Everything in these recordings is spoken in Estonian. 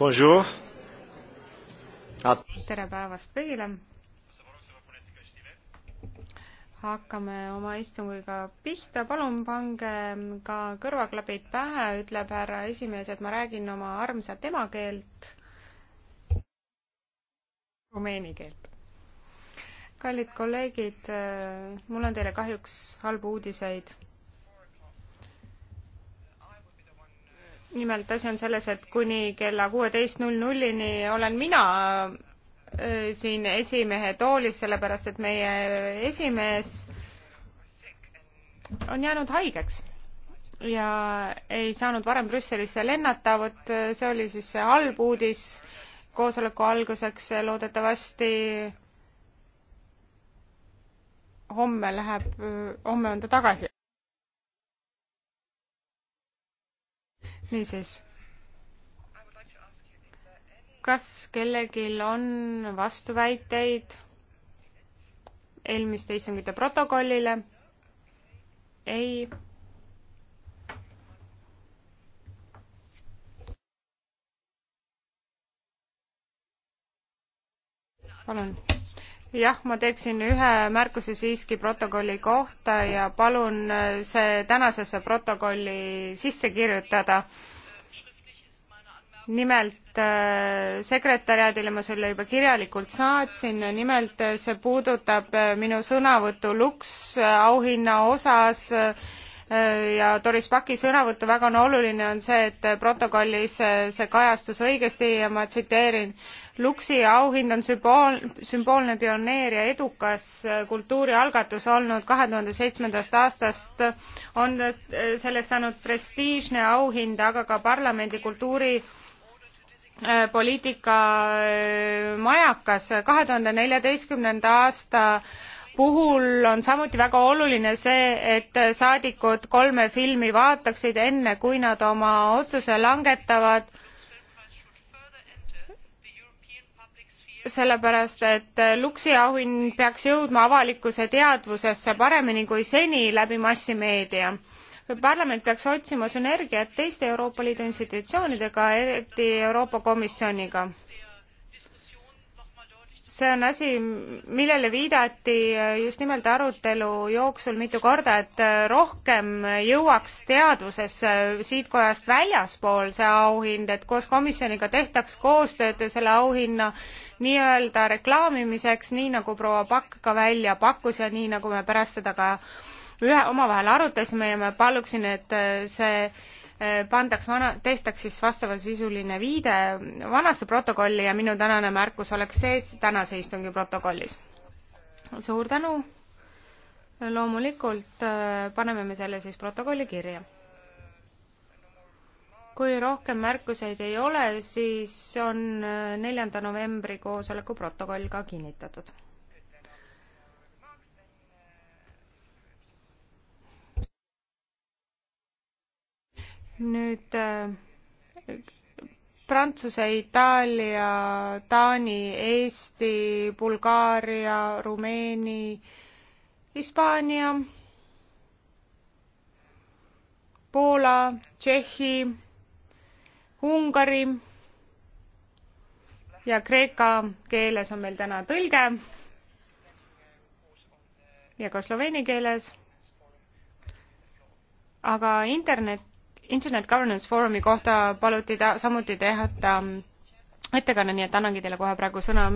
Bonjour. Ah. tere päevast kõigile. hakkame oma istungiga pihta, palun pange ka kõrvaklapid pähe, ütleb härra esimees, et ma räägin oma armsat emakeelt, rumeeni keelt. kallid kolleegid, mul on teile kahjuks halbu uudiseid nimelt asi on selles, et kuni kella kuueteist null nullini olen mina äh, siin esimehe toolis, sellepärast et meie esimees on jäänud haigeks ja ei saanud varem Brüsselisse lennata, vot äh, see oli siis see halb uudis koosoleku alguseks, loodetavasti homme läheb, äh, homme on ta tagasi. niisiis, kas kellelgi on vastuväiteid eelmiste istungite protokollile? ei. palun jah, ma teeksin ühe märkuse siiski protokolli kohta ja palun äh, see tänasesse protokolli sisse kirjutada. nimelt äh, sekretäriaadile ma selle juba kirjalikult saatsin, nimelt äh, see puudutab minu sõnavõttu Lux auhinna osas ja Doris Paki sõnavõttu väga on oluline on see, et protokollis see kajastus õigesti ja ma tsiteerin. Luksi auhind on sümbool, sümboolne pioneer ja edukas kultuurialgatus olnud kahe tuhande seitsmendast aastast on sellest saanud prestiižne auhind, aga ka parlamendi kultuuri äh, poliitika äh, majakas kahe tuhande neljateistkümnenda aasta puhul on samuti väga oluline see et saadikud kolme filmi vaataksid enne kui nad oma otsuse langetavad sellepärast et luksi auhind peaks jõudma avalikkuse teadvusesse paremini kui seni läbi massimeedia parlament peaks otsima sünergiat teiste euroopa liidu institutsioonidega eriti euroopa komisjoniga see on asi, millele viidati just nimelt arutelu jooksul mitu korda, et rohkem jõuaks teadvusesse siit kojast väljaspool see auhind, et koos komisjoniga tehtaks koostööd selle auhinna nii-öelda reklaamimiseks, nii nagu proua Pakk ka välja pakkus ja nii nagu me pärast seda ka ühe omavahel arutasime ja ma paluksin, et see Äh, pandaks vana, tehtaks siis vastavasisuline viide vanasse protokolli ja minu tänane märkus oleks sees tänase istungi protokollis. suur tänu. loomulikult äh, paneme me selle siis protokolli kirja. kui rohkem märkuseid ei ole, siis on äh, neljanda novembri koosoleku protokoll ka kinnitatud nüüd äh, Prantsuse, Itaalia, Taani, Eesti, Bulgaaria, Rumeeni, Hispaania, Poola, Tšehhi, Ungari ja kreeka keeles on meil täna tõlge ja ka sloveeni keeles. aga internet Internet Governance Forumi kohta paluti ta samuti teha ettekanne, nii et annangi teile kohe praegu sõna.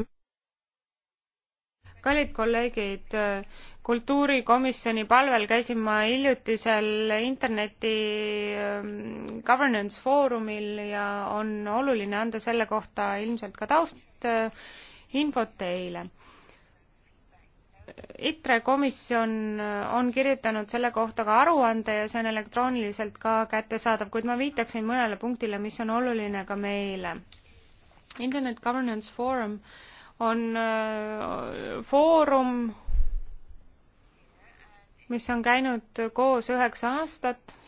kallid kolleegid, kultuurikomisjoni palvel käisin ma hiljutisel interneti ähm, governance foorumil ja on oluline anda selle kohta ilmselt ka taust äh, infot teile ITRE komisjon äh, on kirjutanud selle kohta ka aruande ja see on elektrooniliselt ka kättesaadav, kuid ma viitaksin mõnele punktile, mis on oluline ka meile. Internet Governance Forum on äh, foorum, mis on käinud koos üheksa aastat.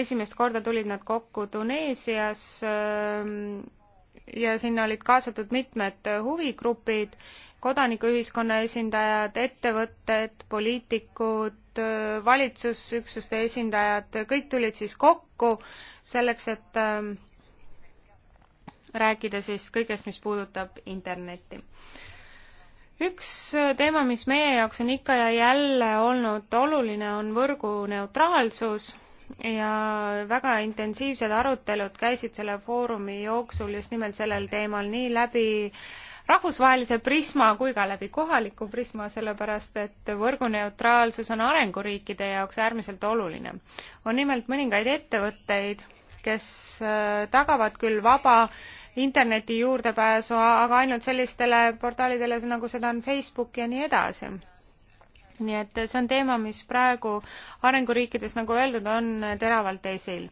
esimest korda tulid nad kokku Tuneesias äh, ja sinna olid kaasatud mitmed huvigrupid, kodanikuühiskonna esindajad, ettevõtted, poliitikud, valitsusüksuste esindajad, kõik tulid siis kokku selleks, et ähm, rääkida siis kõigest, mis puudutab Internetti. üks teema, mis meie jaoks on ikka ja jälle olnud oluline, on võrgu neutraalsus ja väga intensiivsed arutelud käisid selle foorumi jooksul just nimelt sellel teemal nii läbi rahvusvahelise prisma kui ka läbi kohaliku prisma, sellepärast et võrguneutraalsus on arenguriikide jaoks äärmiselt oluline. on nimelt mõningaid ettevõtteid, kes äh, tagavad küll vaba interneti juurdepääsu, aga ainult sellistele portaalidele, nagu seda on Facebook ja nii edasi nii et see on teema, mis praegu arenguriikides, nagu öeldud, on teravalt esil.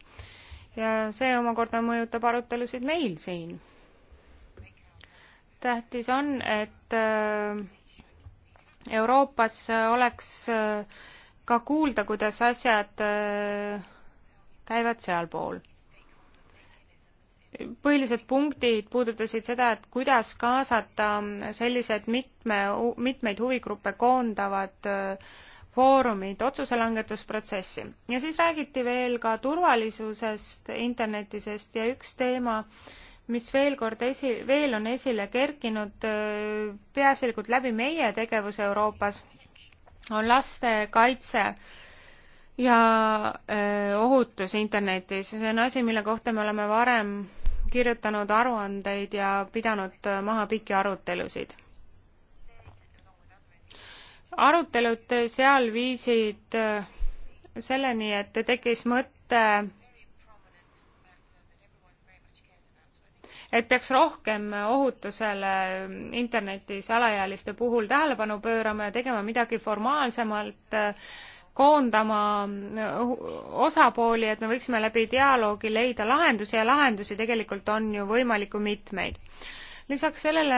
ja see omakorda mõjutab arutelusid meil siin. tähtis on, et äh, Euroopas oleks äh, ka kuulda, kuidas asjad äh, käivad sealpool põhilised punktid puudutasid seda, et kuidas kaasata sellised mitme, mitmeid huvigruppe koondavad äh, foorumid otsuse langetusprotsessi. ja siis räägiti veel ka turvalisusest internetisest ja üks teema, mis veel kord esi, veel on esile kerkinud äh, peaasjalikult läbi meie tegevuse Euroopas, on laste kaitse ja öö, äh, ohutus internetis ja see on asi, mille kohta me oleme varem kirjutanud aruandeid ja pidanud maha pikki arutelusid. arutelud seal viisid äh, selleni, et tekkis mõte, et peaks rohkem ohutusele internetis alaealiste puhul tähelepanu pöörama ja tegema midagi formaalsemalt äh, koondama osapooli, et me võiksime läbi dialoogi leida lahendusi ja lahendusi tegelikult on ju võimalik ju mitmeid. lisaks sellele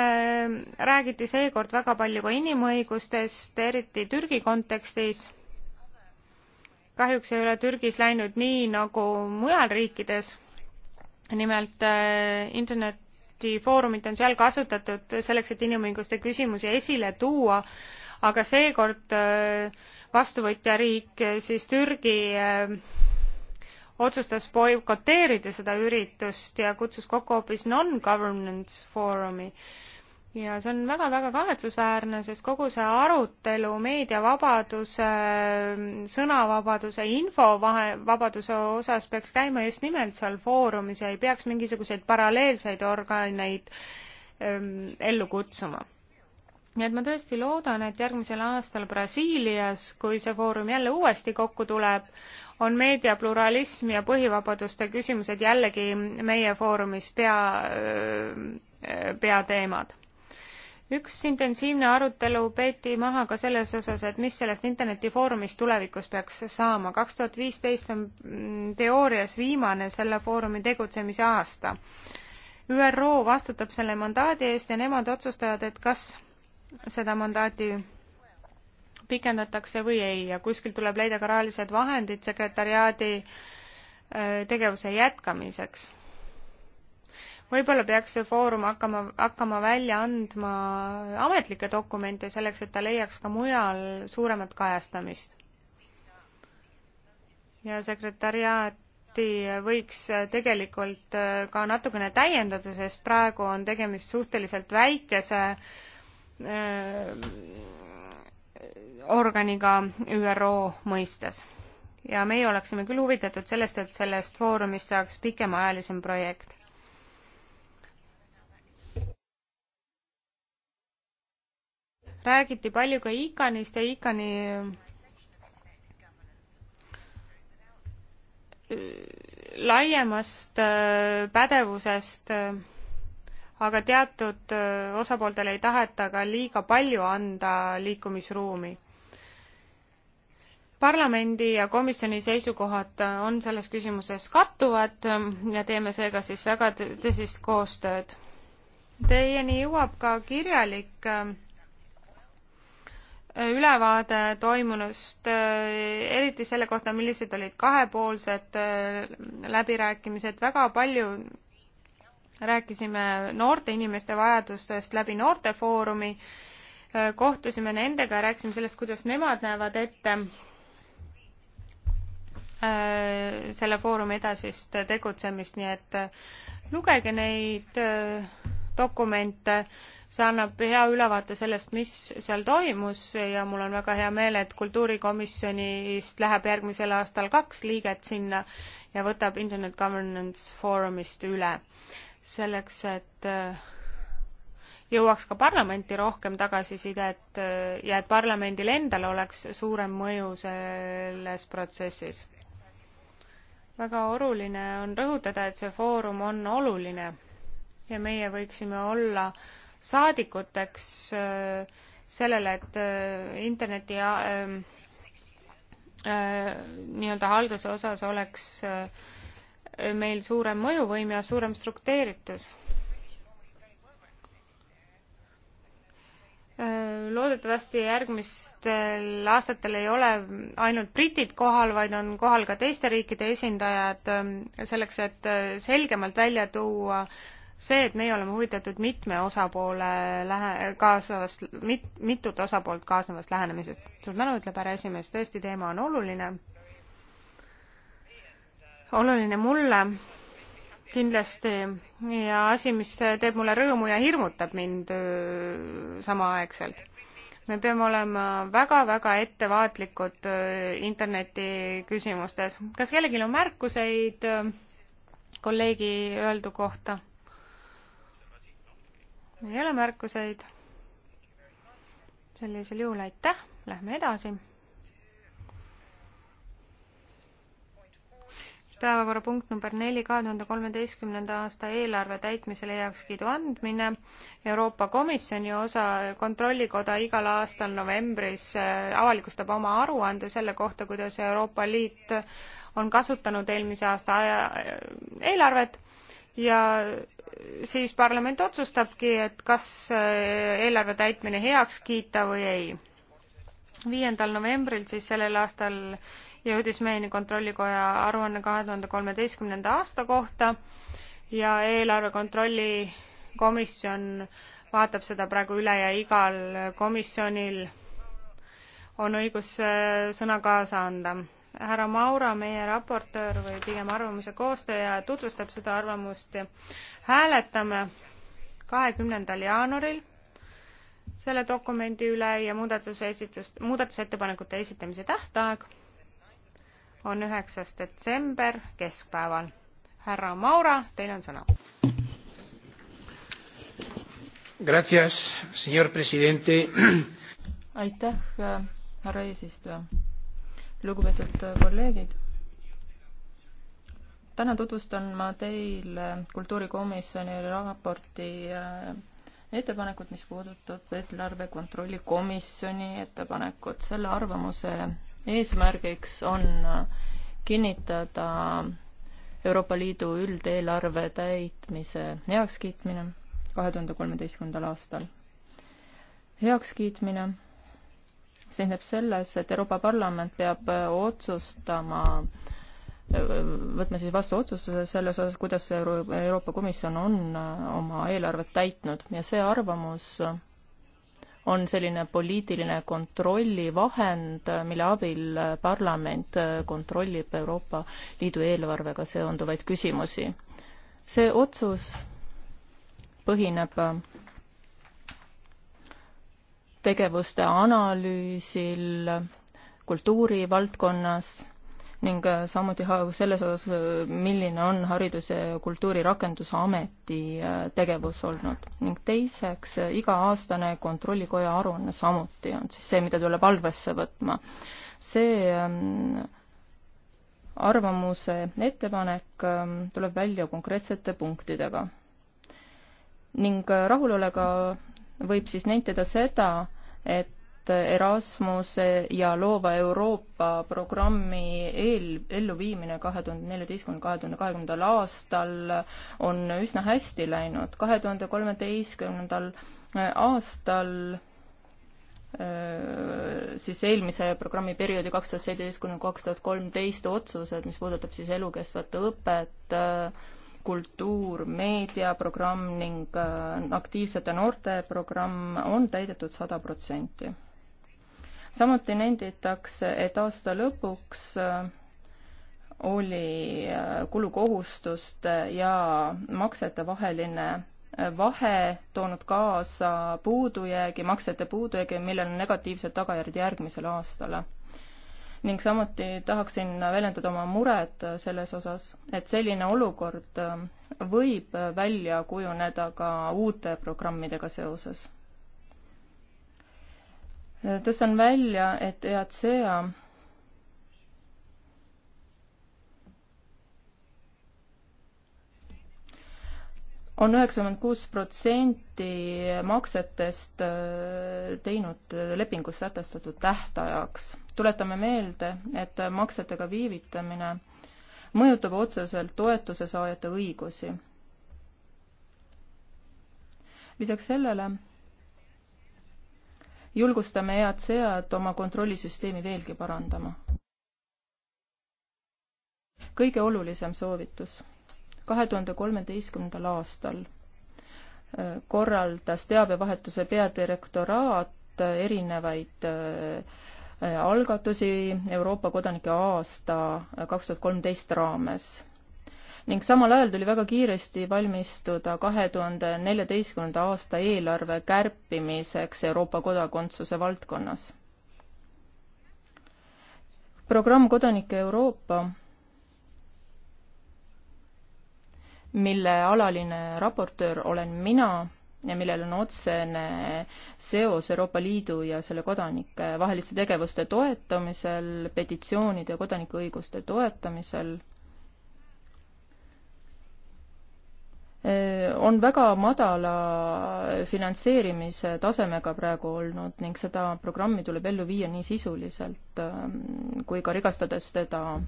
räägiti seekord väga palju ka inimõigustest, eriti Türgi kontekstis. kahjuks ei ole Türgis läinud nii nagu mujal riikides. nimelt äh, internetifoorumit on seal kasutatud selleks, et inimõiguste küsimusi esile tuua, aga seekord äh, vastuvõtjariik siis Türgi äh, otsustas boikoteerida seda üritust ja kutsus kokku hoopis non-governance foorumi. ja see on väga-väga kahetsusväärne, sest kogu see arutelu meediavabaduse, sõnavabaduse, infovabaduse osas peaks käima just nimelt seal foorumis ja ei peaks mingisuguseid paralleelseid organeid ähm, ellu kutsuma nii et ma tõesti loodan, et järgmisel aastal Brasiilias, kui see foorum jälle uuesti kokku tuleb, on meediapluralism ja põhivabaduste küsimused jällegi meie foorumis pea, peateemad. üks intensiivne arutelu peeti maha ka selles osas, et mis sellest internetifoorumist tulevikus peaks saama. kaks tuhat viisteist on mm, teoorias viimane selle foorumi tegutsemise aasta. ÜRO vastutab selle mandaadi eest ja nemad otsustavad, et kas seda mandaati pikendatakse või ei ja kuskil tuleb leida ka rahalised vahendid sekretariaadi äh, tegevuse jätkamiseks. võib-olla peaks see foorum hakkama, hakkama välja andma ametlikke dokumente selleks, et ta leiaks ka mujal suuremat kajastamist. ja sekretariaat võiks tegelikult äh, ka natukene täiendada, sest praegu on tegemist suhteliselt väikese äh, Äh, organiga ÜRO mõistes. ja meie oleksime küll huvitatud sellest, et sellest foorumist saaks pikemaajalisem projekt. räägiti palju ka ICAN-ist ja ICAN-i äh, laiemast äh, pädevusest aga teatud osapooltele ei taheta ka liiga palju anda liikumisruumi. parlamendi ja komisjoni seisukohad on selles küsimuses kattuvad ja teeme seega siis väga tõsist koostööd. Teieni jõuab ka kirjalik ülevaade toimunust, eriti selle kohta, millised olid kahepoolsed läbirääkimised, väga palju rääkisime noorte inimeste vajadustest läbi Noortefoorumi, kohtusime nendega ja rääkisime sellest, kuidas nemad näevad ette äh, selle foorumi edasist tegutsemist, nii et äh, lugege neid äh, dokumente, see annab hea ülevaate sellest, mis seal toimus ja mul on väga hea meel, et kultuurikomisjonist läheb järgmisel aastal kaks liiget sinna ja võtab Internet Governance Forumist üle selleks, et äh, jõuaks ka parlamenti rohkem tagasisidet äh, ja et parlamendil endal oleks suurem mõju selles protsessis. väga oluline on rõhutada, et see foorum on oluline ja meie võiksime olla saadikuteks äh, sellele, et interneti ähm, nii-öelda halduse osas oleks äh, meil suurem mõjuvõim ja suurem struktureeritus. loodetavasti järgmistel aastatel ei ole ainult britid kohal, vaid on kohal ka teiste riikide esindajad ähm, selleks, et äh, selgemalt välja tuua see, et meie oleme huvitatud mitme osapoole lähe-, kaasavast, mit-, mitut osapoolt kaasnevast lähenemisest. suur tänu, ütleb härra esimees, tõesti, teema on oluline oluline mulle kindlasti ja asi, mis teeb mulle rõõmu ja hirmutab mind samaaegselt. me peame olema väga-väga ettevaatlikud interneti küsimustes. kas kellelgi on märkuseid kolleegi öeldu kohta? ei ole märkuseid. sellisel juhul aitäh, lähme edasi päevakorrapunkt number neli, kahe tuhande kolmeteistkümnenda aasta eelarve täitmisele heakskiidu andmine Euroopa Komisjoni osa. kontrollikoda igal aastal novembris äh, avalikustab oma aruande selle kohta, kuidas Euroopa Liit on kasutanud eelmise aasta aja, äh, eelarvet ja siis parlament otsustabki, et kas äh, eelarve täitmine heaks kiita või ei. viiendal novembril siis sellel aastal jõudis meieni Kontrollikoja aruanne kahe tuhande kolmeteistkümnenda aasta kohta ja eelarve kontrolli komisjon vaatab seda praegu üle ja igal komisjonil on õigus äh, sõna kaasa anda. härra Maura, meie raportöör või pigem arvamuse koostaja, tutvustab seda arvamust. hääletame kahekümnendal jaanuaril selle dokumendi üle ja muudatuse esitust, muudatusettepanekute esitamise tähtaeg on üheksas detsember keskpäeval. härra Maura, teil on sõna. Gracias, señor presidente. aitäh, härra eesistuja. lugupeetud kolleegid. täna tutvustan ma teile kultuurikomisjoni raporti äh, ettepanekut, mis puudutab eelarve kontrolli komisjoni ettepanekut. selle arvamuse eesmärgiks on kinnitada Euroopa Liidu üldeelarve täitmise heakskiitmine kahe tuhande kolmeteistkümnendal aastal. heakskiitmine seisneb selles, et Euroopa Parlament peab otsustama, võtma siis vastu otsustuse selles osas, kuidas Euro Euroopa Komisjon on oma eelarvet täitnud ja see arvamus on selline poliitiline kontrollivahend, mille abil parlament kontrollib Euroopa Liidu eelarvega seonduvaid küsimusi. see otsus põhineb tegevuste analüüsil kultuurivaldkonnas ning äh, samuti selles osas, äh, milline on Haridus- ja Kultuurirakendusameti äh, tegevus olnud. ning teiseks, iga-aastane Kontrollikoja aruanne samuti on siis see, mida tuleb arvesse võtma. see ähm, arvamuse ettepanek ähm, tuleb välja konkreetsete punktidega. ning rahulolega võib siis nentida seda, et et Erasmuse ja Loova Euroopa programmi eel, elluviimine kahe tuhande neljateistkümnendal, kahe tuhande kahekümnendal aastal on üsna hästi läinud. kahe tuhande kolmeteistkümnendal äh, aastal äh, siis eelmise programmiperioodi kaks tuhat seitseteist kuni kaks tuhat kolmteist otsused, mis puudutab siis elukestvat õpet, äh, kultuur, meediaprogramm ning aktiivsete noorte programm on täidetud sada protsenti samuti nenditakse, et aasta lõpuks äh, oli äh, kulukohustuste ja maksete vaheline äh, vahe toonud kaasa puudujäägi, maksete puudujäägi, millel on negatiivsed tagajärjed järgmisele aastale ning samuti tahaksin väljendada oma muret selles osas, et selline olukord võib välja kujuneda ka uute programmidega seoses tõstan välja, et EACA on üheksakümmend kuus protsenti maksetest äh, teinud äh, lepingus sätestatud tähtajaks. tuletame meelde, et maksetega viivitamine mõjutab otseselt toetuse saajate õigusi. lisaks sellele julgustame EACA-d oma kontrollisüsteemi veelgi parandama. kõige olulisem soovitus. kahe tuhande kolmeteistkümnendal aastal äh, korraldas teabevahetuse peadirektoraat äh, erinevaid äh, algatusi Euroopa kodanike aasta kaks tuhat kolmteist raames ning samal ajal tuli väga kiiresti valmistuda kahe tuhande neljateistkümnenda aasta eelarve kärpimiseks Euroopa kodakondsuse valdkonnas. programm Kodanike Euroopa, mille alaline raportöör olen mina ja millel on otsene seos Euroopa Liidu ja selle kodanike vaheliste tegevuste toetamisel, petitsioonide ja kodanikuõiguste toetamisel Äh, on väga madala finantseerimise tasemega praegu olnud ning seda programmi tuleb ellu viia nii sisuliselt ähm, kui ka rikastades teda.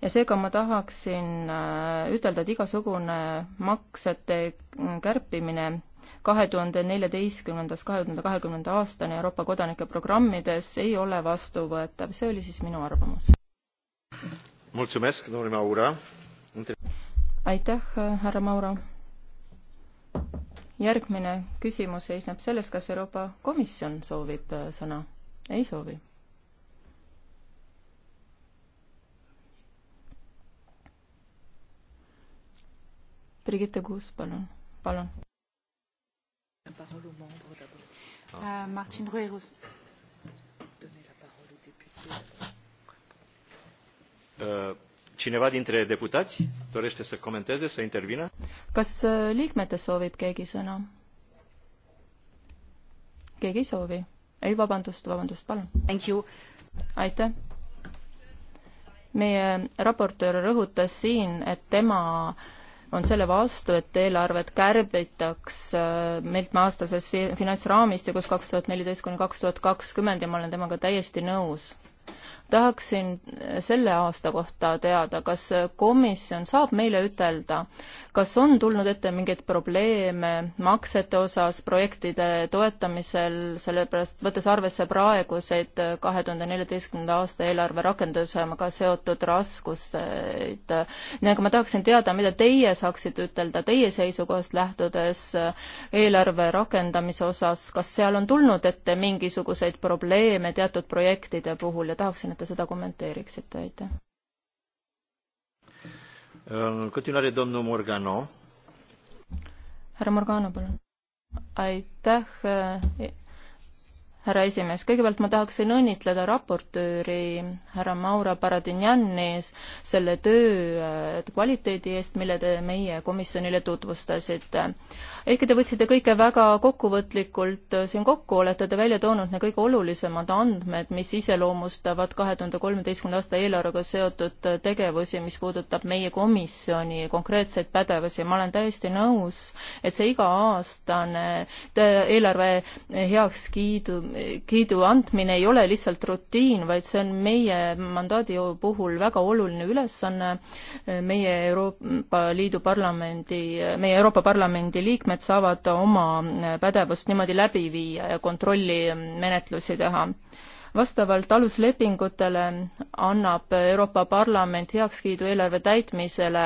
ja seega ma tahaksin äh, ütelda, et igasugune maksete mm, kärpimine kahe tuhande neljateistkümnendast kahe tuhande kahekümnenda aastani Euroopa kodanike programmides ei ole vastuvõetav, see oli siis minu arvamus. mulțumesc, domnule Maura aitäh, härra Mauro. järgmine küsimus seisneb selles, kas Euroopa Komisjon soovib äh, sõna? ei soovi. Brigitte Kuus, palun, palun. Euh, Martin Ruirus. Euh, cineva dintre deputați dorește să comenteze, să intervină? Kas eh, liikmete soovib keegi sõna? Keegi ei soovi? Ei, vabandust, vabandust, palun. Thank you. Aitäh. Meie raportöör rõhutas siin, et tema on selle vastu, et eelarvet kärbitaks mitmeaastases eh, finantsraamistikus kaks tuhat neliteist kuni kaks tuhat kakskümmend ja ma olen temaga täiesti nõus tahaksin selle aasta kohta teada, kas komisjon saab meile ütelda, kas on tulnud ette mingeid probleeme maksete osas projektide toetamisel, sellepärast võttes arvesse praeguseid kahe tuhande neljateistkümnenda aasta eelarve rakendusega seotud raskuseid. nii, aga nagu ma tahaksin teada, mida teie saaksite ütelda teie seisukohast lähtudes eelarve rakendamise osas, kas seal on tulnud ette mingisuguseid probleeme teatud projektide puhul ja tahaksin, et te te seda kommenteeriksite, aitäh. Continuare domnul Morgano. härra Morgano, palun. aitäh härra esimees, kõigepealt ma tahaksin õnnitleda raportööri härra Maura Paradinjani selle töö äh, kvaliteedi eest, mille te meie komisjonile tutvustasite. ehkki te võtsite kõike väga kokkuvõtlikult äh, siin kokku, olete te välja toonud need kõige olulisemad andmed, mis iseloomustavad kahe tuhande kolmeteistkümnenda aasta eelarvega seotud äh, tegevusi, mis puudutab meie komisjoni konkreetseid pädevusi. ma olen täiesti nõus, et see iga-aastane eelarve heakskiidu heakskiidu andmine ei ole lihtsalt rutiin, vaid see on meie mandaadi puhul väga oluline ülesanne. meie Euroopa Liidu parlamendi, meie Euroopa Parlamendi liikmed saavad oma pädevust niimoodi läbi viia ja kontrollimenetlusi teha vastavalt aluslepingutele annab Euroopa Parlament heakskiidu eelarve täitmisele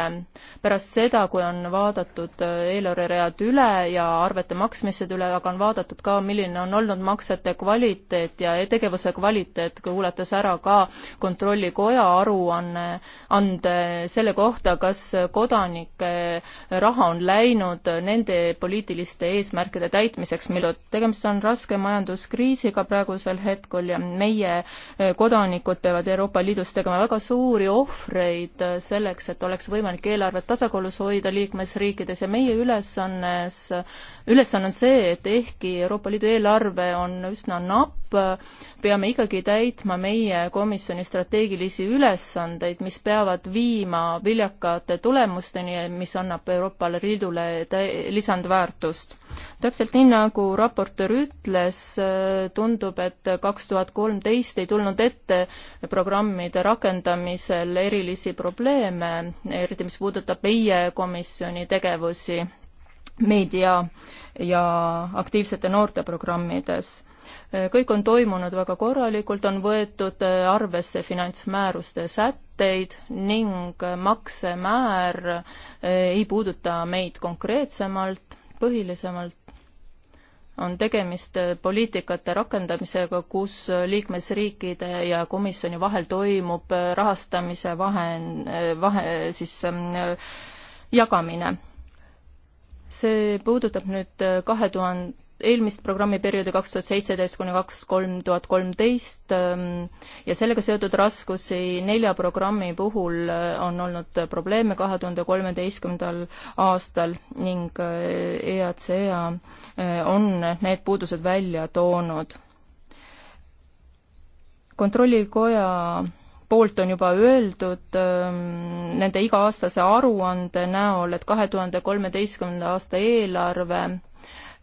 pärast seda, kui on vaadatud eelarveread üle ja arvete maksmised üle, aga on vaadatud ka, milline on olnud maksete kvaliteet ja tegevuse kvaliteet, kuulates ära ka Kontrollikoja aruanne, ande selle kohta, kas kodanike raha on läinud nende poliitiliste eesmärkide täitmiseks, mille tegemist on raske majanduskriisiga praegusel hetkel ja meie eh, kodanikud peavad Euroopa Liidus tegema väga suuri ohvreid eh, selleks, et oleks võimalik eelarvet tasakaalus hoida liikmesriikides ja meie ülesannes, ülesanne on see, et ehkki Euroopa Liidu eelarve on üsna napp, peame ikkagi täitma meie komisjoni strateegilisi ülesandeid, mis peavad viima viljakate tulemusteni, mis annab Euroopale Liidule lisandväärtust. täpselt nii, nagu raportöör ütles, eh, tundub, et kaks tuhat kolm kolmteist ei tulnud ette programmide rakendamisel erilisi probleeme, eriti mis puudutab meie komisjoni tegevusi meedia ja aktiivsete noorte programmides kõik on toimunud väga korralikult, on võetud arvesse finantsmääruste sätteid ning maksemäär ei puuduta meid konkreetsemalt, põhilisemalt on tegemist äh, poliitikate rakendamisega, kus äh, liikmesriikide ja komisjoni vahel toimub äh, rahastamise vahe, vahe siis ähm, jagamine. see puudutab nüüd kahe tuhande eelmist programmiperioodi kaks tuhat seitseteist kuni kaks kolm tuhat kolmteist ähm, ja sellega seotud raskusi nelja programmi puhul äh, on olnud probleeme kahe tuhande kolmeteistkümnendal aastal ning äh, EACA äh, on need puudused välja toonud. kontrollikoja poolt on juba öeldud ähm, nende iga-aastase aruande näol, et kahe tuhande kolmeteistkümnenda aasta eelarve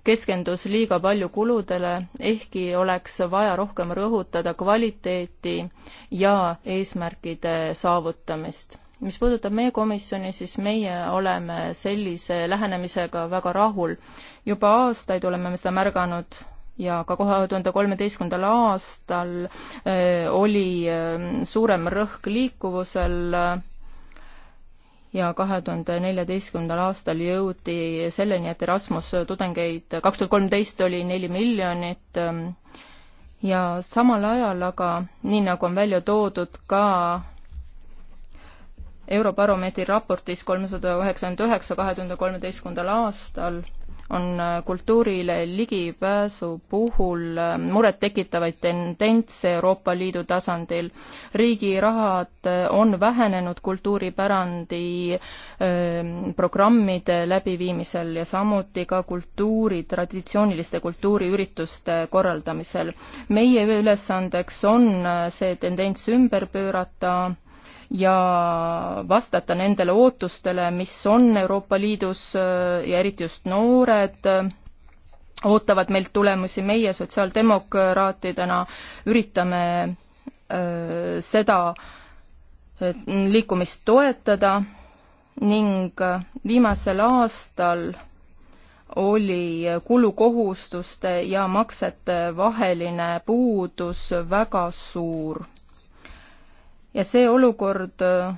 keskendus liiga palju kuludele, ehkki oleks vaja rohkem rõhutada kvaliteeti ja eesmärkide saavutamist. mis puudutab meie komisjoni, siis meie oleme sellise lähenemisega väga rahul. juba aastaid oleme me seda märganud ja ka kahe tuhande kolmeteistkümnendal aastal äh, oli äh, suurem rõhk liikuvusel ja kahe tuhande neljateistkümnendal aastal jõuti selleni, et Erasmus tudengeid, kaks tuhat kolmteist oli neli miljonit ähm, ja samal ajal aga, nii nagu on välja toodud ka Eurobaromeetri raportis kolmesada üheksakümmend üheksa kahe tuhande kolmeteistkümnendal aastal, on äh, kultuurile ligipääsu puhul äh, murettekitavaid tendentse Euroopa Liidu tasandil. riigi rahad äh, on vähenenud kultuuripärandi ähm, programmide läbiviimisel ja samuti ka kultuuri, traditsiooniliste kultuuriürituste korraldamisel. meie ülesandeks on see tendents ümber pöörata ja vastata nendele ootustele, mis on Euroopa Liidus äh, ja eriti just noored äh, ootavad meilt tulemusi, meie sotsiaaldemokraatidena üritame öö, äh, seda liikumist toetada ning viimasel aastal oli kulukohustuste ja maksete vaheline puudus väga suur ja see olukord äh,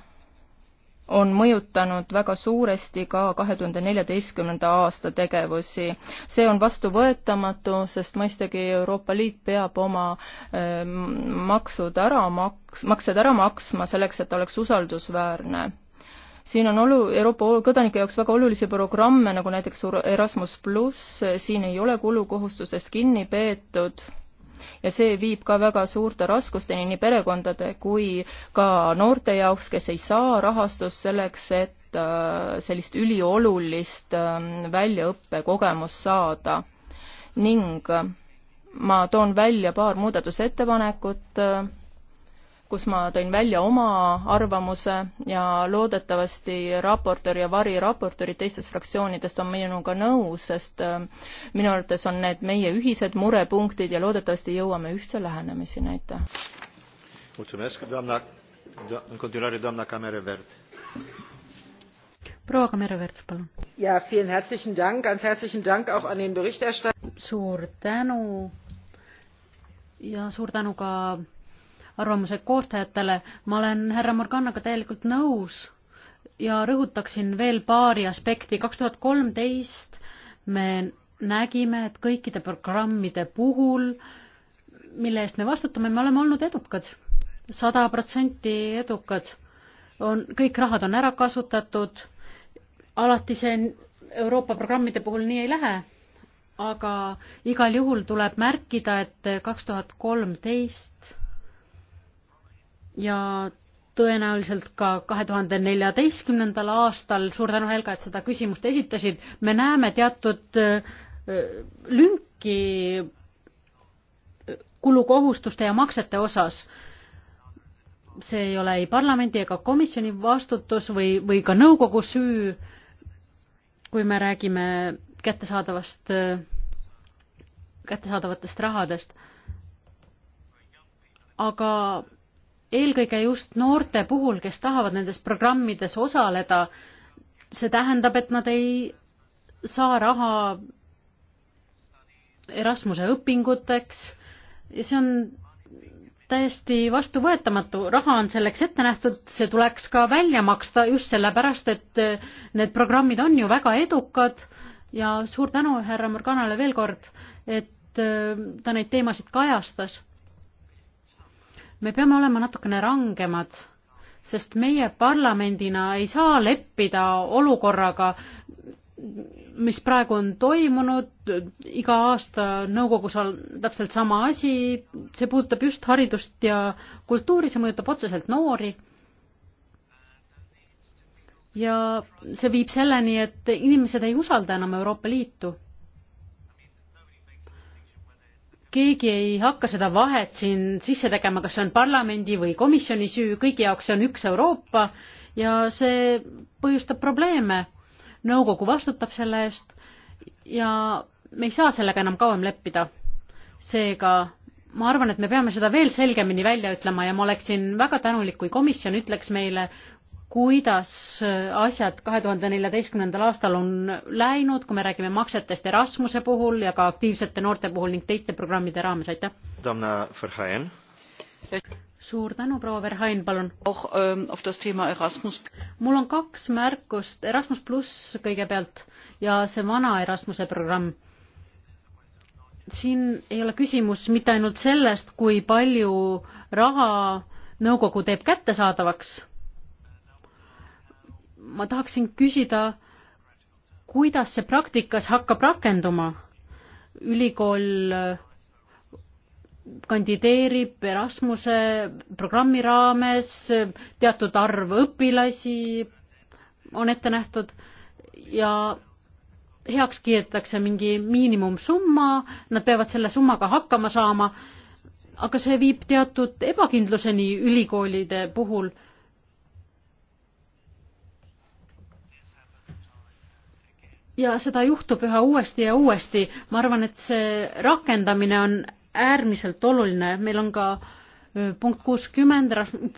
on mõjutanud väga suuresti ka kahe tuhande neljateistkümnenda aasta tegevusi. see on vastuvõetamatu, sest mõistagi Euroopa Liit peab oma äh, maksud ära maks-, maksed ära maksma selleks, et ta oleks usaldusväärne. siin on olu-, Euroopa kodanike jaoks väga olulisi programme, nagu näiteks Erasmus pluss, siin ei ole kulukohustustest kinni peetud ja see viib ka väga suurte raskusteni nii perekondade kui ka noorte jaoks, kes ei saa rahastust selleks, et äh, sellist üliolulist ähm, väljaõppekogemust saada. ning äh, ma toon välja paar muudatusettepanekut äh, kus ma tõin välja oma arvamuse ja loodetavasti raportöör ja variraportöörid teistest fraktsioonidest on minuga nõus, sest äh, minu arvates on need meie ühised murepunktid ja loodetavasti jõuame ühtse lähenemiseni, aitäh. proua Kamerevert, palun. ja, suur tänu ja suur tänu ka arvamuse koostajatele. ma olen härra Morganaga täielikult nõus ja rõhutaksin veel paari aspekti. kaks tuhat kolmteist me nägime, et kõikide programmide puhul, mille eest me vastutame, me oleme olnud edukad, sada protsenti edukad. on, kõik rahad on ära kasutatud, alati see Euroopa programmide puhul nii ei lähe, aga igal juhul tuleb märkida, et kaks tuhat kolmteist ja tõenäoliselt ka kahe tuhande neljateistkümnendal aastal, suur tänu, Helga, et seda küsimust esitasid, me näeme teatud lünki kulukohustuste ja maksete osas. see ei ole ei parlamendi ega komisjoni vastutus või, või ka nõukogu süü, kui me räägime kättesaadavast, kättesaadavatest rahadest. aga eelkõige just noorte puhul, kes tahavad nendes programmides osaleda, see tähendab, et nad ei saa raha Erasmuse õpinguteks ja see on täiesti vastuvõetamatu, raha on selleks ette nähtud, see tuleks ka välja maksta just sellepärast, et need programmid on ju väga edukad ja suur tänu härra Morganale veel kord, et ta neid teemasid kajastas me peame olema natukene rangemad, sest meie parlamendina ei saa leppida olukorraga, mis praegu on toimunud, iga aasta nõukogus on täpselt sama asi, see puudutab just haridust ja kultuuri, see mõjutab otseselt noori. ja see viib selleni, et inimesed ei usalda enam Euroopa Liitu keegi ei hakka seda vahet siin sisse tegema, kas see on parlamendi või komisjoni süü, kõigi jaoks see on üks Euroopa ja see põhjustab probleeme. nõukogu vastutab selle eest ja me ei saa sellega enam kauem leppida. seega ma arvan, et me peame seda veel selgemini välja ütlema ja ma oleksin väga tänulik, kui komisjon ütleks meile, kuidas asjad kahe tuhande neljateistkümnendal aastal on läinud, kui me räägime maksetest Erasmuse puhul ja ka aktiivsete noorte puhul ning teiste programmide raames, aitäh! suur tänu, proua Verhaen, palun! Ähm, mul on kaks märkust, Erasmus pluss kõigepealt ja see vana Erasmuse programm. siin ei ole küsimus mitte ainult sellest, kui palju raha nõukogu teeb kättesaadavaks ma tahaksin küsida, kuidas see praktikas hakkab rakenduma? ülikool äh, kandideerib Erasmuse programmi raames, teatud arv õpilasi on ette nähtud ja heaks kiidetakse mingi miinimumsumma, nad peavad selle summaga hakkama saama, aga see viib teatud ebakindluseni ülikoolide puhul ja seda juhtub üha uuesti ja uuesti. ma arvan, et see rakendamine on äärmiselt oluline, meil on ka punkt kuuskümmend,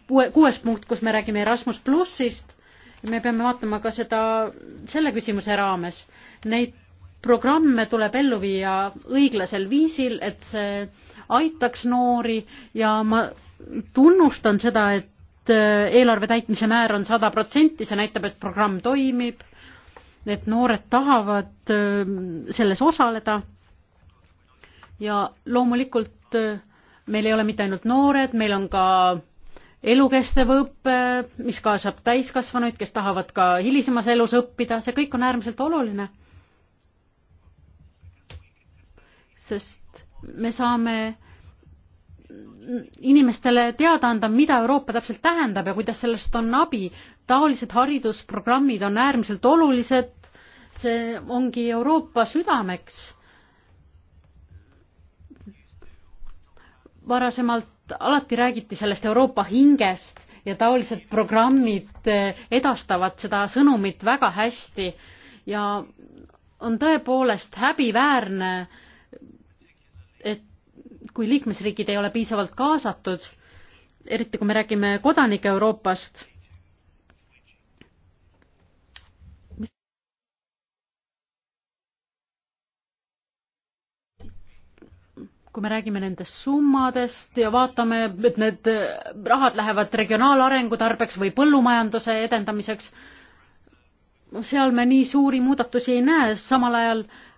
kuues punkt, kus me räägime Erasmus plussist. me peame vaatama ka seda selle küsimuse raames. Neid programme tuleb ellu viia õiglasel viisil, et see aitaks noori ja ma tunnustan seda, et eelarve täitmise määr on sada protsenti, see näitab, et programm toimib et noored tahavad äh, selles osaleda. ja loomulikult äh, meil ei ole mitte ainult noored, meil on ka elukestev õpe, mis kaasab täiskasvanuid, kes tahavad ka hilisemas elus õppida, see kõik on äärmiselt oluline. sest me saame inimestele teada anda, mida Euroopa täpselt tähendab ja kuidas sellest on abi. taolised haridusprogrammid on äärmiselt olulised, see ongi Euroopa südameks. varasemalt alati räägiti sellest Euroopa hingest ja taolised programmid edastavad seda sõnumit väga hästi ja on tõepoolest häbiväärne, et kui liikmesriigid ei ole piisavalt kaasatud, eriti kui me räägime kodanike Euroopast, kui me räägime nendest summadest ja vaatame, et need rahad lähevad regionaalarengu tarbeks või põllumajanduse edendamiseks, seal me nii suuri muudatusi ei näe, samal ajal äh,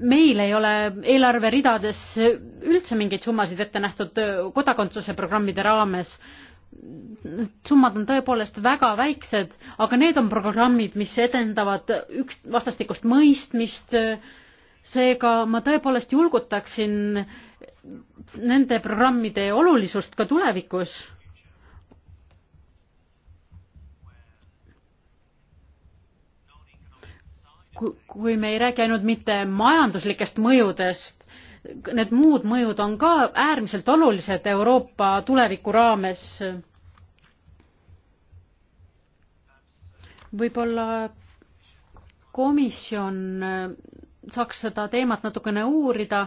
meil ei ole eelarveridades üldse mingeid summasid ette nähtud kodakondsuse programmide raames. Need summad on tõepoolest väga väiksed, aga need on programmid, mis edendavad üks vastastikust mõistmist. seega ma tõepoolest julgutaksin nende programmide olulisust ka tulevikus kui me ei räägi ainult mitte majanduslikest mõjudest, need muud mõjud on ka äärmiselt olulised Euroopa tuleviku raames. võib-olla komisjon äh, saaks seda teemat natukene uurida,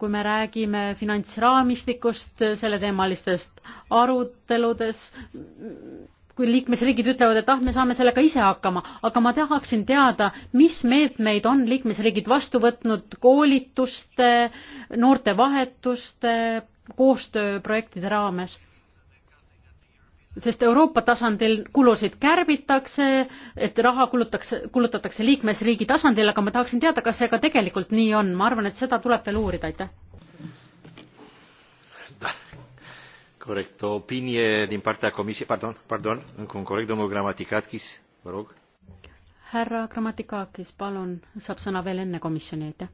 kui me räägime finantsraamistikust, selleteemalistest aruteludes, kui liikmesriigid ütlevad, et ah, me saame sellega ise hakkama, aga ma tahaksin teada, mis meetmeid on liikmesriigid vastu võtnud koolituste, noortevahetuste, koostööprojektide raames? sest Euroopa tasandil kulusid kärbitakse, et raha kulutakse, kulutatakse liikmesriigi tasandil, aga ma tahaksin teada, kas see ka tegelikult nii on, ma arvan, et seda tuleb veel uurida, aitäh Corect. O opinie din partea Comisiei. Pardon, pardon, încă un corect, domnul Gramaticakis, vă rog. härra Gramaticakis, palun, saab sõna veel enne komisjoni, aitäh.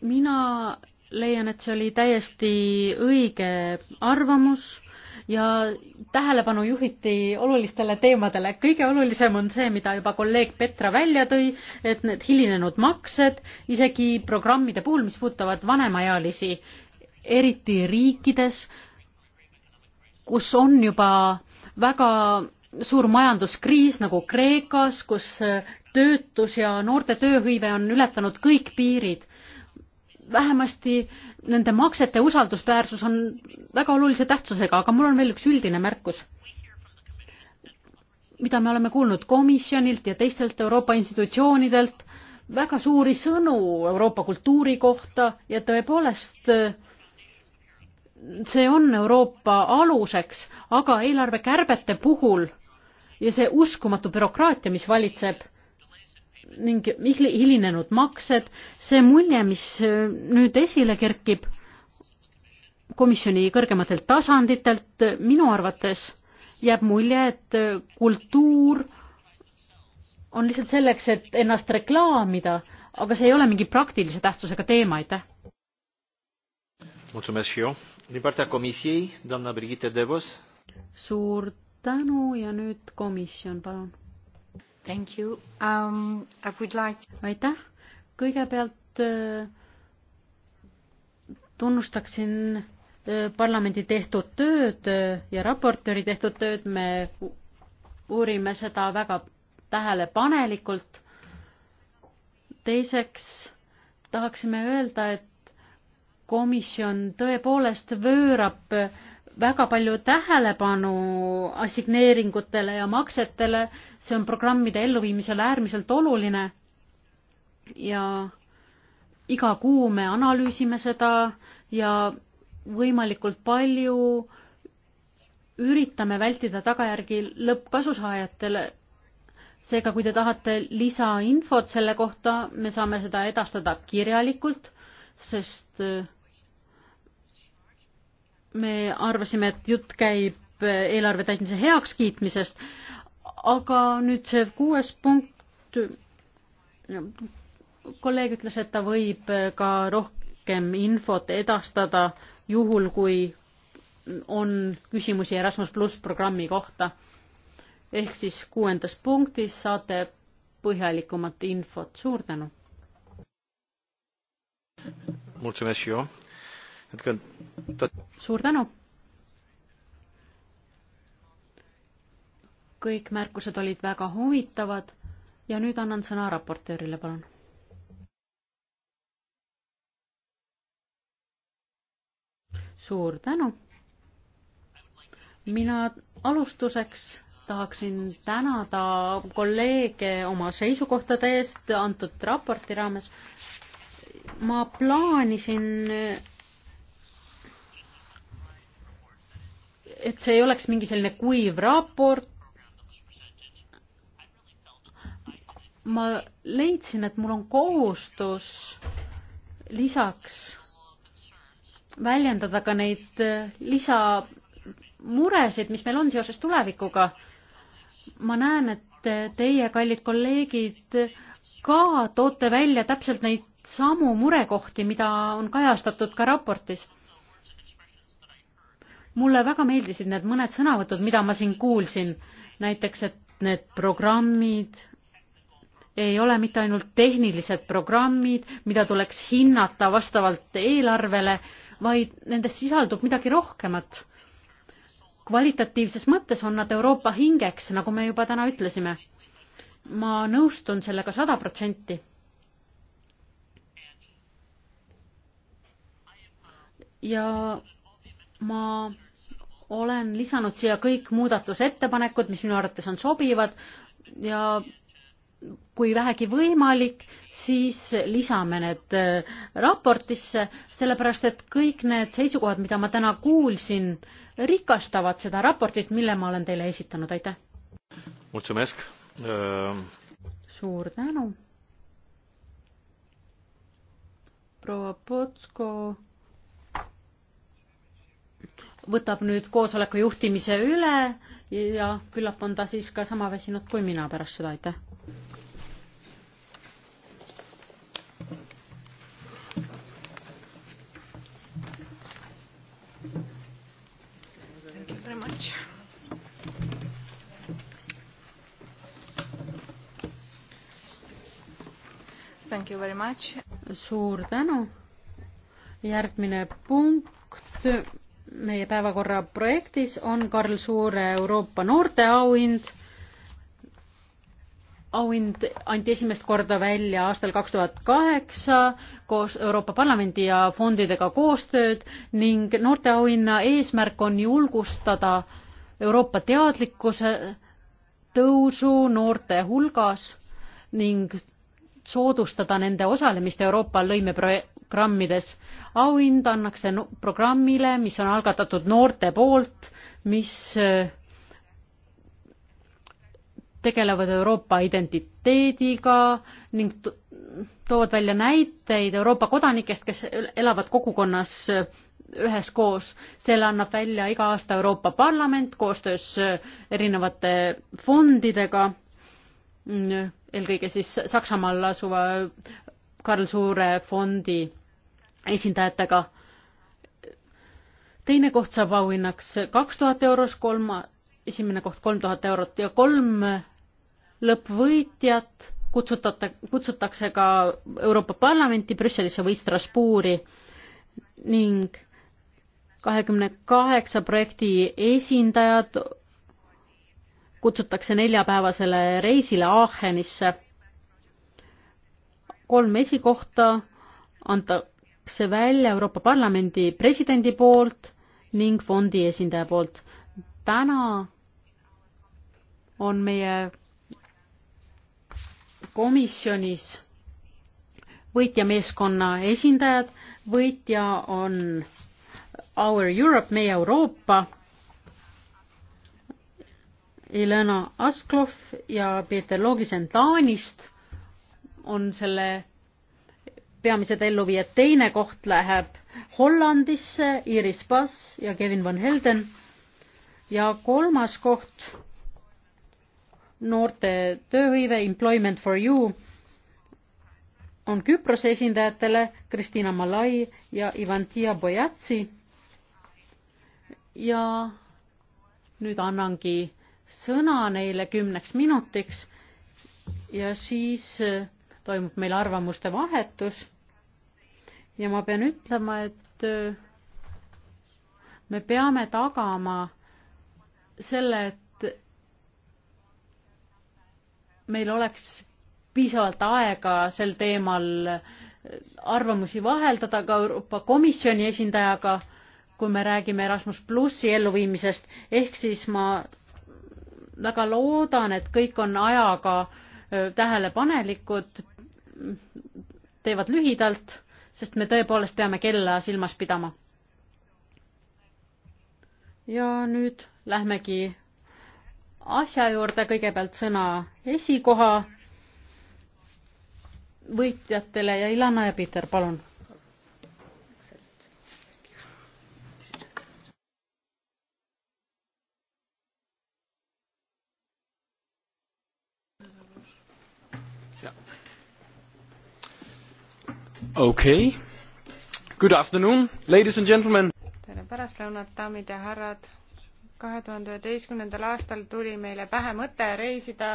mina leian, et see oli täiesti õige arvamus ja tähelepanu juhiti olulistele teemadele. kõige olulisem on see, mida juba kolleeg Petra välja tõi, et need hilinenud maksed isegi programmide puhul, mis puudutavad vanemaealisi, eriti riikides, kus on juba väga suur majanduskriis nagu Kreekas, kus töötus ja noorte tööhõive on ületanud kõik piirid vähemasti nende maksete usaldusväärsus on väga olulise tähtsusega, aga mul on veel üks üldine märkus, mida me oleme kuulnud komisjonilt ja teistelt Euroopa institutsioonidelt, väga suuri sõnu Euroopa kultuuri kohta ja tõepoolest see on Euroopa aluseks, aga eelarvekärbete puhul ja see uskumatu bürokraatia, mis valitseb ning hilinenud maksed, see mulje, mis äh, nüüd esile kerkib komisjoni kõrgematelt tasanditelt, äh, minu arvates jääb mulje, et äh, kultuur on lihtsalt selleks, et ennast reklaamida, aga see ei ole mingi praktilise tähtsusega teema, aitäh. suur tänu ja nüüd komisjon, palun Thank you um,. I would like. aitäh, kõigepealt äh, tunnustaksin äh, parlamendi tehtud tööd äh, ja raportööri tehtud tööd, me uurime seda väga tähelepanelikult. teiseks tahaksime öelda, et komisjon tõepoolest vöörab äh, väga palju tähelepanu assigneeringutele ja maksetele, see on programmide elluviimisel äärmiselt oluline. ja iga kuu me analüüsime seda ja võimalikult palju üritame vältida tagajärgi lõppkasusaajatele. seega, kui te tahate lisainfot selle kohta, me saame seda edastada kirjalikult, sest äh, me arvasime, et jutt käib eh, eelarve täitmise heakskiitmisest, aga nüüd see kuues punkt, kolleeg ütles, et ta võib eh, ka rohkem infot edastada juhul, kui on küsimusi Erasmus pluss programmi kohta. ehk siis kuuendas punktis saate põhjalikumat infot, suur tänu. mulțumesc și eu suur tänu. kõik märkused olid väga huvitavad ja nüüd annan sõna raportöörile, palun. suur tänu. mina alustuseks tahaksin tänada kolleege oma seisukohtade eest antud raporti raames. ma plaanisin et see ei oleks mingi selline kuiv raport. ma leidsin, et mul on kohustus lisaks väljendada ka neid lisamuresid, mis meil on seoses tulevikuga. ma näen, et teie, kallid kolleegid, ka toote välja täpselt neid samu murekohti, mida on kajastatud ka raportis mulle väga meeldisid need mõned sõnavõtud, mida ma siin kuulsin, näiteks et need programmid ei ole mitte ainult tehnilised programmid, mida tuleks hinnata vastavalt eelarvele, vaid nendes sisaldub midagi rohkemat. kvalitatiivses mõttes on nad Euroopa hingeks, nagu me juba täna ütlesime. ma nõustun sellega sada protsenti ja ma olen lisanud siia kõik muudatusettepanekud, mis minu arvates on sobivad ja kui vähegi võimalik, siis lisame need äh, raportisse, sellepärast et kõik need seisukohad, mida ma täna kuulsin, rikastavad seda raportit, mille ma olen teile esitanud, aitäh. Äh, suur tänu. proua Potsko võtab nüüd koosoleku juhtimise üle ja küllap on ta siis ka sama väsinud kui mina pärast seda, aitäh. suur tänu. järgmine punkt meie päevakorra projektis on Karl Suure Euroopa noorteauhind. auhind anti esimest korda välja aastal kaks tuhat kaheksa koos Euroopa Parlamendi ja fondidega koostööd ning noorteauhinna eesmärk on julgustada Euroopa teadlikkuse tõusu noorte hulgas ning soodustada nende osalemist Euroopa lõimepro-, programmides. auhind annakse programmile, mis on algatatud noorte poolt, mis äh, tegelevad Euroopa identiteediga ning toovad välja näiteid Euroopa kodanikest, kes elavad kogukonnas äh, üheskoos. selle annab välja iga aasta Euroopa Parlament koostöös äh, erinevate fondidega, mm, eelkõige siis Saksamaal asuva Karl Suure fondi esindajatega. teine koht saab auhinnaks kaks tuhat euros, kolm, esimene koht kolm tuhat eurot ja kolm lõppvõitjat kutsutate, kutsutakse ka Euroopa Parlamenti Brüsselisse või Strasbourgi ning kahekümne kaheksa projekti esindajad kutsutakse neljapäevasele reisile Aachenisse. kolm esikohta anta, tuuakse välja Euroopa Parlamendi presidendi poolt ning fondi esindaja poolt. täna on meie komisjonis võitjameeskonna esindajad, võitja on Our Europe, meie Euroopa, Elena Asklov ja Peeter Logisen Taanist on selle peamised elluviijad, teine koht läheb Hollandisse, Iris Bass ja Kevin Van Helden ja kolmas koht noorte tööhõive Employment for you on Küprose esindajatele Kristina Malai ja Ivantia Bojatsi. ja nüüd annangi sõna neile kümneks minutiks ja siis toimub meil arvamuste vahetus ja ma pean ütlema, et me peame tagama selle, et meil oleks piisavalt aega sel teemal arvamusi vaheldada ka Euroopa Komisjoni esindajaga, kui me räägime Erasmus plussi elluviimisest, ehk siis ma väga loodan, et kõik on ajaga äh, tähelepanelikud, teevad lühidalt sest me tõepoolest peame kella silmas pidama. ja nüüd lähmegi asja juurde, kõigepealt sõna esikoha võitjatele ja Ilana ja Peeter, palun Okay. Good afternoon, ladies and gentlemen. tere pärastlõunat, daamid ja härrad. kahe tuhande üheteistkümnendal aastal tuli meile pähe mõte reisida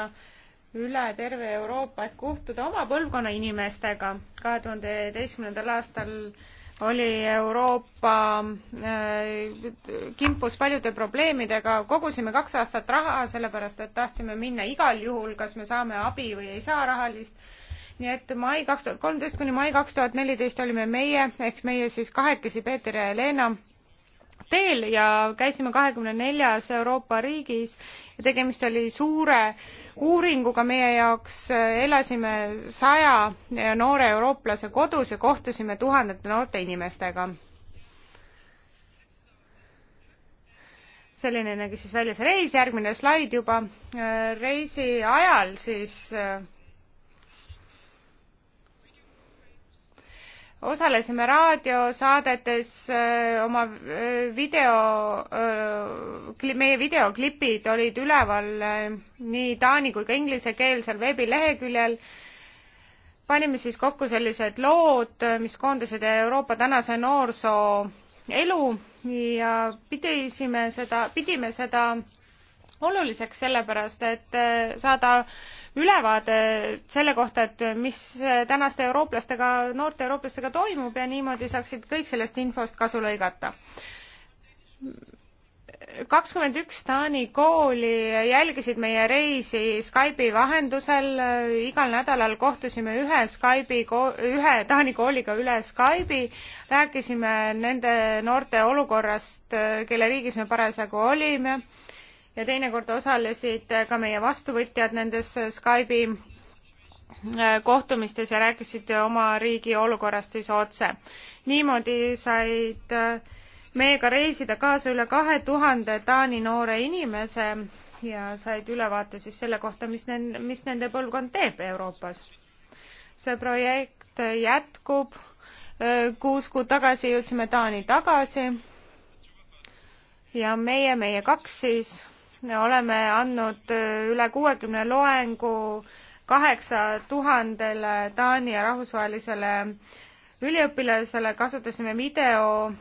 üle terve Euroopa, et kohtuda oma põlvkonna inimestega. kahe tuhande üheteistkümnendal aastal oli Euroopa äh, kimpus paljude probleemidega, kogusime kaks aastat raha, sellepärast et tahtsime minna igal juhul, kas me saame abi või ei saa rahalist nii et mai kaks tuhat kolmteist kuni mai kaks tuhat neliteist olime meie ehk meie siis kahekesi Peeter ja Helena teel ja käisime kahekümne neljas Euroopa riigis ja tegemist oli suure uuringuga meie jaoks, elasime saja noore eurooplase kodus ja kohtusime tuhandete noorte inimestega. selline nägi siis välja see reis, järgmine slaid juba. reisi ajal siis osalesime raadiosaadetes, oma video, meie videoklipid olid üleval nii taani kui ka inglisekeelsel veebileheküljel. panime siis kokku sellised lood, mis koondasid Euroopa tänase noorsoo elu ja pidisime seda, pidime seda oluliseks sellepärast, et saada ülevaade selle kohta, et mis tänaste eurooplastega, noorte eurooplastega toimub ja niimoodi saaksid kõik sellest infost kasu lõigata. kakskümmend üks Taani kooli jälgisid meie reisi Skype'i vahendusel, igal nädalal kohtusime ühe Skype'i, ühe Taani kooliga üle Skype'i, rääkisime nende noorte olukorrast, kelle riigis me parasjagu olime ja teinekord osalesid ka meie vastuvõtjad nendes Skype'i äh, kohtumistes ja rääkisid oma riigi olukorrast siis otse. niimoodi said äh, meiega reisida kaasa üle kahe tuhande Taani noore inimese ja said ülevaate siis selle kohta, mis nende, mis nende põlvkond teeb Euroopas. see projekt jätkub. Äh, kuus kuud tagasi jõudsime Taani tagasi ja meie, meie kaks siis oleme andnud äh, üle kuuekümne loengu kaheksa tuhandele Taani ja rahvusvahelisele üliõpilasele, kasutasime video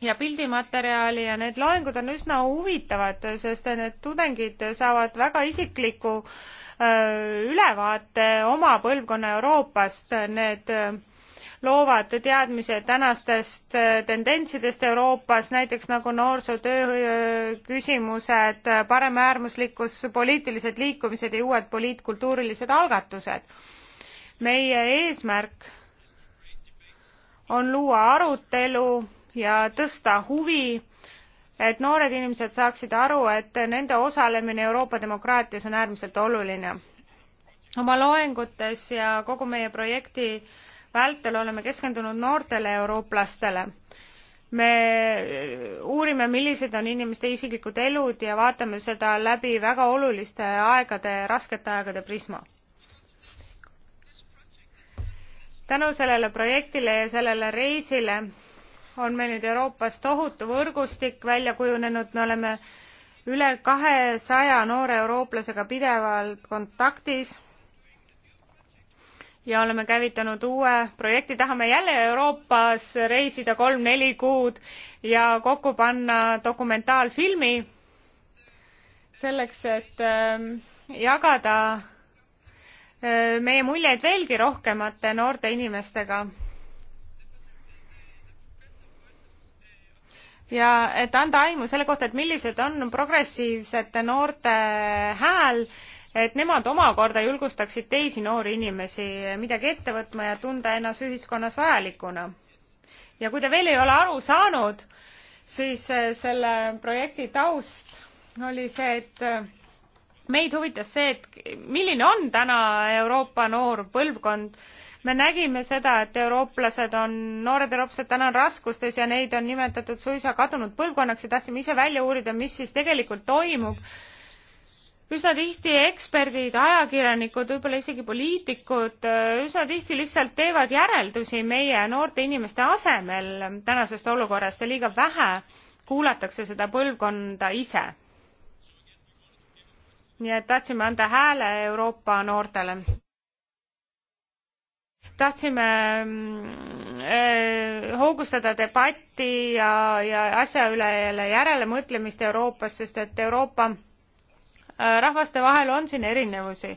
ja pildimaterjali ja need loengud on üsna huvitavad, sest need tudengid saavad väga isikliku äh, ülevaate oma põlvkonna Euroopast, need äh, loovad teadmise tänastest äh, tendentsidest Euroopas, näiteks nagu noorsootöö äh, küsimused, äh, paremäärmuslikkus, poliitilised liikumised ja uued poliitkultuurilised algatused. meie eesmärk on luua arutelu ja tõsta huvi, et noored inimesed saaksid aru, et nende osalemine Euroopa demokraatias on äärmiselt oluline. oma loengutes ja kogu meie projekti äh, vältel oleme keskendunud noortele eurooplastele me eh, uurime millised on inimeste isiklikud elud ja vaatame seda läbi väga oluliste aegade raskete aegade prisma tänu sellele projektile ja sellele reisile on meil nüüd euroopas tohutu võrgustik välja kujunenud me oleme üle kahesaja noore eurooplasega pidevalt kontaktis ja oleme käivitanud uue projekti, tahame jälle Euroopas reisida kolm-neli kuud ja kokku panna dokumentaalfilmi selleks, et ähm, jagada äh, meie muljeid veelgi rohkemate noorte inimestega. ja et anda aimu selle kohta, et millised on progressiivsete noorte hääl et nemad omakorda julgustaksid teisi noori inimesi midagi ette võtma ja tunda ennast ühiskonnas vajalikuna. ja kui te veel ei ole aru saanud, siis eh, selle projekti taust oli see, et eh, meid huvitas see, et milline on täna Euroopa noor põlvkond. me nägime seda, et eurooplased on, noored eurooplased täna on raskustes ja neid on nimetatud suisa kadunud põlvkonnaks ja tahtsime ise välja uurida, mis siis tegelikult toimub üsna tihti eksperdid, ajakirjanikud, võib-olla isegi poliitikud äh, üsna tihti lihtsalt teevad järeldusi meie noorte inimeste asemel tänasest olukorrast ja liiga vähe kuulatakse seda põlvkonda ise. nii et tahtsime anda hääle Euroopa noortele. tahtsime öö, mm, äh, hoogustada debatti ja, ja asja üle jälle järelemõtlemist Euroopas, sest et Euroopa Äh, rahvaste vahel on siin erinevusi.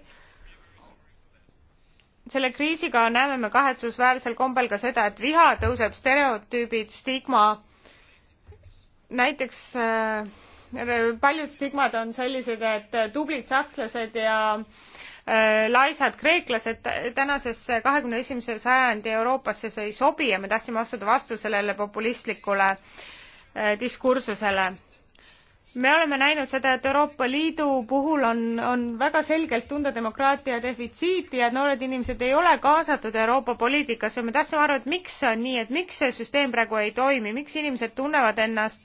selle kriisiga näeme me kahetsusväärsel kombel ka seda, et viha tõuseb, stereotüübid, stigma. näiteks äh, paljud stigmad on sellised, et äh, tublid sakslased ja laisad kreeklased tänasesse kahekümne esimese sajandi Euroopasse see ei sobi ja me tahtsime astuda vastu sellele populistlikule diskursusele me oleme näinud seda, et Euroopa Liidu puhul on, on väga selgelt tunda demokraatia defitsiiti ja noored inimesed ei ole kaasatud Euroopa poliitikasse. me tahtsime aru, et miks see on nii, et miks see süsteem praegu ei toimi, miks inimesed tunnevad ennast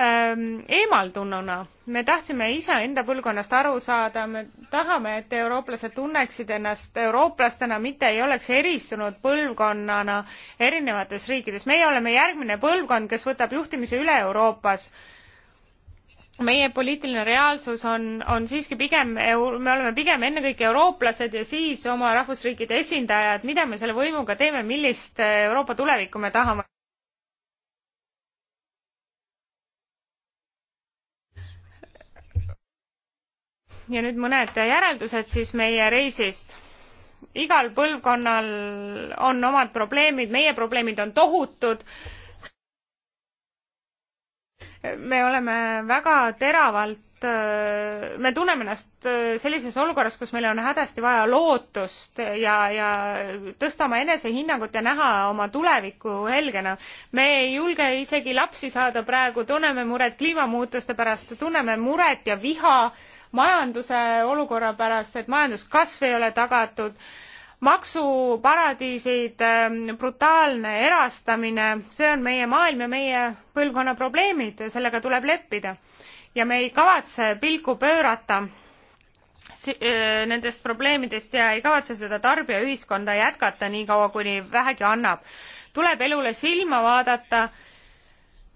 ähm, eemaltunnuna. me tahtsime iseenda põlvkonnast aru saada, me tahame, et eurooplased tunneksid ennast eurooplastena, mitte ei oleks eristunud põlvkonnana erinevates riikides. meie oleme järgmine põlvkond, kes võtab juhtimise üle Euroopas meie poliitiline reaalsus on, on siiski pigem, me oleme pigem ennekõike eurooplased ja siis oma rahvusriikide esindajad, mida me selle võimuga teeme, millist äh, Euroopa tulevikku me tahame. ja nüüd mõned järeldused siis meie reisist. igal põlvkonnal on omad probleemid, meie probleemid on tohutud me oleme väga teravalt, me tunneme ennast sellises olukorras, kus meil on hädasti vaja lootust ja, ja tõsta oma enesehinnangut ja näha oma tulevikku helgena. me ei julge isegi lapsi saada praegu, tunneme muret kliimamuutuste pärast, tunneme muret ja viha majanduse olukorra pärast, et majanduskasv ei ole tagatud maksuparadiisid, ähm, brutaalne erastamine, see on meie maailm ja meie põlvkonna probleemid, sellega tuleb leppida. ja me ei kavatse pilku pöörata äh, nendest probleemidest ja ei kavatse seda tarbijaühiskonda jätkata nii kaua, kuni vähegi annab. tuleb elule silma vaadata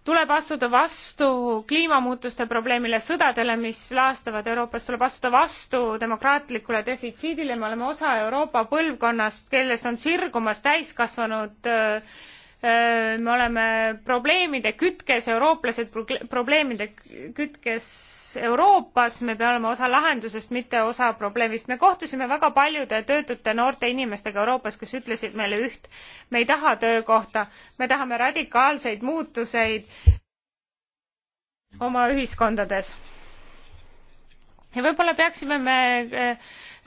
tuleb astuda vastu kliimamuutuste probleemile sõdadele mis laastavad euroopas tuleb astuda vastu demokraatlikule defitsiidile me oleme osa euroopa põlvkonnast kellest on sirgumas täiskasvanud äh, me oleme probleemide kütkes, eurooplased probleemide kütkes Euroopas, me peame olema osa lahendusest, mitte osa probleemist. me kohtusime väga paljude töötute noorte inimestega Euroopas, kes ütlesid meile üht, me ei taha töökohta, me tahame radikaalseid muutuseid oma ühiskondades. ja võib-olla peaksime me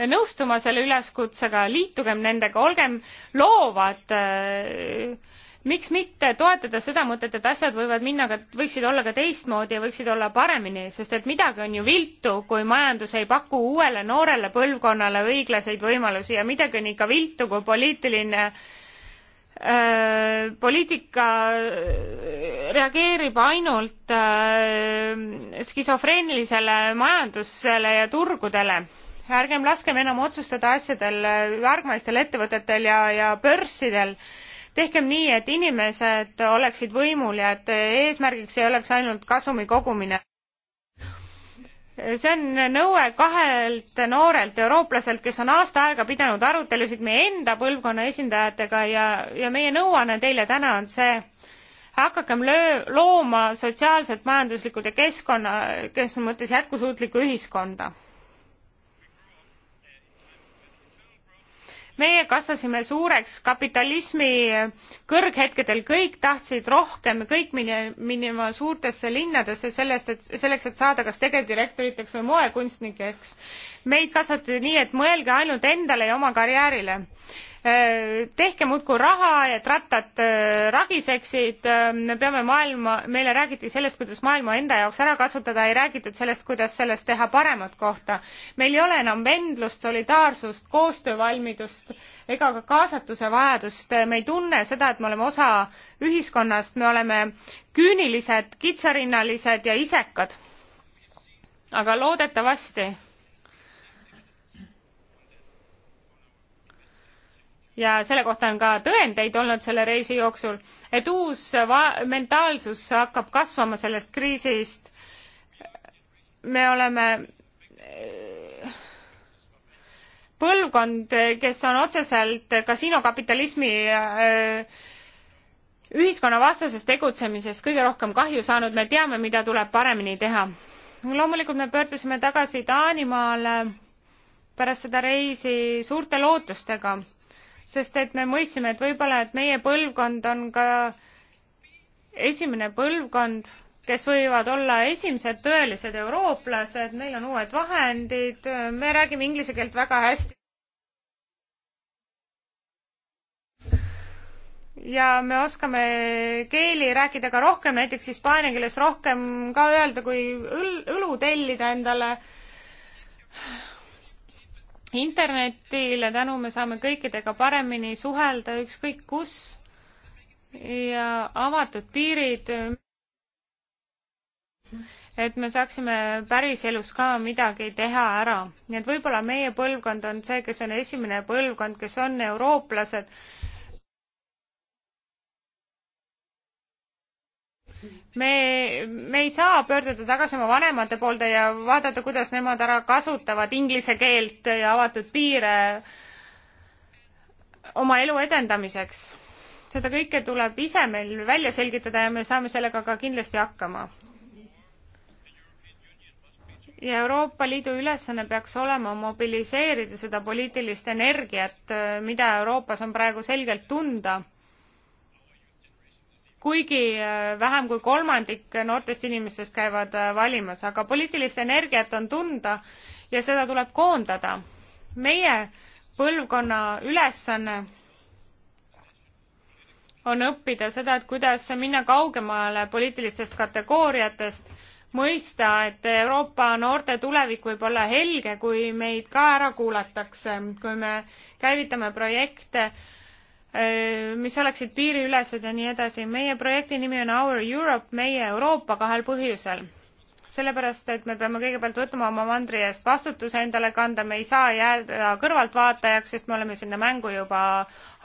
nõustuma selle üleskutsega, liitugem nendega, olgem loovad äh, miks mitte toetada seda mõtet et asjad võivad minna ka võiksid olla ka teistmoodi ja võiksid olla paremini sest et midagi on ju viltu kui majandus ei paku uuele noorele põlvkonnale õiglaseid võimalusi ja midagi on ikka viltu kui poliitiline äh, poliitika äh, reageerib ainult äh, skisofreenilisele majandusele ja turgudele ärgem laskem enam otsustada asjadel järgmistel äh, ettevõtetel ja ja börssidel äh, tehkem nii, et inimesed oleksid võimul ja et eesmärgiks ei oleks ainult kasumi kogumine. see on nõue kahelt noorelt eurooplaselt, kes on aasta aega pidanud arutelusid meie enda põlvkonna esindajatega ja, ja meie nõuanne teile täna on see, hakakem löö, looma sotsiaalselt, majanduslikult ja keskkonna, kes mõttes jätkusuutlikku ühiskonda meie kasvasime suureks kapitalismi kõrghetkedel kõik tahtsid rohkem kõik mine- minema suurtesse linnadesse sellest et selleks et saada kas tegevdirektoriteks või moekunstnikeks meid kasvatati nii, et mõelge ainult endale ja oma karjäärile. Äh, tehke muudkui raha, et rattad äh, ragiseksid, äh, me peame maailma, meile räägiti sellest, kuidas maailma enda jaoks ära kasutada, ei räägitud sellest, kuidas sellest teha paremat kohta. meil ei ole enam vendlust, solidaarsust, koostöövalmidust ega ka kaasatuse vajadust, me ei tunne seda, et me oleme osa ühiskonnast, me oleme küünilised, kitsarinnalised ja isekad. aga loodetavasti ja selle kohta on ka tõendeid olnud selle reisi jooksul, et uus mentaalsus hakkab kasvama sellest kriisist. me oleme eh, põlvkond, kes on otseselt kasiinokapitalismi eh, ühiskonnavastases tegutsemises kõige rohkem kahju saanud, me teame, mida tuleb paremini teha. loomulikult me pöördusime tagasi Taanimaale pärast seda reisi suurte lootustega sest et me mõistsime, et võib-olla, et meie põlvkond on ka esimene põlvkond, kes võivad olla esimesed tõelised eurooplased, meil on uued vahendid, me räägime inglise keelt väga hästi. ja me oskame keeli rääkida ka rohkem, näiteks hispaania keeles rohkem ka öelda, kui õl-, õlu tellida endale internetile tänu me saame kõikidega paremini suhelda ükskõik kus ja avatud piirid, et me saaksime päriselus ka midagi teha ära. nii et võib-olla meie põlvkond on see, kes on esimene põlvkond, kes on eurooplased me, me ei saa pöörduda tagasi oma vanemate poolde ja vaadata, kuidas nemad ära kasutavad inglise keelt ja avatud piire oma elu edendamiseks. seda kõike tuleb ise meil välja selgitada ja me saame sellega ka kindlasti hakkama. ja Euroopa Liidu ülesanne peaks olema mobiliseerida seda poliitilist energiat, mida Euroopas on praegu selgelt tunda kuigi äh, vähem kui kolmandik noortest inimestest käivad äh, valimas, aga poliitilist energiat on tunda ja seda tuleb koondada. meie põlvkonna ülesanne on õppida seda, et kuidas minna kaugemale poliitilistest kategooriatest, mõista, et Euroopa noorte tulevik võib olla helge, kui meid ka ära kuulatakse, kui me käivitame projekte Äh, mis oleksid piiriülesed ja nii edasi. meie projekti nimi on Our Europe, meie Euroopa kahel põhjusel. sellepärast, et me peame kõigepealt võtma oma mandri eest vastutuse endale kanda, me ei saa jääda kõrvaltvaatajaks, sest me oleme sinna mängu juba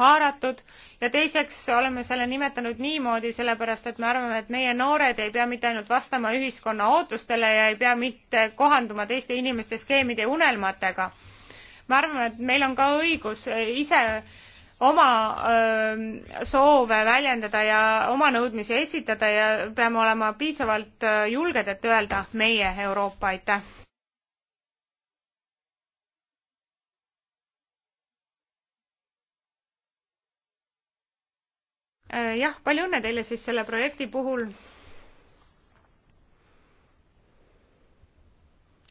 haaratud ja teiseks oleme selle nimetanud niimoodi, sellepärast et me arvame, et meie noored ei pea mitte ainult vastama ühiskonna ootustele ja ei pea mitte kohanduma teiste inimeste skeemide ja unelmatega. me arvame, et meil on ka õigus ise oma öö, soove väljendada ja oma nõudmisi esitada ja peame olema piisavalt julged, et öelda meie Euroopa, aitäh. jah, palju õnne teile siis selle projekti puhul.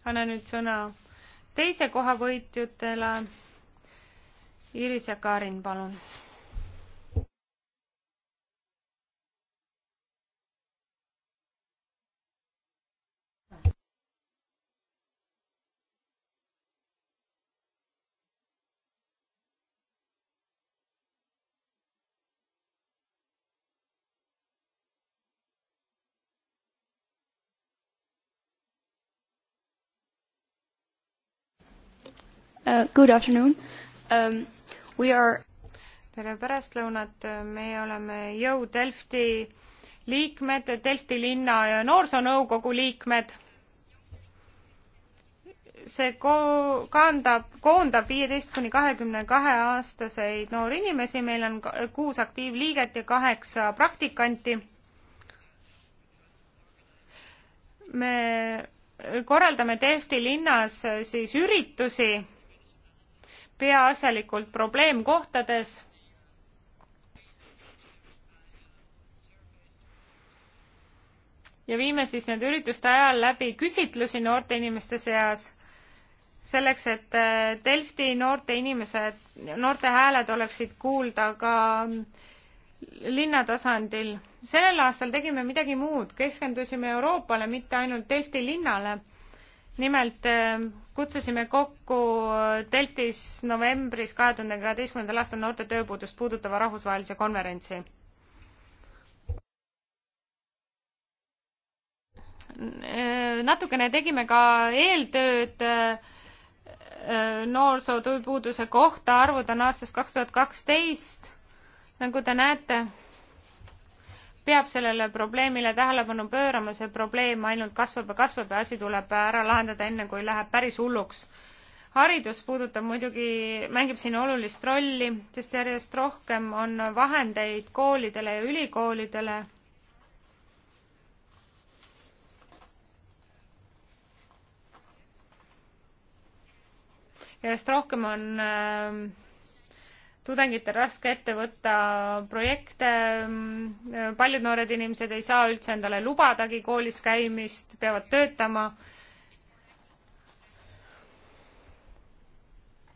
annan nüüd sõna teise koha võitjatele Iris ja Karin, palun. Uh, good afternoon. Um, We are tere pärastlõunat, me oleme Jõu Delfti liikmed, Delfti linna noorsoonõukogu liikmed. see ko-, kaandab, koondab viieteist kuni kahekümne kahe aastaseid noori inimesi, meil on kuus aktiivliiget ja kaheksa praktikanti. me korraldame Delfti linnas siis üritusi peaasjalikult probleemkohtades ja viime siis nende ürituste ajal läbi küsitlusi noorte inimeste seas, selleks et äh, Delfti noorte inimesed, noorte hääled oleksid kuulda ka linnatasandil. sellel aastal tegime midagi muud, keskendusime Euroopale, mitte ainult Delfti linnale nimelt äh, kutsusime kokku äh, Deltis novembris kahe tuhande kaheteistkümnendal aastal noorte tööpuudust puudutava rahvusvahelise konverentsi. Äh, natukene tegime ka eeltööd noorsootööpuuduse kohta, arvud on aastast kaks tuhat kaksteist. nagu te näete peab sellele probleemile tähelepanu pöörama, see probleem ainult kasvab ja kasvab ja asi tuleb ära lahendada, enne kui läheb päris hulluks. haridus puudutab muidugi, mängib siin olulist rolli, sest järjest rohkem on vahendeid koolidele ja ülikoolidele. järjest rohkem on äh, tudengitel raske ette võtta projekte, mm, paljud noored inimesed ei saa üldse endale lubadagi koolis käimist, peavad töötama.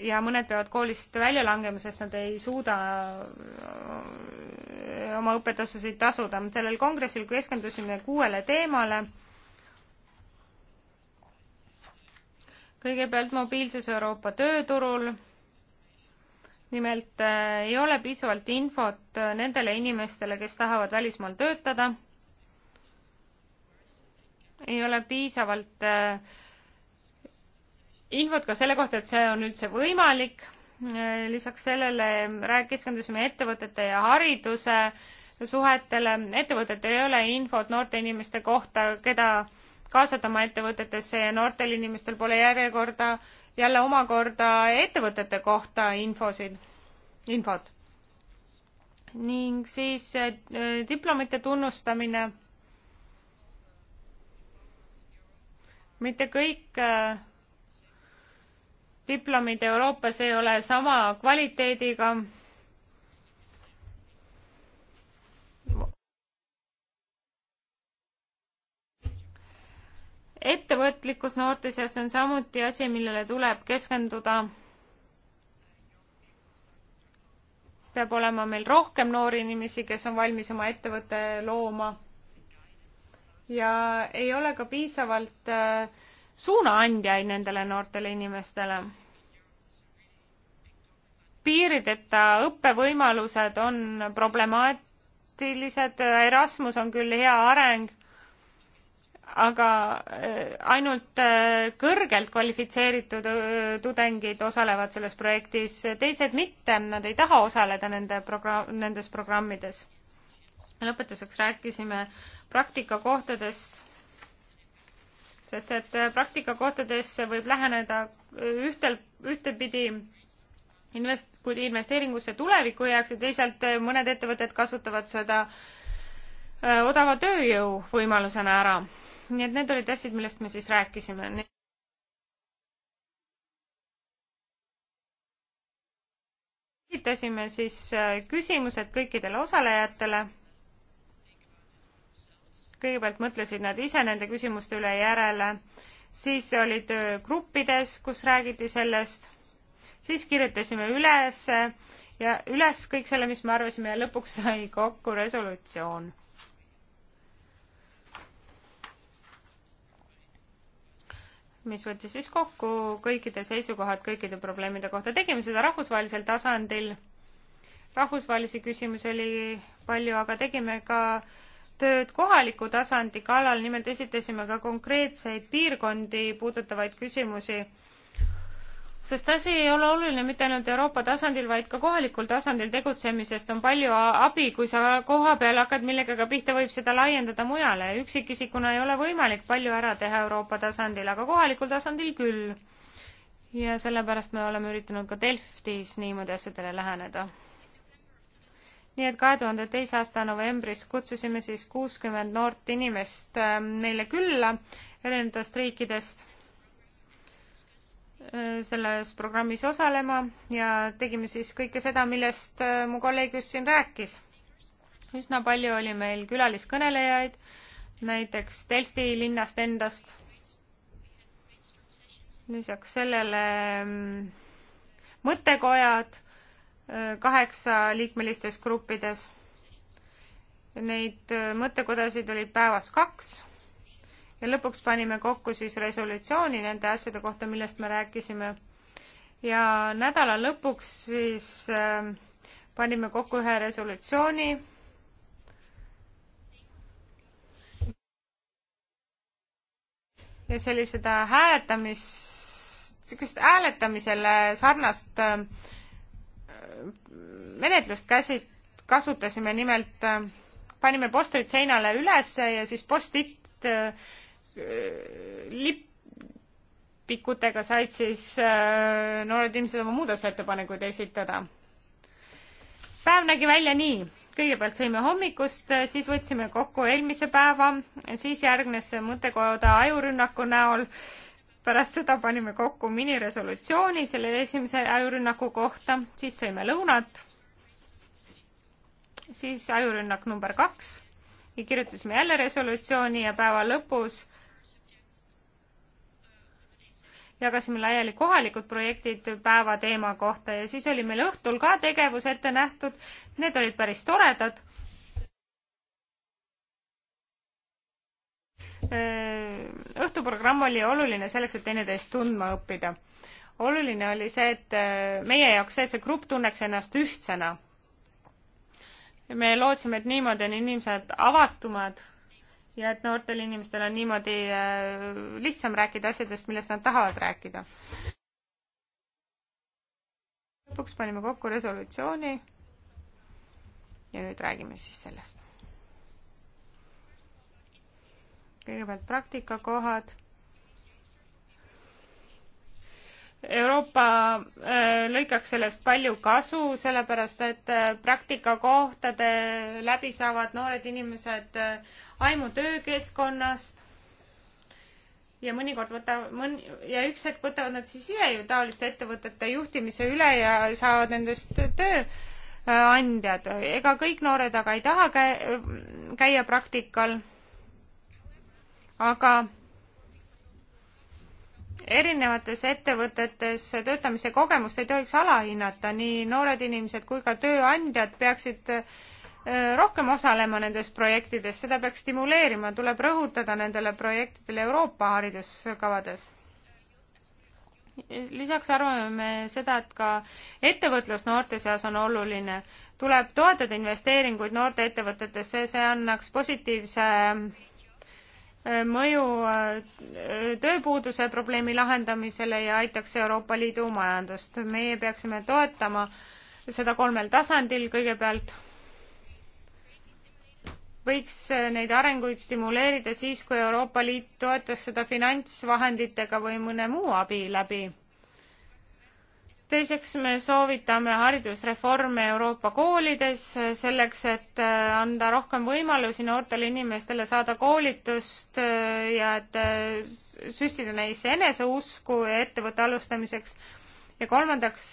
ja mõned peavad koolist välja langema, sest nad ei suuda äh, oma õppetasusid tasuda. sellel kongressil keskendusime kuuele teemale kõigepealt mobiilsus Euroopa tööturul, nimelt äh, ei ole piisavalt infot äh, nendele inimestele, kes tahavad välismaal töötada. ei ole piisavalt äh, infot ka selle kohta, et see on üldse võimalik. Äh, lisaks sellele keskendusime ettevõtete ja hariduse suhetele. ettevõtetel ei ole infot noorte inimeste kohta, keda äh, kaasata oma ettevõtetesse ja noortel inimestel pole järjekorda jälle omakorda ettevõtete kohta infosid, infot. ning siis äh, diplomite tunnustamine. mitte kõik äh, diplomid Euroopas ei ole sama kvaliteediga ettevõtlikkus noorte seas on samuti asi, millele tuleb keskenduda. peab olema meil rohkem noori inimesi, kes on valmis oma ettevõtte looma. ja ei ole ka piisavalt äh, suunaandjaid nendele noortele inimestele. piirideta õppevõimalused on problemaatilised, Erasmus on küll hea areng aga äh, ainult äh, kõrgelt kvalifitseeritud äh, tudengid osalevad selles projektis, teised mitte, nad ei taha osaleda nende programm, nendes programmides. lõpetuseks rääkisime praktikakohtadest, sest et praktikakohtadesse võib läheneda ühtel, ühtepidi invest-, kui investeeringusse tuleviku jaoks ja teisalt mõned ettevõtted kasutavad seda odava tööjõu võimalusena ära nii et need olid asjad, millest me siis rääkisime. esitasime siis äh, küsimused kõikidele osalejatele. kõigepealt mõtlesid nad ise nende küsimuste üle järele, siis olid äh, gruppides, kus räägiti sellest, siis kirjutasime üles äh, ja üles kõik selle, mis me arvasime ja lõpuks sai kokku resolutsioon mis võttis siis kokku kõikide seisukohad kõikide probleemide kohta. tegime seda rahvusvahelisel tasandil. rahvusvahelisi küsimusi oli palju, aga tegime ka tööd kohaliku tasandi kallal, nimelt esitasime ka konkreetseid piirkondi puudutavaid küsimusi sest asi ei ole oluline mitte ainult Euroopa tasandil, vaid ka kohalikul tasandil tegutsemisest on palju abi, kui sa koha peal hakkad millegagi pihta, võib seda laiendada mujale. üksikisikuna ei ole võimalik palju ära teha Euroopa tasandil, aga kohalikul tasandil küll. ja sellepärast me oleme üritanud ka Delftis niimoodi asjadele läheneda nii et kahe tuhande teise aasta novembris kutsusime siis kuuskümmend noort inimest ähm, meile külla erinevatest riikidest Äh, selles programmis osalema ja tegime siis kõike seda, millest äh, mu kolleeg just siin rääkis. üsna palju oli meil külaliskõnelejaid, näiteks Delfi linnast endast. lisaks sellele mm, mõttekojad äh, kaheksaliikmelistes gruppides. Neid mõttekodasid oli päevas kaks ja lõpuks panime kokku siis resolutsiooni nende asjade kohta, millest me rääkisime. ja nädala lõpuks siis äh, panime kokku ühe resolutsiooni, ja selle seda hääletamist, niisugust hääletamisele sarnast ähm, menetlust käsi, kasutasime nimelt, ähm, panime postrid seinale ülesse ja siis postit äh, Äh, lipikutega said siis äh, noored inimesed oma muudatusettepanekuid esitada. päev nägi välja nii, kõigepealt sõime hommikust, siis võtsime kokku eelmise päeva, siis järgnes mõttekoda ajurünnaku näol pärast seda panime kokku miniresolutsiooni selle esimese ajurünnaku kohta, siis sõime lõunat, siis ajurünnak number kaks ja kirjutasime jälle resolutsiooni ja päeva lõpus jagasime laiali kohalikud projektid päeva teema kohta ja siis oli meil õhtul ka tegevus ette nähtud. Need olid päris toredad. Äh, õhtuprogramm oli oluline selleks, et teineteist tundma õppida. oluline oli see, et äh, meie jaoks see, et see grupp tunneks ennast ühtsena. me lootsime, et niimoodi on inimesed avatumad ja et noortel inimestel on niimoodi äh, lihtsam rääkida asjadest, millest nad tahavad rääkida. lõpuks panime kokku resolutsiooni ja nüüd räägime siis sellest. kõigepealt praktikakohad Euroopa äh, lõikaks sellest palju kasu, sellepärast et äh, praktikakohtade läbi saavad noored inimesed äh, aimu töökeskkonnast ja mõnikord võta- mõn- ja üks hetk võtavad nad siis ise ju taoliste ettevõtete juhtimise üle ja saavad nendest tööandjad. ega kõik noored aga ei taha käia praktikal, aga erinevates ettevõtetes töötamise kogemust ei tohiks alahinnata, nii noored inimesed kui ka tööandjad peaksid äh, rohkem osalema nendes projektides, seda peaks stimuleerima, tuleb rõhutada nendele projektidele Euroopa hariduskavades. lisaks arvame me seda, et ka ettevõtlus noorte seas on oluline. tuleb toetada investeeringuid noorte ettevõtetesse, see annaks positiivse mõju äh, tööpuuduse probleemi lahendamisele ja aitaks Euroopa Liidu majandust. meie peaksime toetama seda kolmel tasandil, kõigepealt võiks neid arenguid stimuleerida siis, kui Euroopa Liit toetas seda finantsvahenditega või mõne muu abi läbi teiseks me soovitame haridusreforme Euroopa koolides äh, selleks, et äh, anda rohkem võimalusi noortele inimestele saada koolitust äh, ja et süstida neisse eneseusku ettevõtte alustamiseks. ja kolmandaks,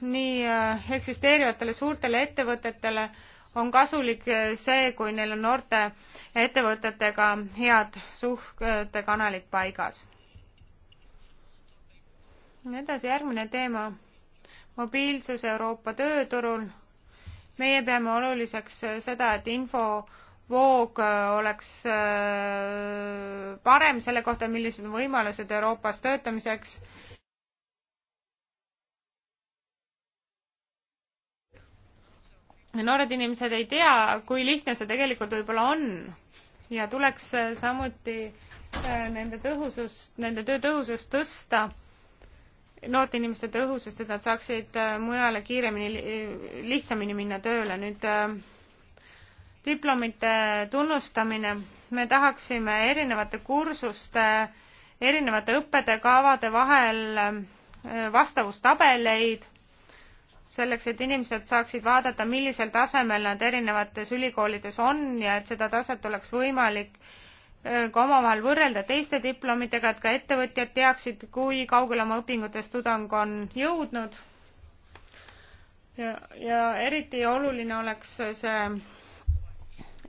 nii eksisteerivatele suurtele ettevõtetele on kasulik see, kui neil on noorte ettevõtetega head suhtekanalid paigas. edasi järgmine teema mobiilsus Euroopa tööturul. meie peame oluliseks seda, et infovoog äh, oleks äh, parem selle kohta, millised on võimalused Euroopas töötamiseks. noored inimesed ei tea, kui lihtne see tegelikult võib-olla on ja tuleks äh, samuti nende tõhusust, nende töö tõhusust tõsta noorte inimeste tõhusust, et nad saaksid äh, mujale kiiremini, lihtsamini minna tööle. nüüd äh, diplomite tunnustamine, me tahaksime erinevate kursuste, erinevate õppekavade vahel äh, vastavustabeleid, selleks, et inimesed saaksid vaadata, millisel tasemel nad erinevates ülikoolides on ja et seda taset oleks võimalik äh, ka omavahel võrrelda teiste diplomitega, et ka ettevõtjad teaksid, kui kaugele oma õpingutes tudeng on jõudnud. ja, ja eriti oluline oleks see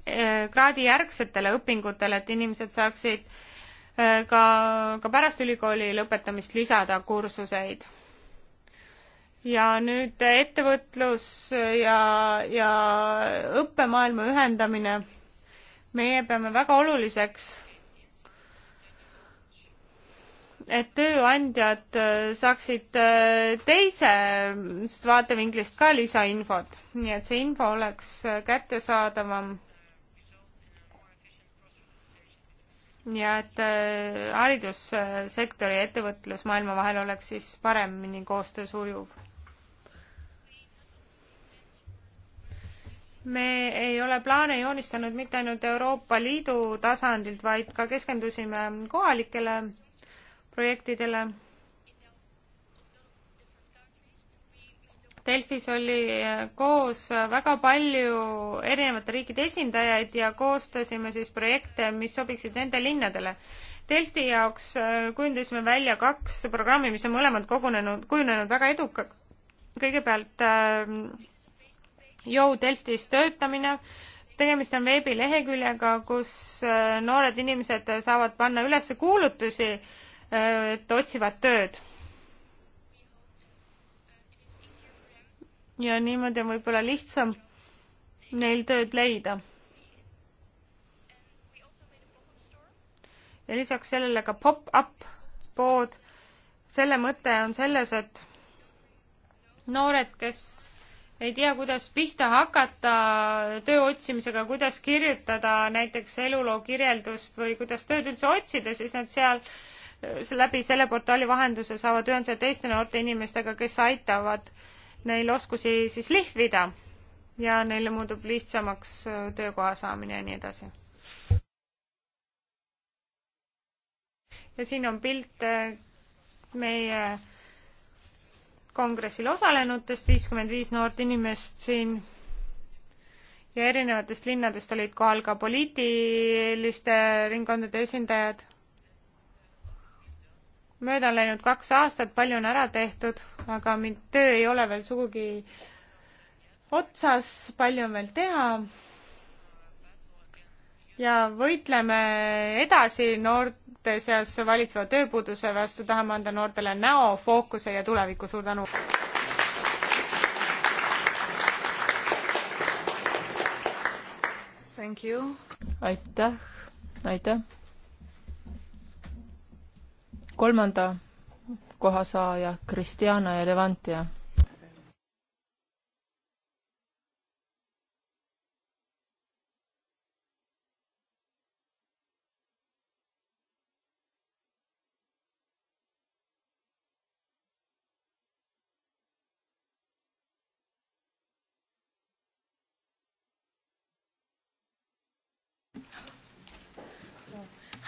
eh, kraadijärgsetele õpingutele, et inimesed saaksid eh, ka, ka pärast ülikooli lõpetamist lisada kursuseid. ja nüüd ettevõtlus ja, ja õppemaailma ühendamine meie peame väga oluliseks, et tööandjad äh, saaksid äh, teisest vaatevinklist ka lisainfot, nii et see info oleks äh, kättesaadavam ja et haridussektori ja ettevõtlusmaailma vahel oleks siis paremini koostöös ujuv me ei ole plaane joonistanud mitte ainult Euroopa Liidu tasandilt, vaid ka keskendusime kohalikele projektidele. Delfis oli koos väga palju erinevate riikide esindajaid ja koostasime siis projekte, mis sobiksid nende linnadele. Delfi jaoks kujundasime välja kaks programmi, mis on mõlemad kogunenud, kujunenud väga edukaks. kõigepealt äh, Joe Delftis töötamine. tegemist on veebileheküljega, kus äh, noored inimesed saavad panna üles kuulutusi, äh, et otsivad tööd. ja niimoodi on võib-olla lihtsam neil tööd leida. ja lisaks sellele ka pop-up pood. selle mõte on selles, et noored, kes ei tea, kuidas pihta hakata töö otsimisega, kuidas kirjutada näiteks eluloo kirjeldust või kuidas tööd üldse otsida, siis nad seal läbi selle portaali vahenduse saavad ühenduse teiste noorte inimestega, kes aitavad neil oskusi siis lihvida ja neil muutub lihtsamaks töökoha saamine ja nii edasi. ja siin on pilt meie kongressil osalenutest viiskümmend viis noort inimest siin ja erinevatest linnadest olid kohal ka poliitiliste ringkondade esindajad. mööda on läinud kaks aastat, palju on ära tehtud, aga töö ei ole veel sugugi otsas, palju on veel teha ja võitleme edasi noorte seas valitseva tööpuuduse vastu, tahame anda noortele näo, fookuse ja tuleviku. suur tänu! aitäh, aitäh! kolmanda kohasaaja Kristjana Elevantia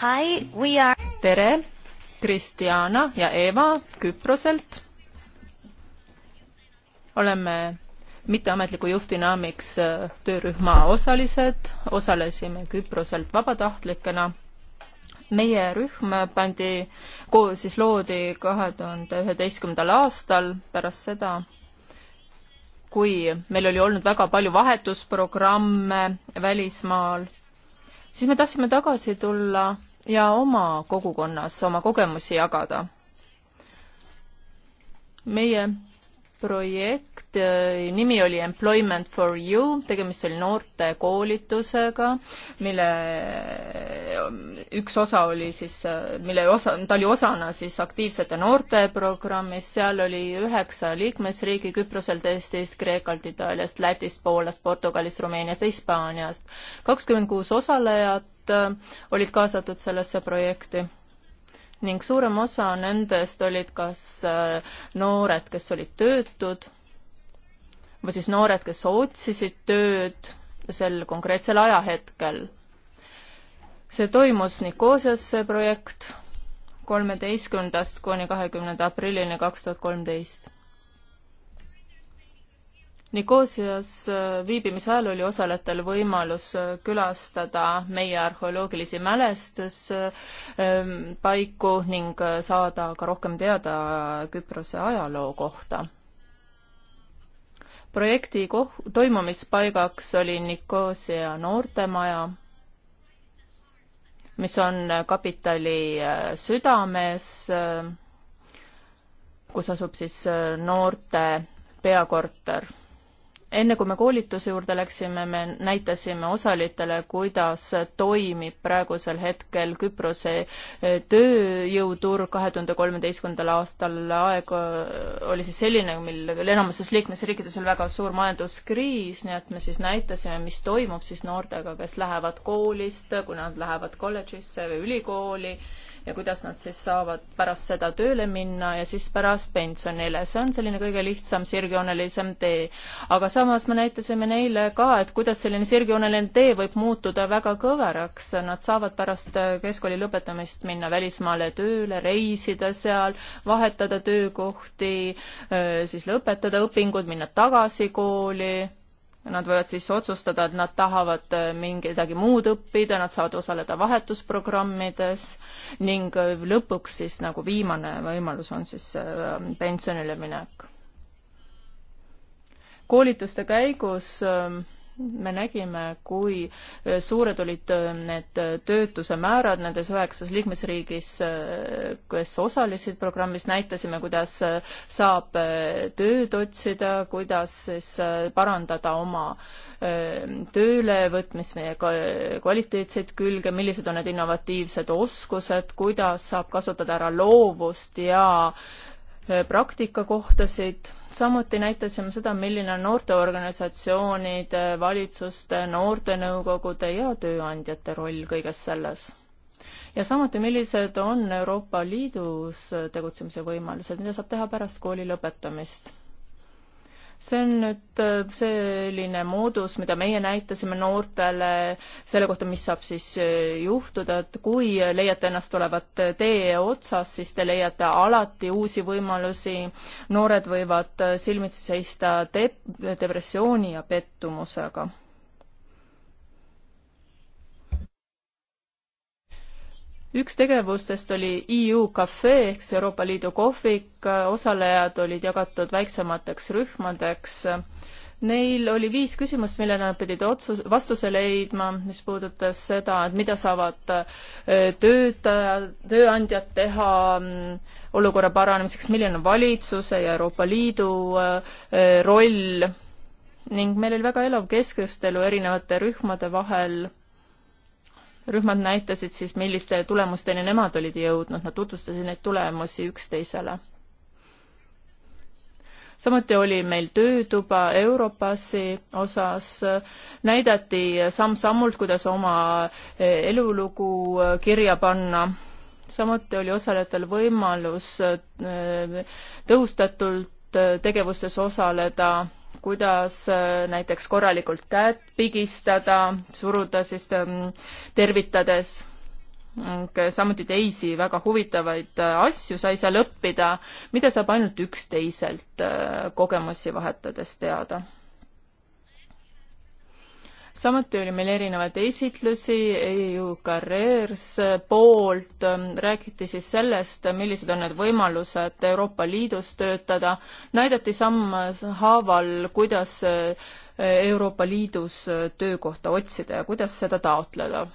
Hi, we are... tere, Kristjana ja Eva Küproselt. oleme mitteametliku juhtdünaamiks äh, töörühma osalised, osalesime Küproselt vabatahtlikena meie rühm pandi, siis loodi kahe tuhande üheteistkümnendal aastal pärast seda, kui meil oli olnud väga palju vahetusprogramme välismaal, siis me tahtsime tagasi tulla ja oma kogukonnas oma kogemusi jagada. meie projekt, äh, nimi oli Employment for you, tegemist oli noorte koolitusega, mille äh, üks osa oli siis, äh, mille osa, ta oli osana siis aktiivsete noorte programmist, seal oli üheksa liikmesriigi Küproselt, Eestist, Kreekalt, Itaaliast, Lätist, Poolast, Portugalist, Rumeeniast, Hispaaniast. kakskümmend kuus osalejat olid kaasatud sellesse projekti ning suurem osa nendest olid kas äh, noored, kes olid töötud või siis noored, kes otsisid tööd sel konkreetsel ajahetkel. see toimus Nikosias, see projekt, kolmeteistkümnendast kuni kahekümnenda aprillini kaks tuhat kolmteist Nikosias äh, viibimise ajal oli osalejatel võimalus äh, külastada meie arheoloogilisi mälestuspaiku äh, ähm, ning saada ka rohkem teada Küprose ajaloo kohta. projekti koh-, toimumispaigaks oli Nikosia noortemaja, mis on kapitali südames, kus asub siis noorte peakorter enne kui me koolituse juurde läksime, me näitasime osalitele, kuidas toimib praegusel hetkel Küprose e, tööjõuturg kahe tuhande kolmeteistkümnendal aastal. aeg e, oli siis selline, mil enamuses liikmesriikides oli väga suur majanduskriis, nii et me siis näitasime, mis toimub siis noortega, kes lähevad koolist, kui nad lähevad kolledžisse või ülikooli ja kuidas nad siis saavad pärast seda tööle minna ja siis pärast pensionile. see on selline kõige lihtsam sirgjoonelisem tee. aga samas me näitasime neile ka, et kuidas selline sirgjooneline tee võib muutuda väga kõveraks. Nad saavad pärast keskkooli lõpetamist minna välismaale tööle, reisida seal, vahetada töökohti, siis lõpetada õpingud, minna tagasi kooli Nad võivad siis otsustada, et nad tahavad äh, midagi muud õppida, nad saavad osaleda vahetusprogrammides ning äh, lõpuks siis nagu viimane võimalus on siis äh, pensionile minek. koolituste käigus ähm, me nägime, kui eh, suured olid eh, need eh, töötuse määrad nendes üheksas liikmesriigis, kes osalesid programmis, näitasime, kuidas saab tööd otsida, kuidas siis parandada oma töölevõtmist, meie kvaliteetseid külge, millised on need innovatiivsed oskused, kuidas saab kasutada ära loovust ja praktikakohtasid samuti näitasime seda, milline on noorteorganisatsioonide, valitsuste, noortenõukogude ja tööandjate roll kõiges selles. ja samuti, millised on Euroopa Liidus tegutsemise võimalused, mida saab teha pärast kooli lõpetamist see on nüüd äh, selline moodus, mida meie näitasime noortele selle kohta, mis saab siis äh, juhtuda, et kui leiate ennast olevat äh, tee otsas, siis te leiate alati uusi võimalusi. noored võivad silmitsi seista de-, depressiooni ja pettumusega üks tegevustest oli EU Cafe ehk siis Euroopa Liidu kohvik, osalejad olid jagatud väiksemateks rühmadeks. Neil oli viis küsimust, millele nad pidid otsus, vastuse leidma, mis puudutas seda, et mida saavad äh, töötajad, tööandjad teha mm, olukorra paranemiseks, milline on valitsuse ja Euroopa Liidu äh, roll ning meil oli väga elav keskustelu erinevate rühmade vahel rühmad näitasid siis, milliste tulemusteni nemad olid jõudnud, nad tutvustasid neid tulemusi üksteisele. samuti oli meil töötuba Europassi osas, näidati samm-sammult, kuidas oma elulugu kirja panna samuti oli osalejatel võimalus tõhustatult tegevustes osaleda kuidas äh, näiteks korralikult käed pigistada, suruda siis ähm, tervitades. samuti teisi väga huvitavaid äh, asju sai seal õppida, mida saab ainult üksteiselt äh, kogemusi vahetades teada samuti oli meil erinevaid esitlusi, EU Careers poolt ähm, räägiti siis sellest, millised on need võimalused Euroopa Liidus töötada, näidati sammhaaval, kuidas äh, Euroopa Liidus äh, töökohta otsida ja kuidas seda taotleda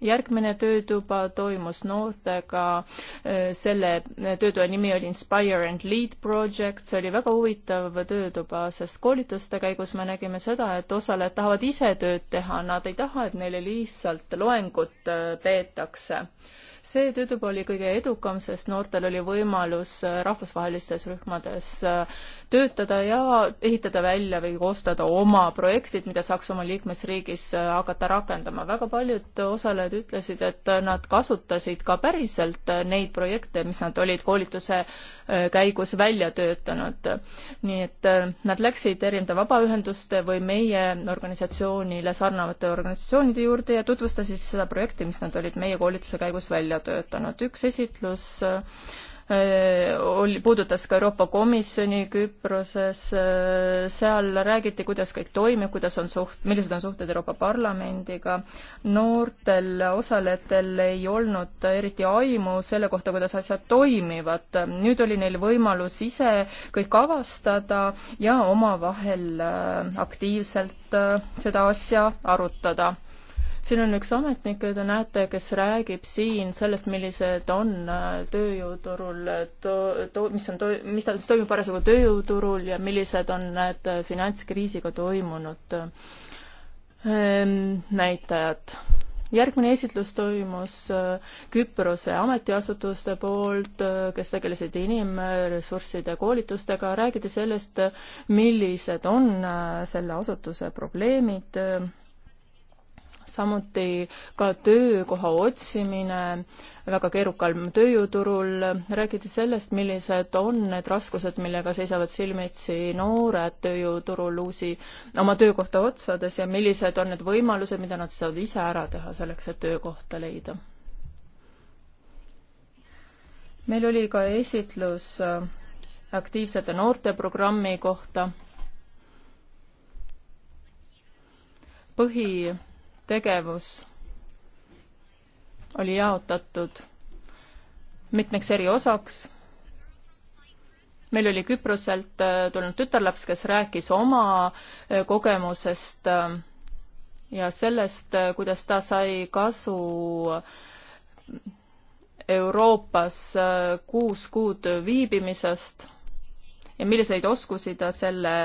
järgmine töötuba toimus noortega, äh, selle äh, töötoa nimi oli Inspire and Lead Project, see oli väga huvitav töötuba, sest koolituste käigus me nägime seda, et osalejad tahavad ise tööd teha, nad ei taha, et neile lihtsalt loengut äh, peetakse see töötuba oli kõige edukam, sest noortel oli võimalus rahvusvahelistes rühmades töötada ja ehitada välja või koostada oma projektid, mida saaks oma liikmesriigis äh, hakata rakendama. väga paljud osalejad ütlesid, et äh, nad kasutasid ka päriselt äh, neid projekte, mis nad olid koolituse käigus välja töötanud. nii et nad läksid erinevate vabaühenduste või meie organisatsioonile sarnavate organisatsioonide juurde ja tutvustasid seda projekti, mis nad olid meie koolituse käigus välja töötanud. üks esitlus oli, puudutas ka Euroopa Komisjoni Küproses, seal räägiti, kuidas kõik toimib, kuidas on suht-, millised on suhted Euroopa Parlamendiga. noortel osalejatel ei olnud eriti aimu selle kohta, kuidas asjad toimivad. nüüd oli neil võimalus ise kõik avastada ja omavahel aktiivselt seda asja arutada siin on üks ametnik, te näete, kes räägib siin sellest, millised on äh, tööjõuturul to-, to-, mis on to-, mis tähendab, mis toimub parasjagu tööjõuturul ja millised on need äh, finantskriisiga toimunud ähm, näitajad. järgmine esitlus toimus äh, Küprose ametiasutuste poolt, kes tegelesid inimressursside koolitustega, räägiti sellest, millised on selle asutuse probleemid samuti ka töökoha otsimine väga keerukal tööjõuturul, räägiti sellest, millised on need raskused, millega seisavad silmitsi noored tööjõuturul uusi, oma töökohta otsades ja millised on need võimalused, mida nad saavad ise ära teha selleks, et töökohta leida. meil oli ka esitlus äh, aktiivsete noorte programmi kohta. põhi tegevus oli jaotatud mitmeks eri osaks. meil oli Küproselt äh, tulnud tütarlaps, kes rääkis oma äh, kogemusest äh, ja sellest, kuidas ta sai kasu Euroopas kuus kuud viibimisest ja milliseid oskusi ta selle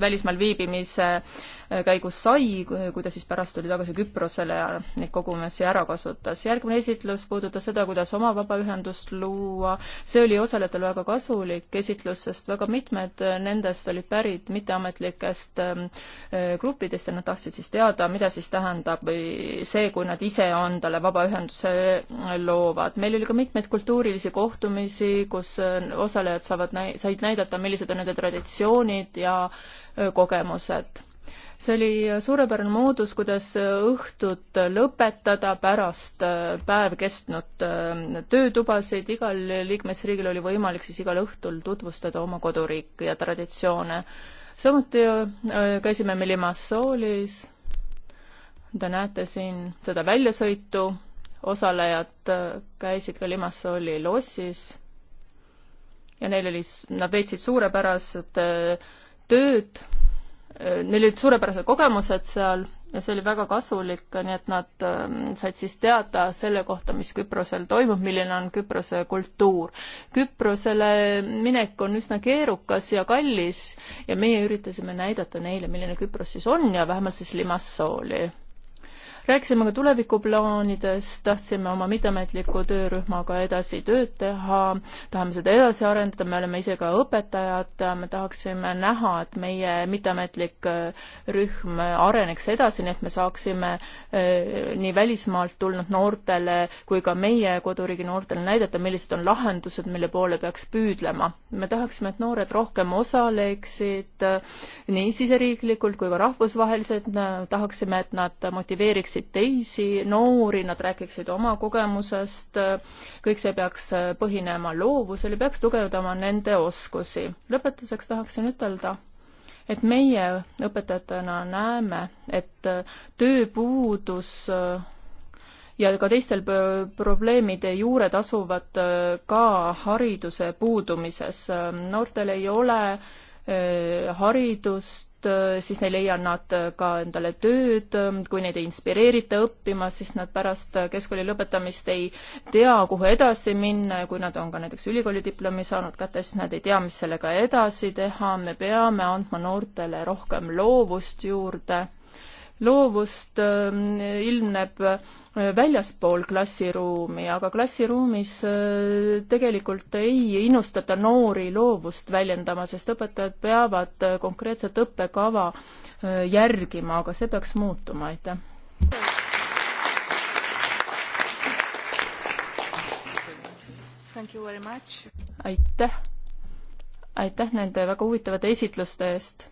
välismaal viibimise äh, käigus sai, kui ta siis pärast tuli tagasi Küprosele ja neid kogumisi ära kasutas. järgmine esitlus puudutas seda, kuidas oma vabaühendust luua. see oli osalejatel väga kasulik esitlus, sest väga mitmed nendest olid pärit mitteametlikest ähm, äh, gruppidest ja nad tahtsid siis teada, mida siis tähendab see, kui nad ise endale vabaühenduse loovad. meil oli ka mitmeid kultuurilisi kohtumisi, kus äh, osalejad saavad, said näidata, millised on nende traditsioonid ja kogemused see oli suurepärane moodus, kuidas õhtut lõpetada pärast äh, päev kestnud äh, töötubasid, igal liikmesriigil oli võimalik siis igal õhtul tutvustada oma koduriiki ja traditsioone. samuti äh, käisime me Limassoolis, te näete siin seda väljasõitu, osalejad käisid ka Limassooli lossis ja neil oli, nad veetsid suurepärased äh, tööd, neil olid suurepärased kogemused seal ja see oli väga kasulik, nii et nad ähm, said siis teada selle kohta, mis Küprosel toimub, milline on Küprose kultuur. Küprosele minek on üsna keerukas ja kallis ja meie üritasime näidata neile, milline Küpros siis on ja vähemalt siis Limassooli rääkisime ka tulevikuplaanidest, tahtsime oma mitteametliku töörühmaga edasi tööd teha, tahame seda edasi arendada, me oleme ise ka õpetajad, me tahaksime näha, et meie mitteametlik äh, rühm areneks edasi, nii et me saaksime äh, nii välismaalt tulnud noortele kui ka meie koduriigi noortele näidata, millised on lahendused, mille poole peaks püüdlema. me tahaksime, et noored rohkem osaleksid äh, nii siseriiklikult kui ka rahvusvaheliselt, tahaksime, et nad motiveeriksid kuulaksid teisi noori, nad räägiksid oma kogemusest, kõik see peaks põhinema loovusel ja peaks tugevdama nende oskusi. lõpetuseks tahaksin ütelda, et meie õpetajatena näeme, et tööpuudus ja ka teistel probleemide juured asuvad ka hariduse puudumises. noortel ei ole Äh, haridust, äh, siis neil ei anna nad äh, ka endale tööd, ähm, kui neid ei inspireerita õppima, siis nad pärast keskkooli lõpetamist ei tea, kuhu edasi minna ja kui nad on ka näiteks ülikooli diplomi saanud kätte, siis nad ei tea, mis sellega edasi teha, me peame andma noortele rohkem loovust juurde loovust ähm, ilmneb äh, väljaspool klassiruumi, aga klassiruumis äh, tegelikult ei innustata noori loovust väljendama, sest õpetajad peavad äh, konkreetset õppekava järgima, aga see peaks muutuma, aitäh. aitäh, aitäh nende väga huvitavate esitluste eest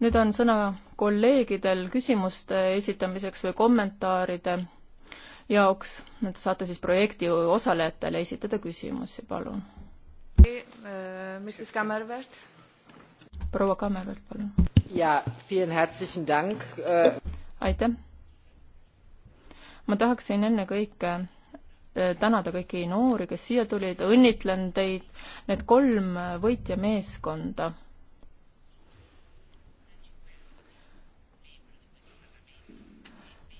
nüüd on sõna kolleegidel küsimuste esitamiseks või kommentaaride jaoks, et saate siis projekti osalejatele esitada küsimusi, palun. Eh, äh, proua Kammervert, palun. Äh, aitäh. ma tahaksin ennekõike äh, tänada kõiki noori, kes siia tulid, õnnitlen teid, need kolm võitjameeskonda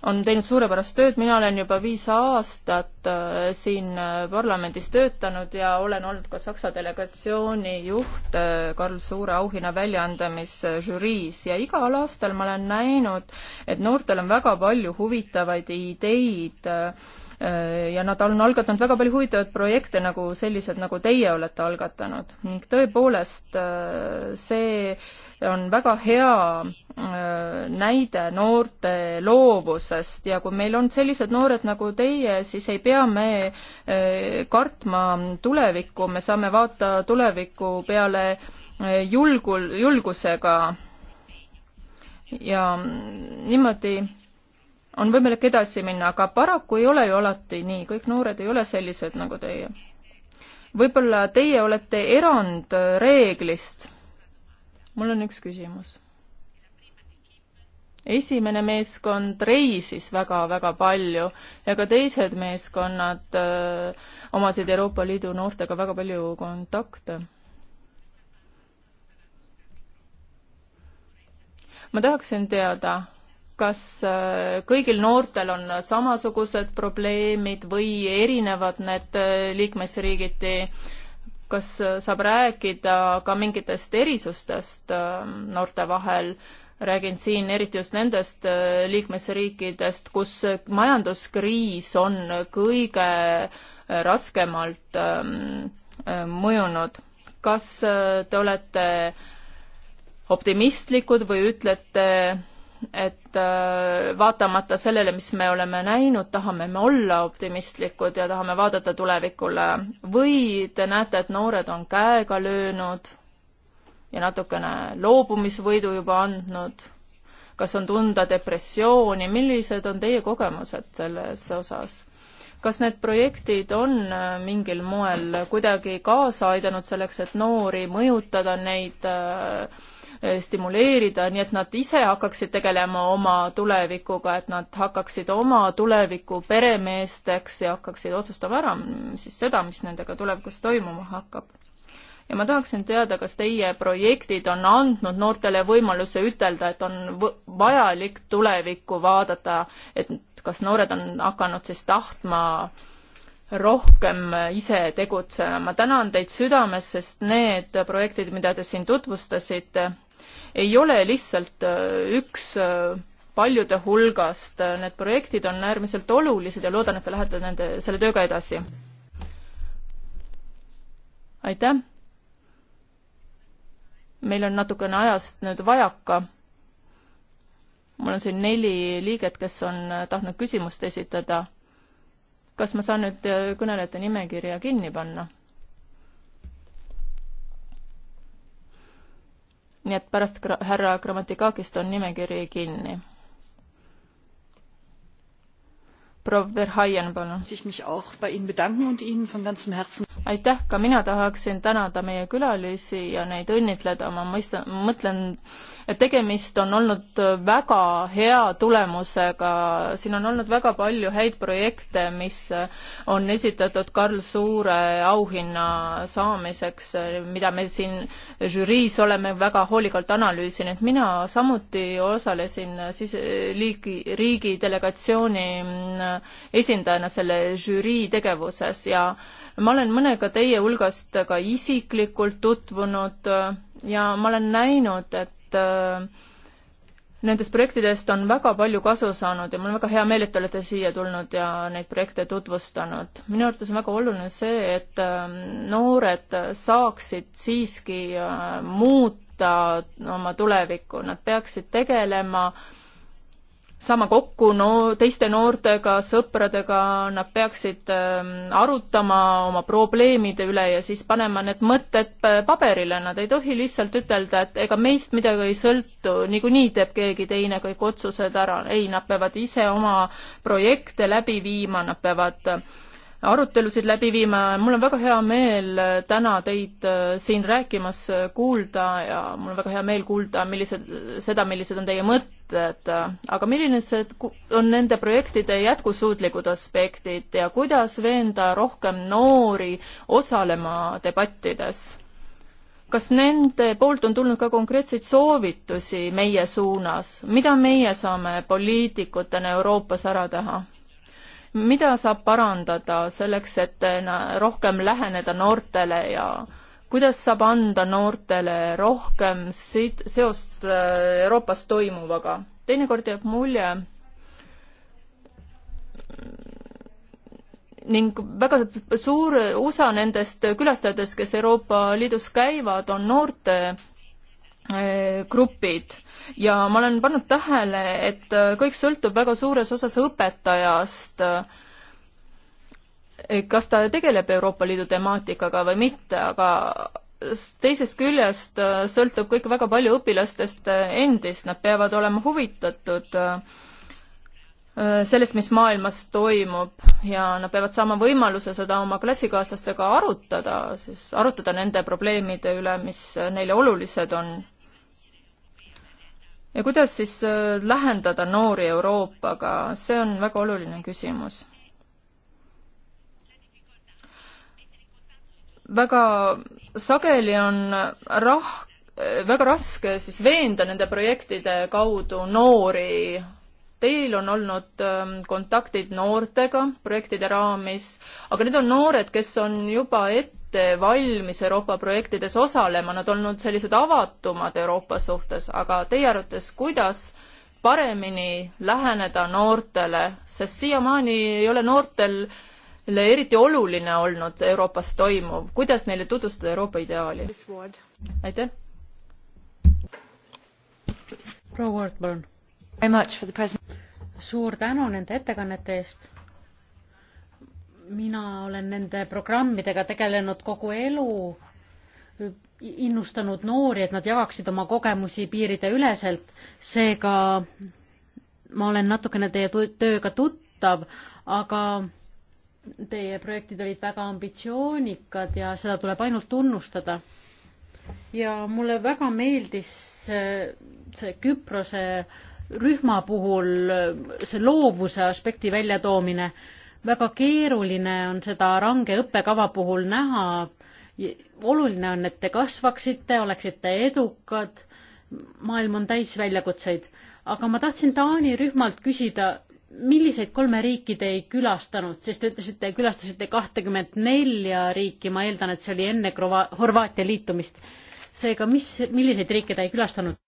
on teinud suurepärast tööd, mina olen juba viis aastat äh, siin äh, parlamendis töötanud ja olen olnud ka Saksa delegatsiooni juht äh, Karl Suure auhinna väljaandamisžüriis ja igal aastal ma olen näinud, et noortel on väga palju huvitavaid ideid ja nad on algatanud väga palju huvitavaid projekte, nagu sellised, nagu teie olete algatanud. ning tõepoolest, see on väga hea äh, näide noorte loovusest ja kui meil on sellised noored nagu teie, siis ei pea me äh, kartma tulevikku, me saame vaata tuleviku peale äh, julgul, julgusega. ja niimoodi on võimalik edasi minna, aga paraku ei ole ju alati nii, kõik noored ei ole sellised nagu teie. võib-olla teie olete erand reeglist mul on üks küsimus. esimene meeskond reisis väga-väga palju ja ka teised meeskonnad öö, äh, omasid Euroopa Liidu noortega väga palju kontakte ma tahaksin teada, kas äh, kõigil noortel on samasugused probleemid või erinevad need äh, liikmesriigiti kas saab rääkida ka mingitest erisustest ähm, noorte vahel, räägin siin eriti just nendest äh, liikmesriikidest, kus majanduskriis on kõige äh, raskemalt ähm, äh, mõjunud. kas te olete optimistlikud või ütlete et äh, vaatamata sellele, mis me oleme näinud, tahame me olla optimistlikud ja tahame vaadata tulevikule või te näete, et noored on käega löönud ja natukene loobumisvõidu juba andnud? kas on tunda depressiooni, millised on teie kogemused selles osas? kas need projektid on äh, mingil moel kuidagi kaasa aidanud selleks, et noori mõjutada neid äh, Eh, stimuleerida, nii et nad ise hakkaksid tegelema oma tulevikuga, et nad hakkaksid oma tuleviku peremeesteks ja hakkaksid otsustama ära mm, siis seda, mis nendega tulevikus toimuma hakkab ja ma tahaksin teada, kas teie projektid on andnud noortele võimaluse ütelda, et on vajalik tulevikku vaadata, et kas noored on hakanud siis tahtma rohkem ise tegutsema. ma tänan teid südamest, sest need projektid, mida te siin tutvustasite, ei ole lihtsalt äh, üks äh, paljude hulgast, need projektid on äärmiselt olulised ja loodan, et te lähete nende, selle tööga edasi. aitäh! meil on natukene ajast nüüd vajaka. mul on siin neli liiget, kes on äh, tahtnud küsimust esitada. kas ma saan nüüd kõnelejate nimekirja kinni panna? nii et pärast härra Grammatikakist on nimekiri kinni. proua Verhaien, palun. aitäh, ka mina tahaksin tänada meie külalisi ja neid õnnitleda, ma mõistan, mõtlen tegemist on olnud väga hea tulemusega, siin on olnud väga palju häid projekte, mis on esitatud Karl Suure auhinna saamiseks, mida me siin žüriis oleme väga hoolikalt analüüsinud. mina samuti osalesin siis liigi, riigi delegatsiooni esindajana selle žürii tegevuses ja ma olen mõnega teie hulgast ka isiklikult tutvunud ja ma olen näinud, et et äh, nendest projektidest on väga palju kasu saanud ja mul on väga hea meel, et te olete siia tulnud ja neid projekte tutvustanud. minu arvates on väga oluline see, et ähm, noored saaksid siiski äh, muuta oma tulevikku, nad peaksid tegelema äh, saama kokku no teiste noortega, sõpradega, nad peaksid ähm, arutama oma probleemide üle ja siis panema need mõtted paberile, nad ei tohi lihtsalt ütelda, et ega meist midagi ei sõltu, niikuinii teeb keegi teine kõik otsused ära, ei, nad peavad ise oma projekte läbi viima, nad peavad äh, arutelusid läbi viima. mul on väga hea meel äh, täna teid äh, siin rääkimas äh, kuulda ja mul on väga hea meel kuulda, millised, seda, millised on teie mõtted, aga milline see on nende projektide jätkusuutlikud aspektid ja kuidas veenda rohkem noori osalema debattides? kas nende poolt on tulnud ka konkreetseid soovitusi meie suunas, mida meie saame poliitikutena Euroopas ära teha? mida saab parandada selleks, et rohkem läheneda noortele ja kuidas saab anda noortele rohkem sid-, seost äh, Euroopas toimuvaga? teinekord jääb mulje ning väga suur osa nendest külastajatest, kes Euroopa Liidus käivad, on noorte äh, grupid ja ma olen pannud tähele, et äh, kõik sõltub väga suures osas õpetajast, äh, kas ta tegeleb Euroopa Liidu temaatikaga või mitte, aga teisest küljest äh, sõltub kõik väga palju õpilastest endist, nad peavad olema huvitatud sellest, mis maailmas toimub ja nad peavad saama võimaluse seda oma klassikaaslastega arutada, siis arutada nende probleemide üle, mis neile olulised on ja kuidas siis äh, lähendada noori Euroopaga, see on väga oluline küsimus. väga sageli on rah-, väga raske siis veenda nende projektide kaudu noori Teil on olnud ähm, kontaktid noortega projektide raamis, aga need on noored, kes on juba ette valmis Euroopa projektides osalema, nad on olnud sellised avatumad Euroopa suhtes, aga teie arvates, kuidas paremini läheneda noortele, sest siiamaani ei ole noortel eriti oluline olnud Euroopas toimuv, kuidas neile tutvustada Euroopa ideaali? aitäh! proua Ward, palun suur tänu nende ettekannete eest. mina olen nende programmidega tegelenud kogu elu, innustanud noori, et nad jagaksid oma kogemusi piirideüleselt, seega ma olen natukene teie tööga tuttav, aga teie projektid olid väga ambitsioonikad ja seda tuleb ainult tunnustada. ja mulle väga meeldis see Küprose äh, rühma puhul see loovuse aspekti väljatoomine, väga keeruline on seda range õppekava puhul näha. oluline on, et te kasvaksite, oleksite edukad, maailm on täis väljakutseid, aga ma tahtsin Taani rühmalt küsida, milliseid kolme riiki te ei külastanud, sest te ütlesite, külastasite kahtekümmet nelja riiki, ma eeldan, et see oli enne Horvaatia liitumist. seega, mis, milliseid riike te ei külastanud?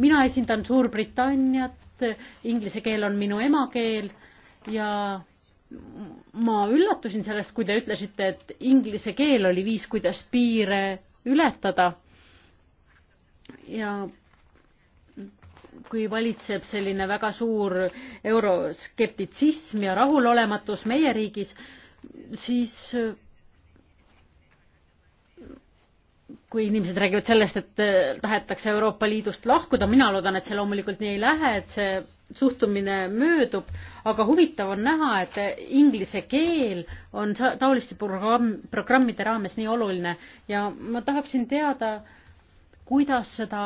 mina esindan Suurbritanniat, inglise keel on minu emakeel ja ma üllatusin sellest, kui te ütlesite, et inglise keel oli viis, kuidas piire ületada. ja kui valitseb selline väga suur euroskeptitsism ja rahulolematus meie riigis, siis kui inimesed räägivad sellest, et äh, tahetakse Euroopa Liidust lahkuda, mina loodan, et see loomulikult nii ei lähe, et see suhtumine möödub, aga huvitav on näha, et äh, inglise keel on taoliste programm, programmide raames nii oluline ja ma tahaksin teada, kuidas seda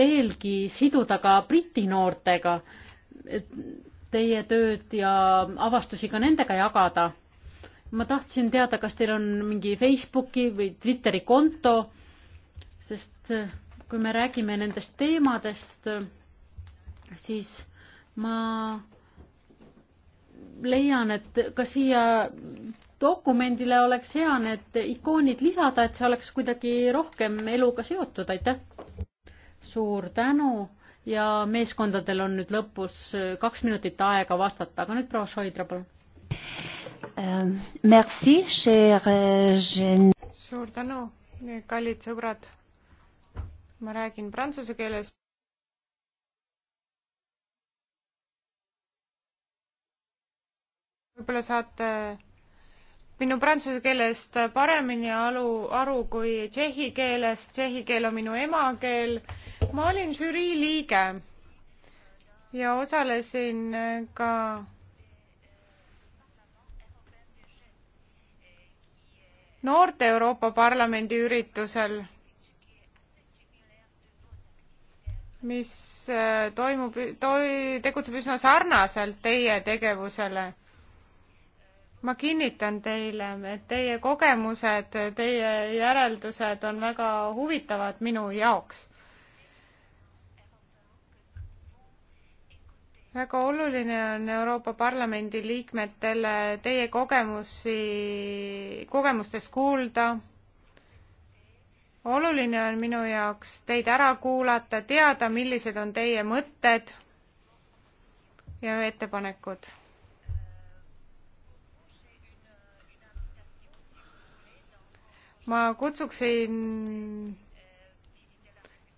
veelgi siduda ka Briti noortega, et teie tööd ja avastusi ka nendega jagada. ma tahtsin teada, kas teil on mingi Facebooki või Twitteri konto sest eh, kui me räägime nendest teemadest, eh, siis ma leian, et ka siia dokumendile oleks hea need ikoonid lisada, et see oleks kuidagi rohkem eluga seotud, aitäh. suur tänu ja meeskondadel on nüüd lõpus eh, kaks minutit aega vastata, aga nüüd proua Šoidra, palun. Ähm, merci, cher äh, Jean. suur tänu, kallid sõbrad ma räägin prantsuse keeles. võib-olla saate minu prantsuse keelest paremini aru, aru kui tšehhi keelest, tšehhi keel on minu emakeel. ma olin žürii liige ja osalesin ka noorte Euroopa Parlamendi üritusel mis äh, toimub, toi-, tegutseb üsna sarnaselt teie tegevusele. ma kinnitan teile, et teie kogemused, teie järeldused on väga huvitavad minu jaoks. väga oluline on Euroopa Parlamendi liikmetele teie kogemusi, kogemustest kuulda oluline on minu jaoks teid ära kuulata, teada, millised on teie mõtted ja ettepanekud. ma kutsuksin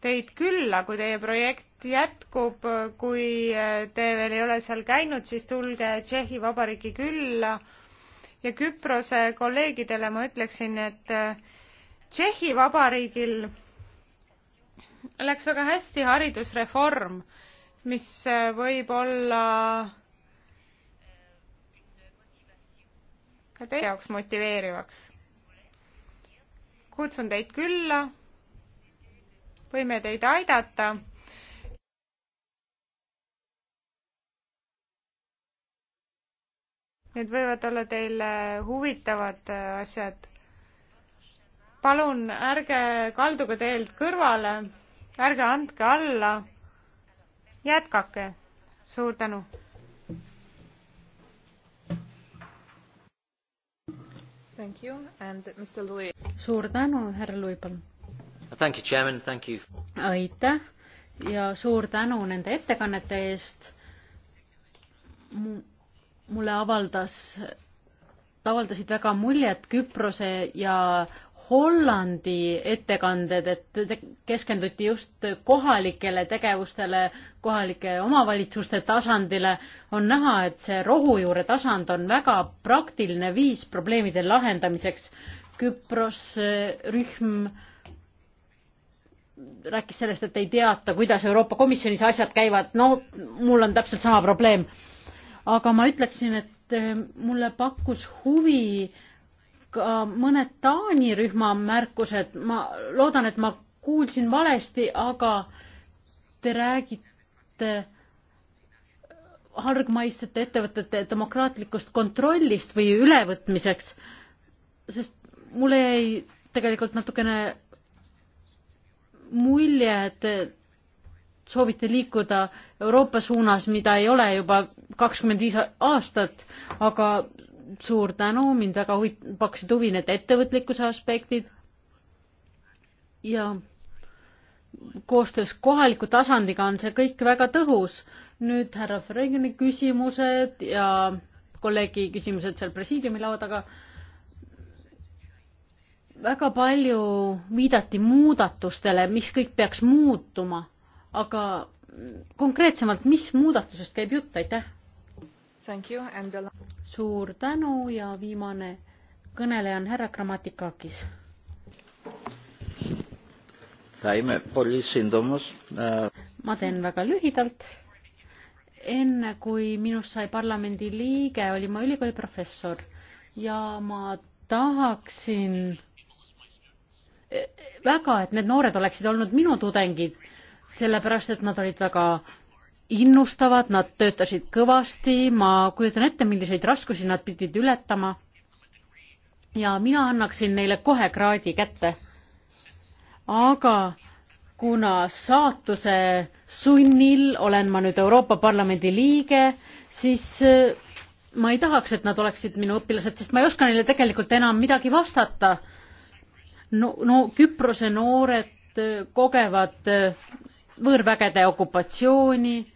teid külla, kui teie projekt jätkub, kui te veel ei ole seal käinud, siis tulge Tšehhi Vabariigi külla ja Küprose kolleegidele ma ütleksin, et Tšehhi Vabariigil läks väga hästi haridusreform, mis võib olla ka teie jaoks motiveerivaks. kutsun teid külla, võime teid aidata. Need võivad olla teile huvitavad asjad palun ärge kalduge teelt kõrvale, ärge andke alla, jätkake, suur tänu. Thank you and Mr Louis. suur tänu, härra Louis, palun. Thank you, chairman, thank you. aitäh ja suur tänu nende ettekannete eest. mulle avaldas, avaldasid väga muljet Küprose ja Hollandi ettekanded, et keskenduti just kohalikele tegevustele, kohalike omavalitsuste tasandile, on näha, et see rohujuure tasand on väga praktiline viis probleemide lahendamiseks. Küpros rühm rääkis sellest, et ei teata, kuidas Euroopa Komisjonis asjad käivad, no mul on täpselt sama probleem. aga ma ütleksin, et eh, mulle pakkus huvi äh, ka mõned Taani rühma märkused, ma loodan, et ma kuulsin valesti, aga te räägite hargmaissete ettevõtete demokraatlikust kontrollist või ülevõtmiseks, sest mulle jäi tegelikult natukene mulje, et soovite liikuda Euroopa suunas, mida ei ole juba kakskümmend viis aastat, aga suur tänu, mind väga huvit-, pakkusid huvi need ettevõtlikkuse aspektid ja koostöös kohaliku tasandiga on see kõik väga tõhus. nüüd härra Fregini küsimused ja kolleegi küsimused seal presiidiumi laua taga. väga palju viidati muudatustele, mis kõik peaks muutuma, aga konkreetsemalt, mis muudatusest käib jutt, aitäh? The... suur tänu ja viimane kõneleja on härra Grammatikakis. ma teen väga lühidalt. enne kui minust sai parlamendi liige, olin ma ülikooli professor ja ma tahaksin väga, et need noored oleksid olnud minu tudengid, sellepärast et nad olid väga innustavad, nad töötasid kõvasti, ma kujutan ette, milliseid raskusi nad pidid ületama. ja mina annaksin neile kohe kraadi kätte. aga kuna saatuse sunnil olen ma nüüd Euroopa Parlamendi liige, siis äh, ma ei tahaks, et nad oleksid minu õpilased, sest ma ei oska neile tegelikult enam midagi vastata. no, no Küprose noored äh, kogevad äh, võõrvägede okupatsiooni,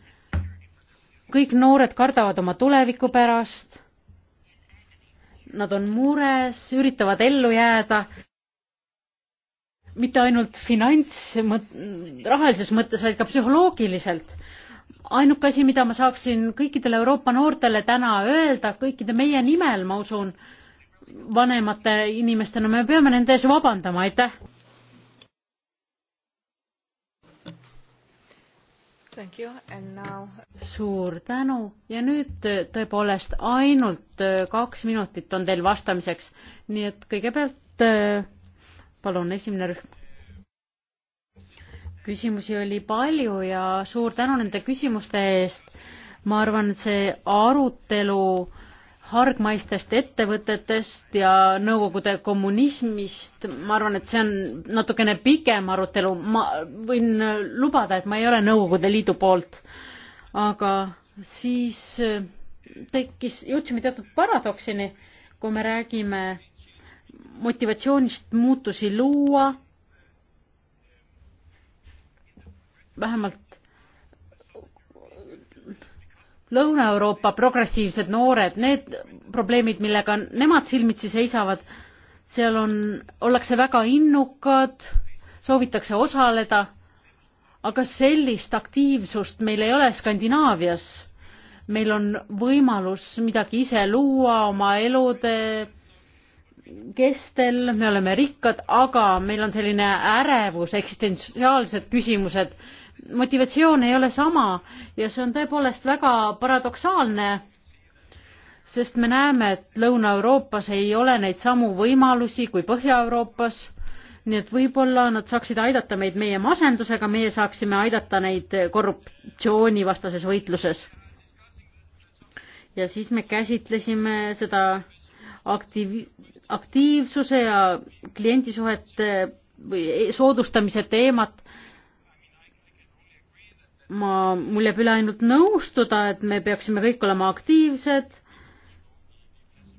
kõik noored kardavad oma tuleviku pärast, nad on mures, üritavad ellu jääda, mitte ainult finants, rahalises mõttes, vaid ka psühholoogiliselt. ainuke asi, mida ma saaksin kõikidele Euroopa noortele täna öelda, kõikide meie nimel, ma usun, vanemate inimestena, me peame nende ees vabandama, aitäh! Now... suur tänu ja nüüd äh, tõepoolest ainult äh, kaks minutit on teil vastamiseks, nii et kõigepealt äh, palun, esimene rühm. küsimusi oli palju ja suur tänu nende küsimuste eest. ma arvan, et see arutelu hargmaistest ettevõtetest ja Nõukogude kommunismist, ma arvan, et see on natukene pikem arutelu, ma võin lubada, et ma ei ole Nõukogude Liidu poolt, aga siis eh, tekkis, jõudsime teatud paradoksini, kui me räägime motivatsioonist muutusi luua, vähemalt Lõuna-Euroopa progressiivsed noored, need probleemid, millega nemad silmitsi seisavad, seal on, ollakse väga innukad, soovitakse osaleda, aga sellist aktiivsust meil ei ole Skandinaavias. meil on võimalus midagi ise luua oma elude kestel, me oleme rikkad, aga meil on selline ärevus, eksistentsiaalsed küsimused motivatsioon ei ole sama ja see on tõepoolest väga paradoksaalne, sest me näeme, et Lõuna-Euroopas ei ole neid samu võimalusi kui Põhja-Euroopas, nii et võib-olla nad saaksid aidata meid meie masendusega, meie saaksime aidata neid korruptsioonivastases võitluses. ja siis me käsitlesime seda aktiiv, aktiivsuse ja kliendisuhete või soodustamise teemat ma, mul jääb üle ainult nõustuda, et me peaksime kõik olema aktiivsed.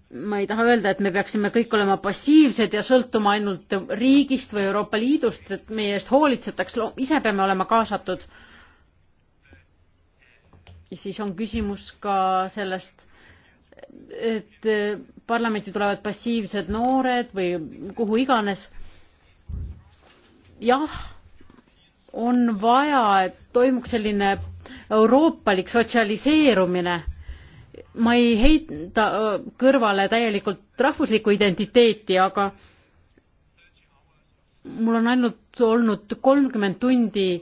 ma ei taha öelda, et me peaksime kõik olema passiivsed ja sõltuma ainult riigist või Euroopa Liidust, et meie eest hoolitsetaks, ise peame olema kaasatud. ja siis on küsimus ka sellest, et parlamenti tulevad passiivsed noored või kuhu iganes. jah on vaja, et toimuks selline euroopalik sotsialiseerumine. ma ei heita äh, kõrvale täielikult rahvuslikku identiteeti, aga mul on ainult olnud kolmkümmend tundi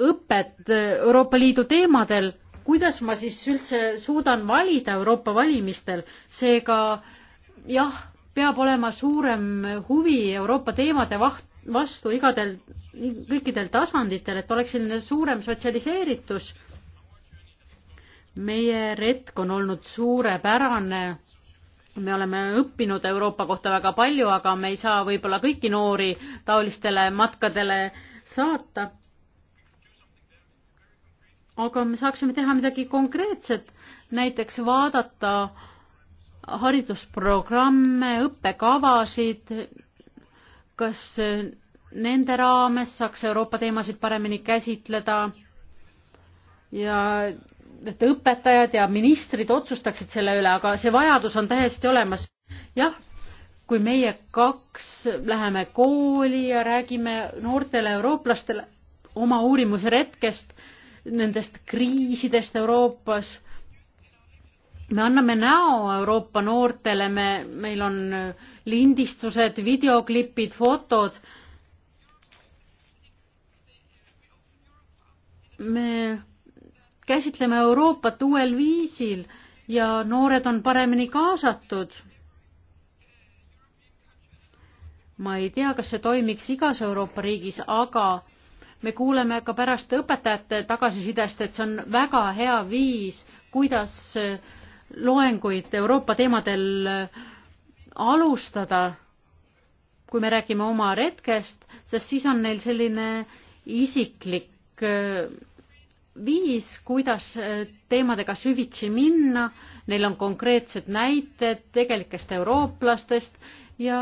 õpet Euroopa Liidu teemadel, kuidas ma siis üldse suudan valida Euroopa valimistel, seega jah, peab olema suurem huvi Euroopa teemade vaht-, vastu igadel, kõikidel tasanditel, et oleks selline suurem sotsialiseeritus. meie retk on olnud suurepärane. me oleme õppinud Euroopa kohta väga palju, aga me ei saa võib-olla kõiki noori taolistele matkadele saata. aga me saaksime teha midagi konkreetset, näiteks vaadata haridusprogramme, õppekavasid kas äh, nende raames saaks Euroopa teemasid paremini käsitleda ja et õpetajad ja ministrid otsustaksid selle üle, aga see vajadus on täiesti olemas. jah, kui meie kaks läheme kooli ja räägime noortele eurooplastele oma uurimuse retkest, nendest kriisidest Euroopas, me anname näo Euroopa noortele, me, meil on äh, lindistused, videoklipid, fotod. me käsitleme Euroopat uuel viisil ja noored on paremini kaasatud. ma ei tea, kas see toimiks igas Euroopa riigis, aga me kuuleme ka pärast õpetajate tagasisidest, et see on väga hea viis, kuidas loenguid Euroopa teemadel alustada, kui me räägime oma retkest, sest siis on neil selline isiklik äh, viis, kuidas äh, teemadega süvitsi minna, neil on konkreetsed näited tegelikest eurooplastest ja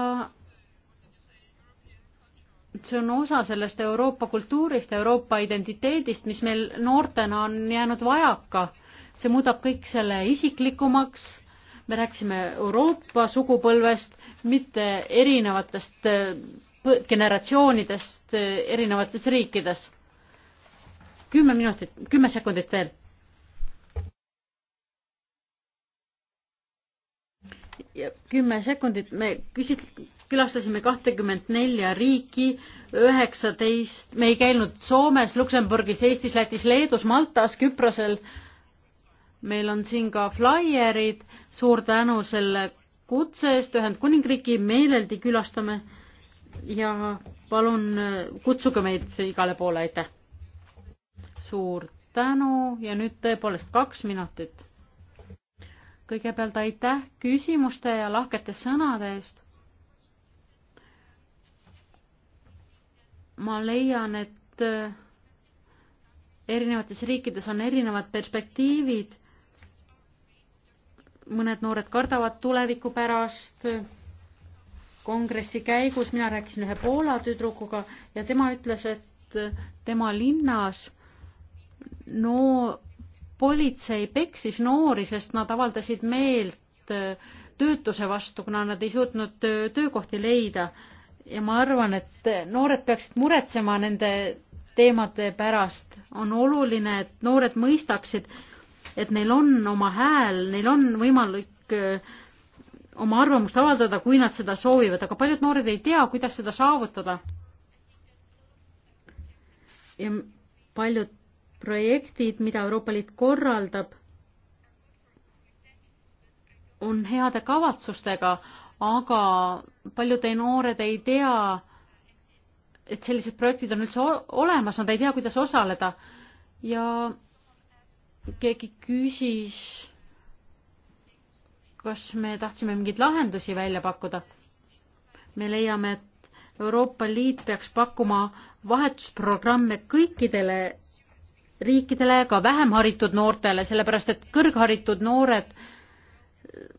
see on osa sellest Euroopa kultuurist, Euroopa identiteedist, mis meil noortena on jäänud vajaka. see muudab kõik selle isiklikumaks me rääkisime Euroopa sugupõlvest, mitte erinevatest äh, generatsioonidest äh, erinevates riikides. kümme minutit, kümme sekundit veel. ja kümme sekundit, me küsit-, külastasime kahtekümmet nelja riiki, üheksateist, me ei käinud Soomes, Luksemburgis, Eestis, Lätis, Leedus, Maltas, Küprosel äh, meil on siin ka flaierid, suur tänu selle kutse eest, Ühendkuningriiki meeleldi külastame ja palun äh, kutsuge meid igale poole, aitäh! suur tänu ja nüüd tõepoolest kaks minutit. kõigepealt aitäh küsimuste ja lahkete sõnade eest. ma leian, et äh, erinevates riikides on erinevad perspektiivid mõned noored kardavad tuleviku pärast. kongressi käigus mina rääkisin ühe Poola tüdrukuga ja tema ütles, et tema linnas no politsei peksis noori, sest nad avaldasid meelt töötuse vastu, kuna nad ei suutnud töökohti leida. ja ma arvan, et noored peaksid muretsema nende teemade pärast. on oluline, et noored mõistaksid, et neil on oma hääl, neil on võimalik oma arvamust avaldada, kui nad seda soovivad, aga paljud noored ei tea, kuidas seda saavutada. ja paljud projektid, mida Euroopa Liit korraldab, on heade kavatsustega, aga paljud ei noored ei tea, et sellised projektid on üldse olemas, nad ei tea, kuidas osaleda ja keegi küsis, kas me tahtsime mingeid lahendusi välja pakkuda. me leiame, et Euroopa Liit peaks pakkuma vahetusprogramme kõikidele riikidele, ka vähem haritud noortele, sellepärast et kõrgharitud noored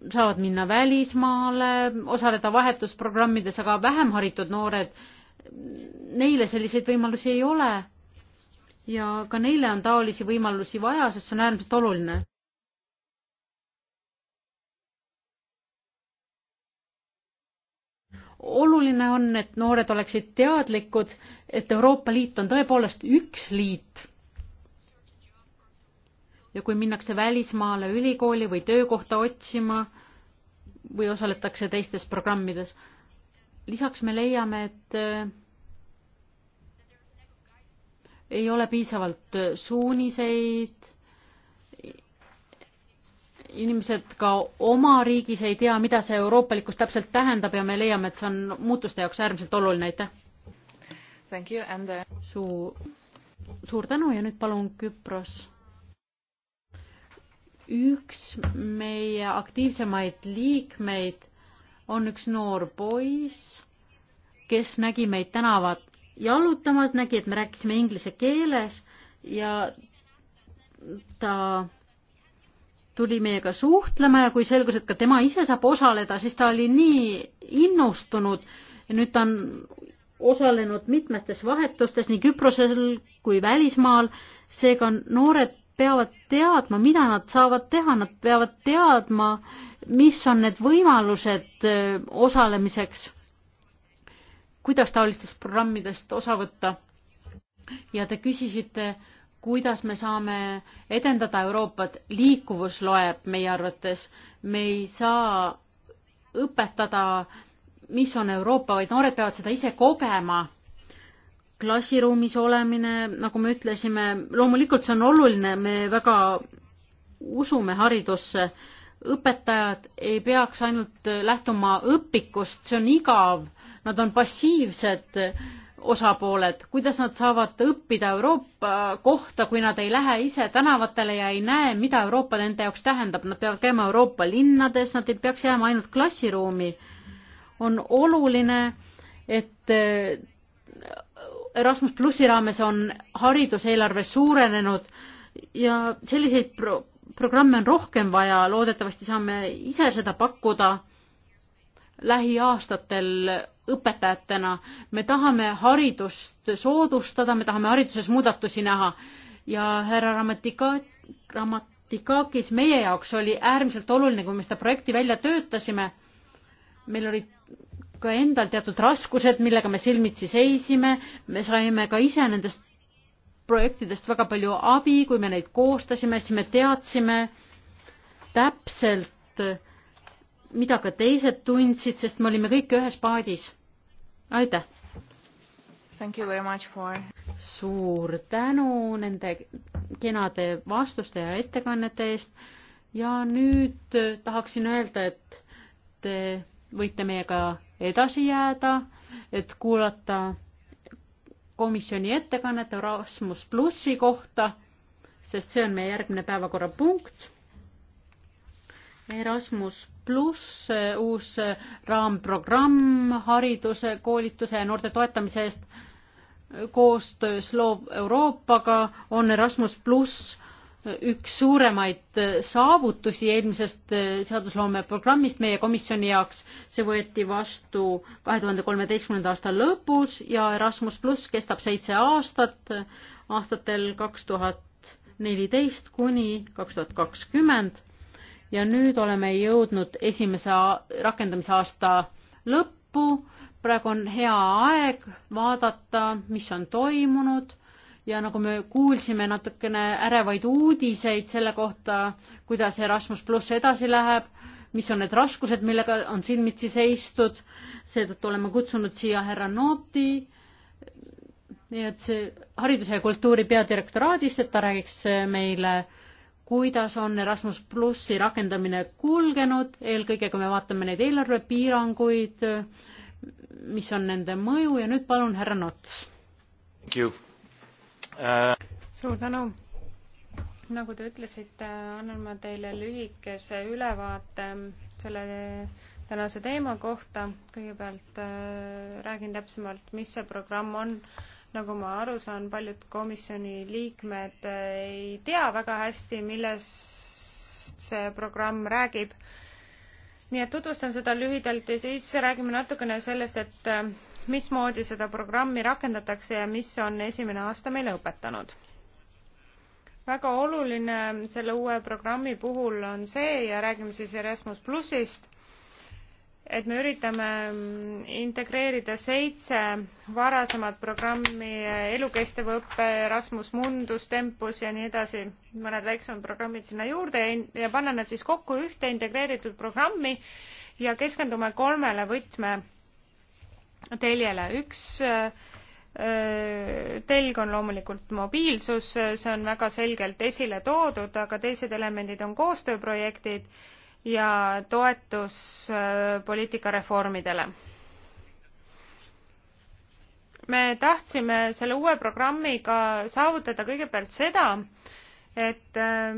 saavad minna välismaale, osaleda vahetusprogrammides, aga vähem haritud noored, neile selliseid võimalusi ei ole ja ka neile on taolisi võimalusi vaja, sest see on äärmiselt oluline. oluline on, et noored oleksid teadlikud, et Euroopa Liit on tõepoolest üks liit. ja kui minnakse välismaale ülikooli või töökohta otsima või osaletakse teistes programmides, lisaks me leiame, et ei ole piisavalt äh, suuniseid. inimesed ka oma riigis ei tea, mida see euroopalikkus täpselt tähendab ja me leiame, et see on muutuste jaoks äärmiselt oluline, aitäh. Thank you and the... Uh, Suu, suur tänu ja nüüd palun Küpros. üks meie aktiivsemaid liikmeid on üks noor poiss, kes nägi meid tänavat jalutamas, nägi, et me rääkisime inglise keeles ja ta tuli meiega suhtlema ja kui selgus, et ka tema ise saab osaleda, siis ta oli nii innustunud ja nüüd ta on osalenud mitmetes vahetustes nii Küprosel kui välismaal, seega noored peavad teadma, mida nad saavad teha, nad peavad teadma, mis on need võimalused äh, osalemiseks kuidas taolistest programmidest osa võtta. ja te küsisite, kuidas me saame edendada Euroopat, liikuvus loeb meie arvates, me ei saa õpetada, mis on Euroopa, vaid noored peavad seda ise kogema. klassiruumis olemine, nagu me ütlesime, loomulikult see on oluline, me väga usume haridusse, õpetajad ei peaks ainult lähtuma õpikust, see on igav nad on passiivsed osapooled, kuidas nad saavad õppida Euroopa kohta, kui nad ei lähe ise tänavatele ja ei näe, mida Euroopa nende jaoks tähendab, nad peavad käima Euroopa linnades, nad ei peaks jääma ainult klassiruumi. on oluline, et äh, Erasmus plussi raames on hariduseelarve suurenenud ja selliseid pro programme on rohkem vaja, loodetavasti saame ise seda pakkuda lähiaastatel õpetajatena. me tahame haridust soodustada, me tahame hariduses muudatusi näha ja härra Ramatika-, Ramatikakis, meie jaoks oli äärmiselt oluline, kui me seda projekti välja töötasime, meil olid ka endal teatud raskused, millega me silmitsi seisime, me saime ka ise nendest projektidest väga palju abi, kui me neid koostasime, siis me teadsime täpselt, mida ka teised tundsid, sest me olime kõik ühes paadis. aitäh! For... suur tänu nende kenade vastuste ja ettekannete eest ja nüüd äh, tahaksin öelda, et te võite meiega edasi jääda, et kuulata komisjoni ettekannet Erasmus plussi kohta, sest see on meie järgmine päevakorrapunkt. Erasmus pluss uus raamprogramm hariduse, koolituse ja noorte toetamise eest koostöös loov Euroopaga on Erasmus pluss üks suuremaid saavutusi eelmisest seadusloomeprogrammist meie komisjoni jaoks. see võeti vastu kahe tuhande kolmeteistkümnenda aasta lõpus ja Erasmus pluss kestab seitse aastat, aastatel kaks tuhat neliteist kuni kaks tuhat kakskümmend ja nüüd oleme jõudnud esimese rakendamisaasta lõppu. praegu on hea aeg vaadata, mis on toimunud ja nagu me kuulsime natukene ärevaid uudiseid selle kohta, kuidas Erasmus pluss edasi läheb, mis on need raskused, millega on silmitsi seistud. seetõttu oleme kutsunud siia härra Nooti, nii et see hariduse ja kultuuri peadirektoraadist, et ta räägiks meile äh, kuidas on Erasmus plussi rakendamine kulgenud, eelkõige kui me vaatame neid eelarvepiiranguid, mis on nende mõju ja nüüd palun härra Nuts. Uh... suur tänu nagu te ütlesite, annan ma teile lühikese ülevaate selle tänase teema kohta. kõigepealt uh, räägin täpsemalt, mis see programm on, nagu ma aru saan, paljud komisjoni liikmed ei tea väga hästi, millest see programm räägib. nii et tutvustan seda lühidalt ja siis räägime natukene sellest, et eh, mismoodi seda programmi rakendatakse ja mis on esimene aasta meile õpetanud. väga oluline selle uue programmi puhul on see ja räägime siis Erasmus plussist et me üritame integreerida seitse varasemat programmi, elukestev õpe, Erasmus Mundus, Tempus ja nii edasi, mõned väiksemad programmid sinna juurde ja, ja panna nad siis kokku ühte integreeritud programmi ja keskendume kolmele võtmeteljele. üks äh, telg on loomulikult mobiilsus, see on väga selgelt esile toodud, aga teised elemendid on koostööprojektid ja toetus äh, poliitika reformidele. me tahtsime selle uue programmiga saavutada kõigepealt seda, et äh,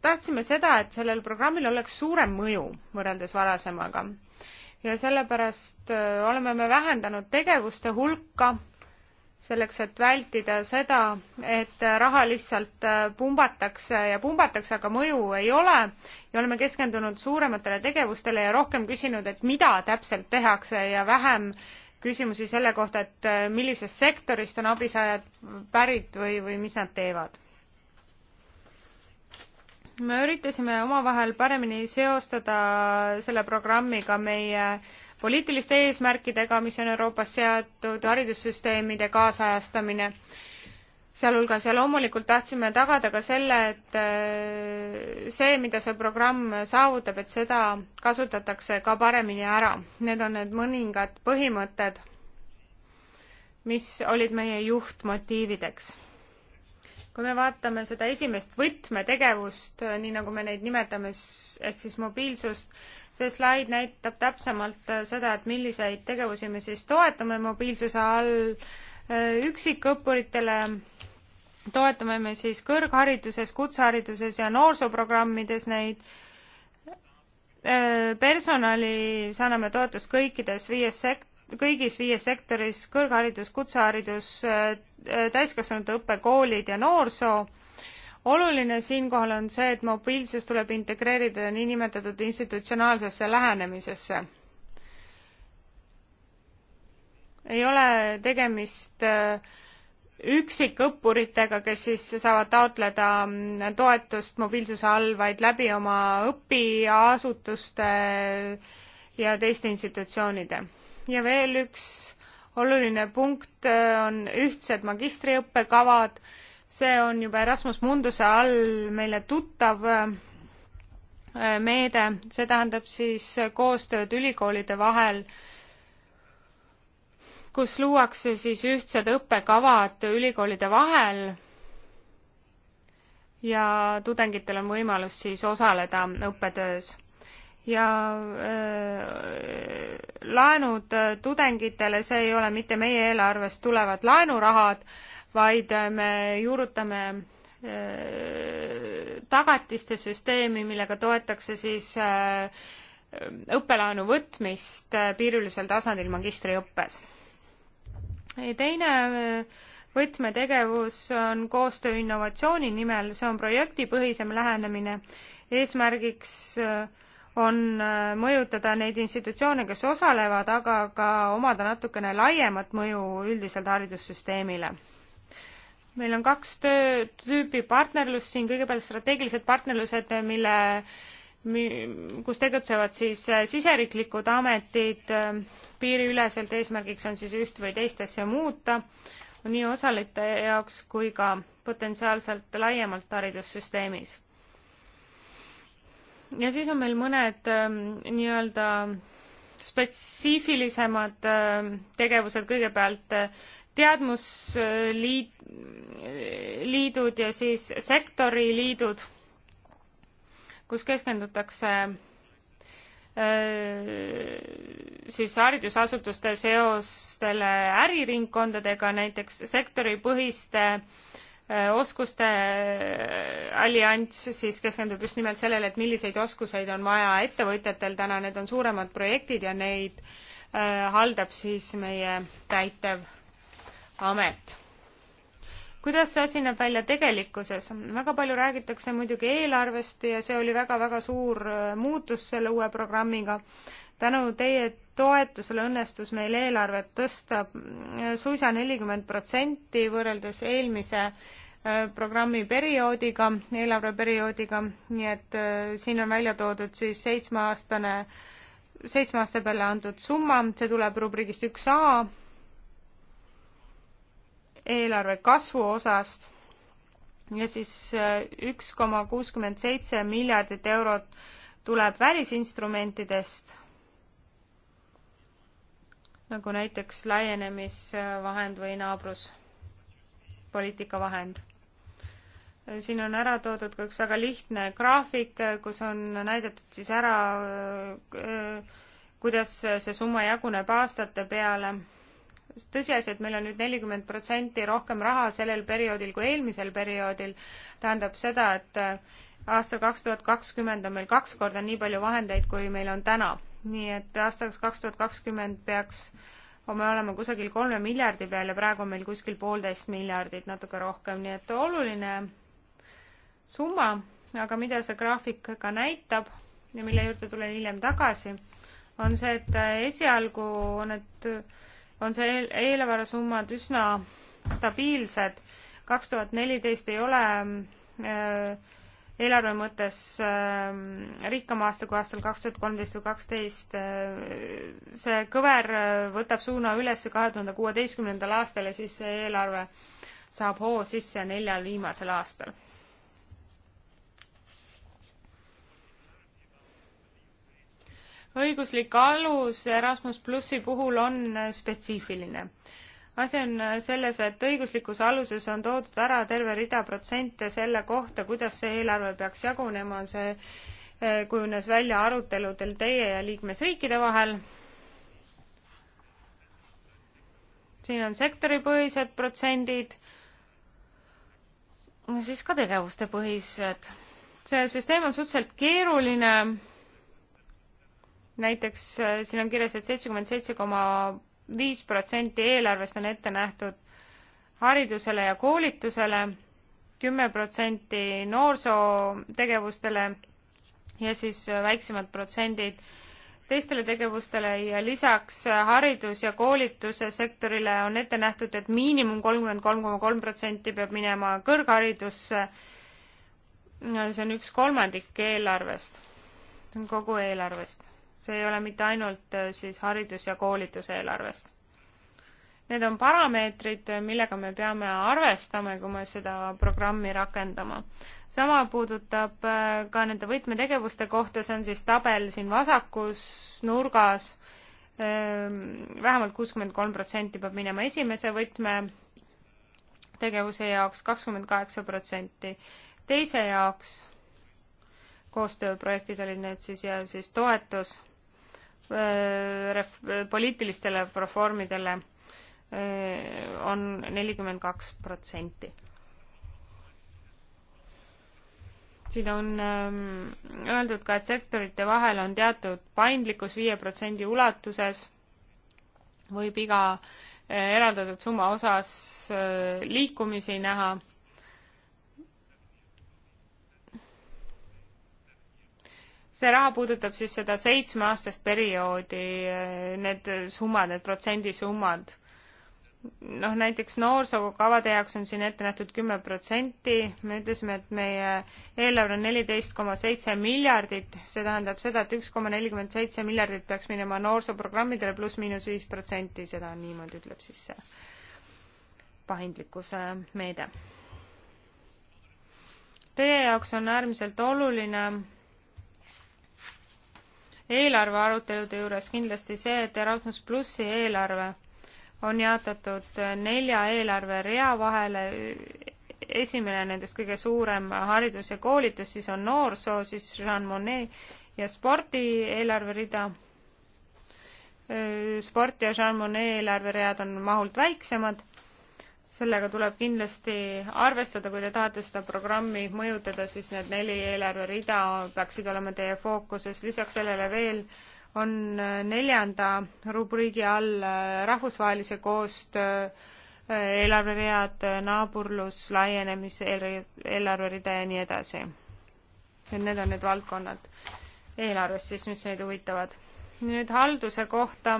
tahtsime seda, et sellel programmil oleks suurem mõju võrreldes varasemaga ja sellepärast äh, oleme me vähendanud tegevuste hulka selleks, et vältida seda, et raha lihtsalt äh, pumbatakse ja pumbatakse, aga mõju ei ole ja oleme keskendunud suurematele tegevustele ja rohkem küsinud, et mida täpselt tehakse ja vähem küsimusi selle kohta, et äh, millisest sektorist on abisaajad pärit või, või mis nad teevad. me üritasime omavahel paremini seostada selle programmiga meie äh, poliitiliste eesmärkidega, mis on Euroopas seatud, haridussüsteemide kaasajastamine sealhulgas ja loomulikult tahtsime tagada ka selle, et äh, see, mida see programm saavutab, et seda kasutatakse ka paremini ära. Need on need mõningad põhimõtted, mis olid meie juhtmotiivideks kui me vaatame seda esimest võtmetegevust, äh, nii nagu me neid nimetame, ehk siis mobiilsust, see slaid näitab täpsemalt äh, seda, et milliseid tegevusi me siis toetame mobiilsuse all äh, üksikõppuritele, toetame me siis kõrghariduses, kutsehariduses ja noorsooprogrammides neid, personalis anname toetust kõikides viies sekt-, kõigis viies sektoris kõrgharidus, kutseharidus, äh, äh, täiskasvanute õpe, koolid ja noorsoo. oluline siinkohal on see, et mobiilsus tuleb integreerida niinimetatud institutsionaalsesse lähenemisesse. ei ole tegemist äh, üksikõppuritega, kes siis saavad taotleda mm, toetust mobiilsuse all, vaid läbi oma õpiasutuste ja teiste institutsioonide ja veel üks oluline punkt äh, on ühtsed magistriõppekavad. see on juba Erasmus Munduse all meile tuttav äh, äh, meede, see tähendab siis koostööd ülikoolide vahel, kus luuakse siis ühtsed õppekavad ülikoolide vahel ja tudengitel on võimalus siis osaleda õppetöös ja öö, laenud tudengitele, see ei ole mitte meie eelarvest tulevad laenurahad, vaid me juurutame öö, tagatiste süsteemi, millega toetakse siis öö, õppelaenu võtmist piirilisel tasandil magistriõppes. teine võtmetegevus on koostöö innovatsiooni nimel, see on projektipõhisem lähenemine, eesmärgiks öö, on äh, mõjutada neid institutsioone, kes osalevad, aga ka omada natukene laiemat mõju üldiselt haridussüsteemile. meil on kaks töö, tüüpi partnerlust siin, kõigepealt strateegilised partnerlused, mille, kus tegutsevad siis äh, siseriiklikud ametid, piiriüleselt eesmärgiks on siis üht või teist asja muuta, nii osalejate jaoks kui ka potentsiaalselt laiemalt haridussüsteemis ja siis on meil mõned ähm, nii-öelda spetsiifilisemad ähm, tegevused, kõigepealt äh, teadmusliit, liidud ja siis sektoriliidud, kus keskendutakse äh, siis haridusasutuste seostele äriringkondadega, näiteks sektoripõhiste äh, Äh, oskuste äh, allianss siis keskendub just nimelt sellele, et milliseid oskuseid on vaja ettevõtjatel täna, need on suuremad projektid ja neid äh, haldab siis meie täitev amet kuidas see asi näeb välja tegelikkuses? väga palju räägitakse muidugi eelarvest ja see oli väga-väga suur äh, muutus selle uue programmiga. tänu teie toetusele õnnestus meil eelarvet tõsta äh, suisa nelikümmend protsenti võrreldes eelmise äh, programmi perioodiga, eelarveperioodiga, nii et siin on välja toodud siis seitsmeaastane, seitsme aasta peale antud summa, see tuleb rubriigist üks A eelarve kasvu osast ja siis äh, üks koma kuuskümmend seitse miljardit eurot tuleb välisinstrumentidest, nagu näiteks laienemisvahend või naabruspoliitika vahend. siin on ära toodud ka üks väga lihtne graafik, kus on näidatud siis ära, äh, kuidas see summa jaguneb aastate peale tõsiasi, et meil on nüüd nelikümmend protsenti rohkem raha sellel perioodil kui eelmisel perioodil, tähendab seda, et äh, aastal kaks tuhat kakskümmend on meil kaks korda nii palju vahendeid, kui meil on täna. nii et aastaks kaks tuhat kakskümmend peaks me olema kusagil kolme miljardi peal ja praegu on meil kuskil poolteist miljardit, natuke rohkem, nii et oluline summa, aga mida see graafik ka näitab ja mille juurde tulen hiljem tagasi, on see, et äh, esialgu need on see eel eelarvesummad üsna stabiilsed. kaks tuhat neliteist ei ole äh, eelarve mõttes äh, rikkam aasta kui aastal kaks tuhat kolmteist või kaksteist. Äh, see kõver võtab suuna üles kahe tuhande kuueteistkümnendal aastal ja siis see eelarve saab hoo sisse neljal viimasel aastal õiguslik alus Erasmus plussi puhul on spetsiifiline. asi on selles, et õiguslikus aluses on toodud ära terve rida protsente selle kohta, kuidas see eelarve peaks jagunema, see eh, kujunes välja aruteludel teie ja liikmesriikide vahel. siin on sektoripõhised protsendid, siis ka tegevustepõhised. see süsteem on suhteliselt keeruline näiteks äh, siin on kirjas et, et seitsekümmend seitse koma viis protsenti eelarvest on ette nähtud haridusele ja koolitusele, kümme protsenti noorsootegevustele ja siis äh, väiksemad protsendid teistele tegevustele ja lisaks äh, haridus- ja koolituse sektorile on ette nähtud, et miinimum kolmkümmend kolm koma kolm protsenti peab minema kõrgharidusse. see on üks kolmandik eelarvest, kogu eelarvest see ei ole mitte ainult äh, siis haridus- ja koolituse eelarvest. Need on parameetrid, äh, millega me peame arvestama, kui me seda programmi rakendama. sama puudutab äh, ka nende võtmetegevuste kohta, see on siis tabel siin vasakus nurgas, ähm, vähemalt kuuskümmend kolm protsenti peab minema esimese võtmetegevuse jaoks, kakskümmend kaheksa protsenti teise jaoks koostööprojektid olid need siis ja siis toetus Äh, ref-, poliitilistele reformidele äh, on nelikümmend kaks protsenti. siin on ähm, öeldud ka, et sektorite vahel on teatud paindlikkus viie protsendi ulatuses, võib iga äh, eraldatud summa osas liikumisi näha see raha puudutab siis seda seitsmeaastast perioodi, eh, need summad, need protsendisummad. noh, näiteks noorsookavade jaoks on siin ette nähtud kümme protsenti, me ütlesime, et meie eelarve on neliteist koma seitse miljardit, see tähendab seda, et üks koma nelikümmend seitse miljardit peaks minema noorsooprogrammidele pluss miinus viis protsenti, seda niimoodi ütleb siis see paindlikkuse meede. Teie jaoks on äärmiselt oluline eelarve arutelude juures kindlasti see, et Erasmus plussi eelarve on jaotatud nelja eelarverea vahele, esimene nendest kõige suurem haridus ja koolitus, siis on noorsoo, siis Jean Monnet ja spordi eelarverida. sport ja Jean Monnet eelarveread on mahult väiksemad sellega tuleb kindlasti arvestada, kui te tahate seda programmi mõjutada, siis need neli eelarverida peaksid olema teie fookuses, lisaks sellele veel on äh, neljanda rubriigi all äh, rahvusvahelise koostöö äh, eelarveread, naabrlus, laienemise eelarverida ja nii edasi. et need on need valdkonnad eelarves siis, mis neid huvitavad. nüüd halduse kohta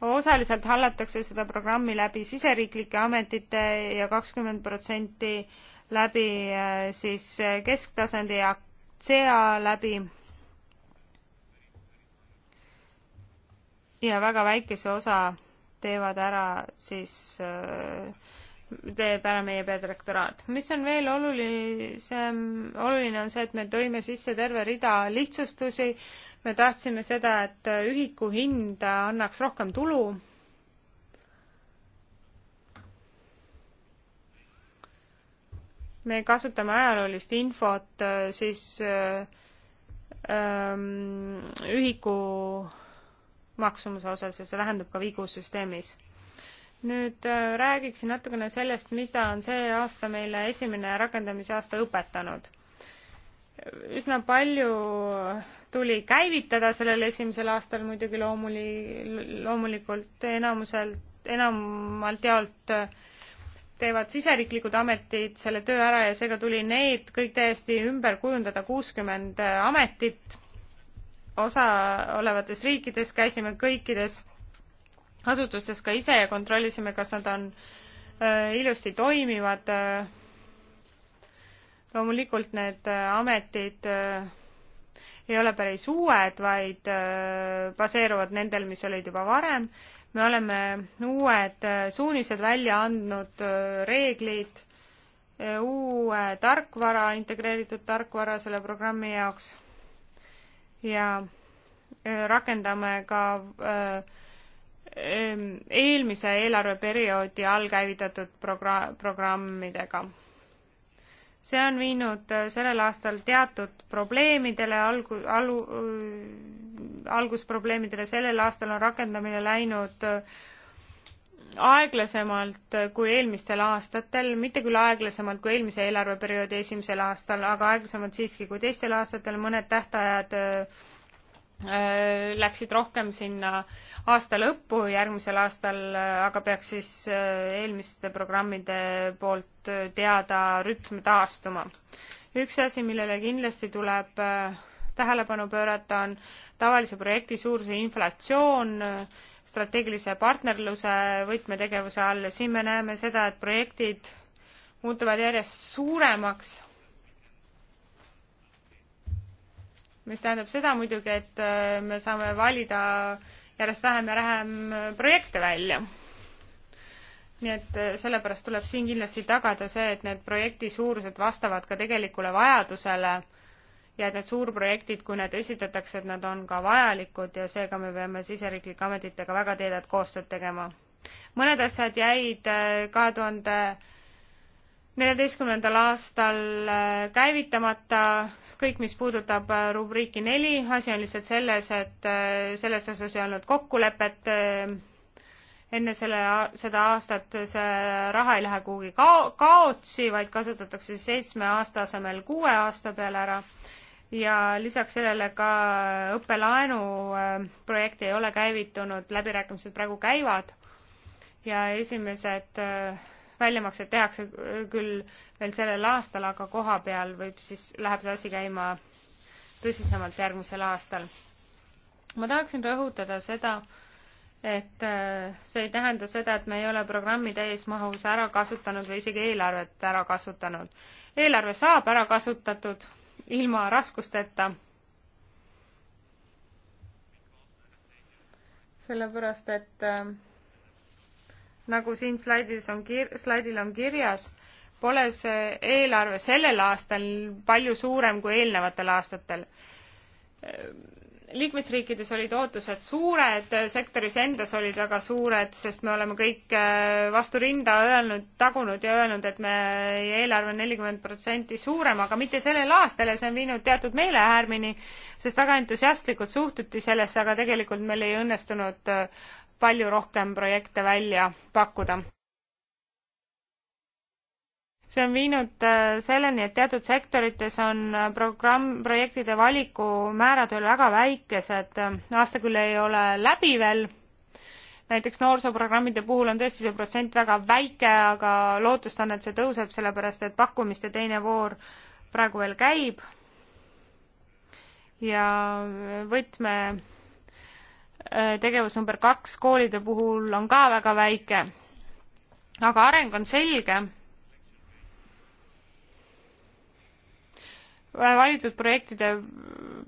osaliselt hallatakse seda programmi läbi siseriiklike ametite ja kakskümmend protsenti läbi äh, siis äh, kesktasandi ja CA läbi ja väga väikese osa teevad ära siis äh, teeb ära meie peadirektoraat. mis on veel olulisem, oluline on see, et me tõime sisse terve rida lihtsustusi, me tahtsime seda, et ühiku hinda annaks rohkem tulu, me kasutame ajaloolist infot äh, siis äh, ähm, ühiku maksumuse osas ja see vähendab ka vigu süsteemis nüüd äh, räägiksin natukene sellest, mida on see aasta meile esimene rakendamise aasta õpetanud. üsna palju tuli käivitada sellel esimesel aastal muidugi loomuli, loomulikult enamuselt, enamalt jaolt äh, teevad siseriiklikud ametid selle töö ära ja seega tuli need kõik täiesti ümber kujundada, kuuskümmend ametit osa olevates riikides, käisime kõikides asutustes ka ise ja kontrollisime, kas nad on äh, ilusti toimivad. Äh. loomulikult need äh, ametid ei ole päris uued, vaid baseeruvad nendel, mis olid juba varem. me oleme uued suunised välja andnud, reeglid, uue tarkvara, integreeritud tarkvara selle programmi jaoks ja rakendame ka äh, Ehm, eelmise eelarveperioodi allkäivitatud progra-, programmidega. see on viinud äh, sellel aastal teatud probleemidele, algu-, alu-, äh, algusprobleemidele, sellel aastal on rakendamine läinud äh, aeglasemalt kui eelmistel aastatel, mitte küll aeglasemalt kui eelmise eelarveperioodi esimesel aastal, aga aeglasemalt siiski kui teistel aastatel, mõned tähtajad öö, Äh, läksid rohkem sinna aasta lõppu, järgmisel aastal äh, aga peaks siis äh, eelmiste programmide poolt teada rütm taastuma. üks asi, millele kindlasti tuleb tähelepanu pöörata, on tavalise projekti suuruse inflatsioon strateegilise partnerluse võtmetegevuse all ja siin me näeme seda, et projektid muutuvad järjest suuremaks mis tähendab seda muidugi, et äh, me saame valida järjest vähem ja vähem projekte välja. nii et äh, sellepärast tuleb siin kindlasti tagada see, et need projekti suurused vastavad ka tegelikule vajadusele ja et need suurprojektid, kui need esitatakse, et nad on ka vajalikud ja seega me peame siseriiklike ametitega väga tihedat koostööd tegema. mõned asjad jäid äh, kahe tuhande neljateistkümnendal aastal käivitamata kõik, mis puudutab äh, rubriiki neli, asi on lihtsalt selles, et äh, selles osas ei olnud kokkulepet. Äh, enne selle, seda aastat see raha ei lähe kuhugi kao-, kaotsi, vaid kasutatakse seitsme aasta asemel kuue aasta peale ära. ja lisaks sellele ka õppelaenu projekt ei ole käivitunud, läbirääkimised praegu käivad ja esimesed äh, väljamaksed tehakse äh, küll veel sellel aastal, aga koha peal võib siis, läheb see asi käima tõsisemalt järgmisel aastal. ma tahaksin rõhutada seda, et äh, see ei tähenda seda, et me ei ole programmi täies mahus ära kasutanud või isegi eelarvet ära kasutanud. eelarve saab ära kasutatud ilma raskusteta. sellepärast, et äh, nagu siin slaidis on kir-, slaidil on kirjas, pole see eelarve sellel aastal palju suurem kui eelnevatel aastatel. liikmesriikides olid ootused suured, sektoris endas olid väga suured, sest me oleme kõik äh, vastu rinda öelnud, tagunud ja öelnud, et meie eelarve on nelikümmend protsenti suurem, aga mitte sellel aastal ja see on viinud teatud meeleäärmini, sest väga entusiastlikult suhtuti sellesse, aga tegelikult meil ei õnnestunud äh, palju rohkem projekte välja pakkuda. see on viinud äh, selleni, et teatud sektorites on äh, programm, projektide valikumäärad veel väga väikesed, aasta küll ei ole läbi veel, näiteks noorsooprogrammide puhul on tõesti see protsent väga väike, aga lootust on, et see tõuseb, sellepärast et pakkumiste teine voor praegu veel käib ja võtme Äh, tegevus number kaks koolide puhul on ka väga väike. aga areng on selge. Äh, valitud projektide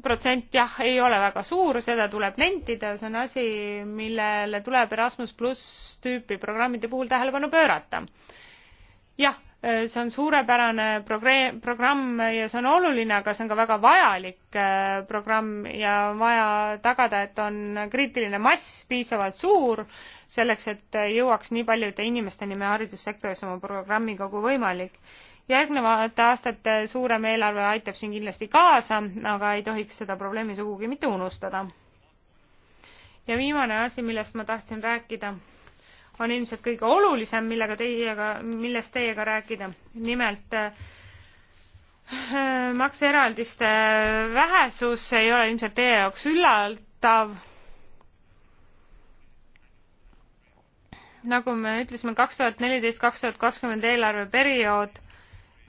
protsent jah, ei ole väga suur, seda tuleb nentida, see on asi, millele tuleb Erasmus pluss tüüpi programmide puhul tähelepanu pöörata. jah Äh, see on suurepärane progre-, programm ja see on oluline, aga see on ka väga vajalik äh, programm ja on vaja tagada, et on kriitiline mass piisavalt suur, selleks et jõuaks nii paljude inimesteni meie haridussektoris oma programmiga kui võimalik. järgnevate aastate suurem eelarve aitab siin kindlasti kaasa, aga ei tohiks seda probleemi sugugi mitte unustada. ja viimane asi, millest ma tahtsin rääkida on ilmselt kõige olulisem, millega teiega, millest teiega rääkida. nimelt äh, makseeraldiste vähesus ei ole ilmselt teie jaoks üllatav nagu me ütlesime, kaks tuhat neliteist, kaks tuhat kakskümmend eelarveperiood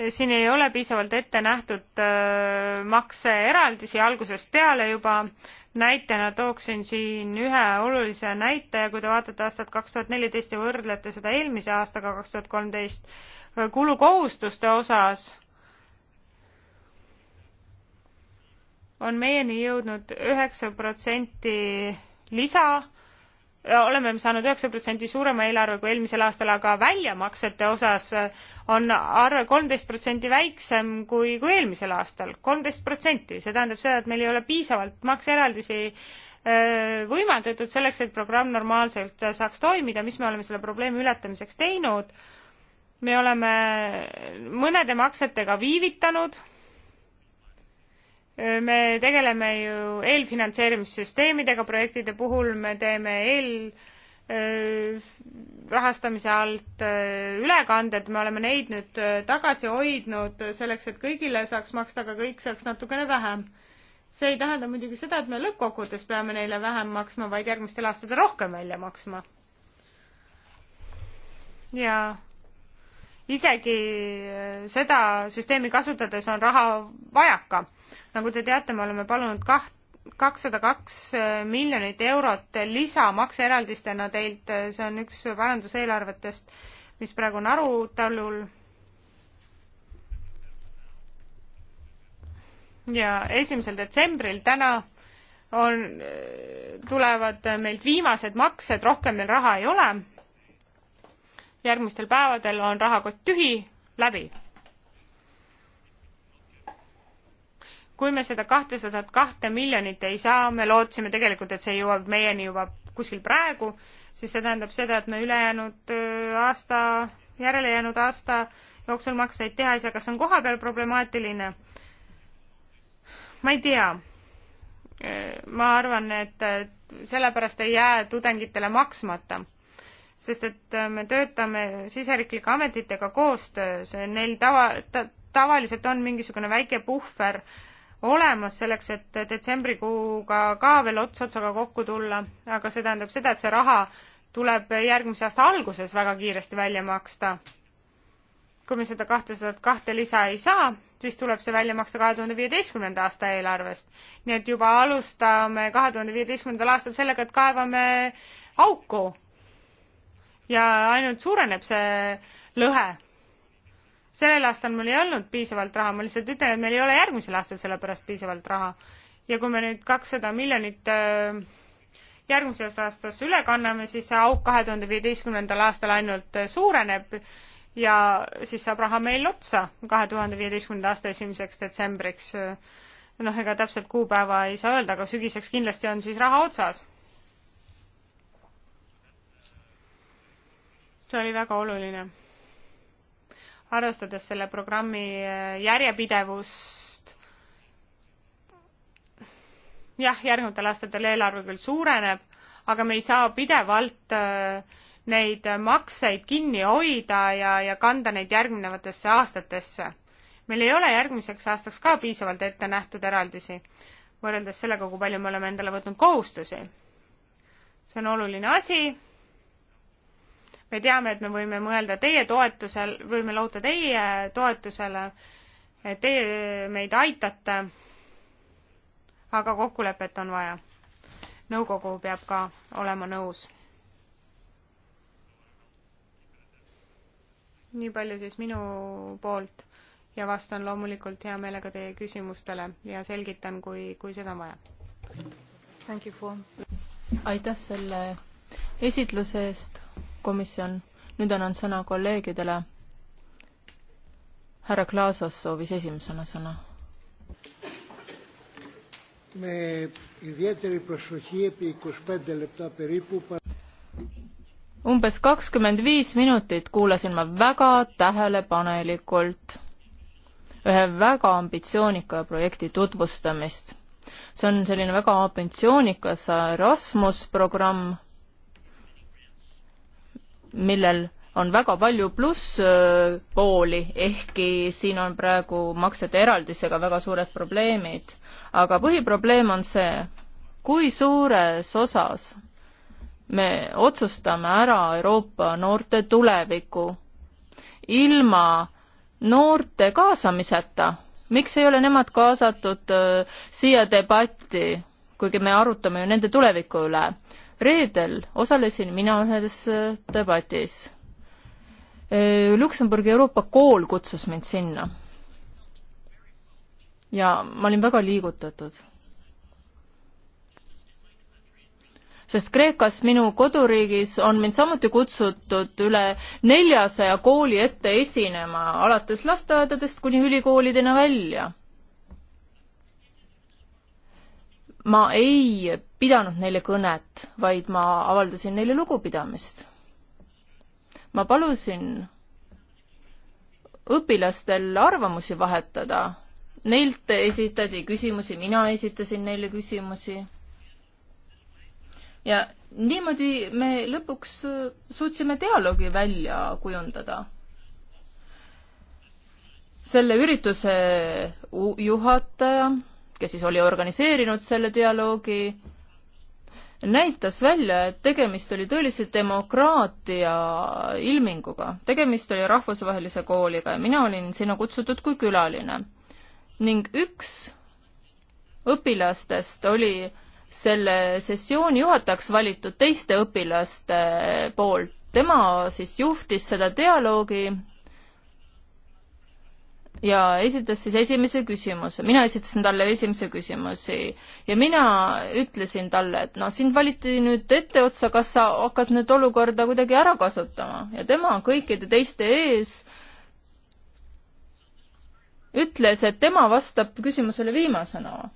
siin ei ole piisavalt ette nähtud äh, makseeraldisi algusest peale juba. näitena tooksin siin ühe olulise näite ja kui te vaatate aastat kaks tuhat neliteist ja võrdlete seda eelmise aastaga kaks tuhat kolmteist äh, kulukohustuste osas, on meieni jõudnud üheksa protsenti lisa oleme saanud üheksa protsendi suurema eelarve kui eelmisel aastal, aga väljamaksete osas on arve kolmteist protsenti väiksem kui, kui eelmisel aastal, kolmteist protsenti. see tähendab seda, et meil ei ole piisavalt makseeraldisi võimaldatud selleks, et programm normaalselt saaks toimida, mis me oleme selle probleemi ületamiseks teinud. me oleme mõnede maksetega viivitanud me tegeleme ju eelfinantseerimissüsteemidega projektide puhul, me teeme eel äh, rahastamise alt äh, ülekanded, me oleme neid nüüd äh, tagasi hoidnud selleks, et kõigile saaks maksta, aga kõik saaks natukene vähem. see ei tähenda muidugi seda, et me lõppkokkuvõttes peame neile vähem maksma, vaid järgmistel aastatel rohkem välja maksma. ja isegi seda süsteemi kasutades on raha vajaka nagu te teate, me oleme palunud kaht, kakssada kaks äh, miljonit eurot lisamakseeraldistena teilt, äh, see on üks paranduseelarvetest, mis praegu on arutelul. ja esimesel detsembril täna on, äh, tulevad meilt viimased maksed, rohkem meil raha ei ole. järgmistel päevadel on rahakott tühi, läbi kui me seda kahtesadat kahte miljonit ei saa, me lootsime tegelikult, et see jõuab meieni juba kuskil praegu, siis see tähendab seda, et me ülejäänud aasta, järelejäänud aasta jooksul makseid teha ei saa, kas on kohapeal problemaatiline? ma ei tea. ma arvan, et sellepärast ei jää tudengitele maksmata, sest et me töötame siseriiklike ametitega koostöös, neil tava ta,, tavaliselt on mingisugune väike puhver äh, olemas selleks, et detsembrikuuga ka veel ots otsaga kokku tulla, aga see tähendab seda, et see raha tuleb järgmise aasta alguses väga kiiresti välja maksta. kui me seda kahtesadat kahte lisa ei saa, siis tuleb see välja maksta kahe tuhande viieteistkümnenda aasta eelarvest. nii et juba alustame kahe tuhande viieteistkümnendal aastal sellega, et kaevame auku. ja ainult suureneb see lõhe sellel aastal mul ei olnud piisavalt raha, ma lihtsalt ütlen, et meil ei ole järgmisel aastal selle pärast piisavalt raha. ja kui me nüüd kakssada miljonit äh, järgmises aastas üle kanname, siis see auk kahe tuhande viieteistkümnendal aastal ainult äh, suureneb ja siis saab raha meil otsa kahe tuhande viieteistkümnenda aasta esimeseks detsembriks. noh, ega täpselt kuupäeva ei saa öelda, aga sügiseks kindlasti on siis raha otsas see oli väga oluline arvestades selle programmi äh, järjepidevust, jah, järgnevatel aastatel eelarve küll suureneb, aga me ei saa pidevalt äh, neid makseid kinni hoida ja, ja kanda neid järgnevatesse aastatesse. meil ei ole järgmiseks aastaks ka piisavalt ette nähtud eraldisi, võrreldes sellega, kui palju me oleme endale võtnud kohustusi. see on oluline asi me teame, et me võime mõelda teie toetusel, võime loota teie toetusele, et teie meid aitate, aga kokkulepet on vaja. nõukogu peab ka olema nõus. nii palju siis minu poolt ja vastan loomulikult hea meelega teie küsimustele ja selgitan, kui, kui seda on vaja. aitäh selle esitluse eest komisjon. nüüd annan sõna kolleegidele. härra Klaasas soovis esimesena sõna. umbes kakskümmend viis minutit kuulasin ma väga tähelepanelikult ühe väga ambitsioonika projekti tutvustamist. see on selline väga ambitsioonikas Erasmus programm, millel on väga palju plusspooli, ehkki siin on praegu maksete eraldisega väga suured probleemid. aga põhiprobleem on see, kui suures osas me otsustame ära Euroopa noorte tuleviku ilma noorte kaasamiseta. miks ei ole nemad kaasatud äh, siia debatti, kuigi me arutame ju nende tuleviku üle? reedel osalesin mina ühes äh, debatis. Äh, Luksemburgi Euroopa kool kutsus mind sinna. ja ma olin väga liigutatud. sest Kreekas, minu koduriigis, on mind samuti kutsutud üle neljasaja kooli ette esinema, alates lasteaedadest kuni ülikoolidena välja. ma ei pidanud neile kõnet, vaid ma avaldasin neile lugupidamist. ma palusin õpilastel arvamusi vahetada. Neilt esitati küsimusi, mina esitasin neile küsimusi. ja niimoodi me lõpuks suutsime dialoogi välja kujundada. selle ürituse juhataja, kes siis oli organiseerinud selle dialoogi, näitas välja, et tegemist oli tõelise demokraatia ilminguga. tegemist oli rahvusvahelise kooliga ja mina olin sinna kutsutud kui külaline. ning üks õpilastest oli selle sessiooni juhatajaks valitud teiste õpilaste poolt. tema siis juhtis seda dialoogi ja esitas siis esimese küsimuse, mina esitasin talle esimese küsimusi ja mina ütlesin talle, et noh, sind valiti nüüd etteotsa, kas sa hakkad nüüd olukorda kuidagi ära kasutama ja tema kõikide teiste ees ütles, et tema vastab küsimusele viimasena.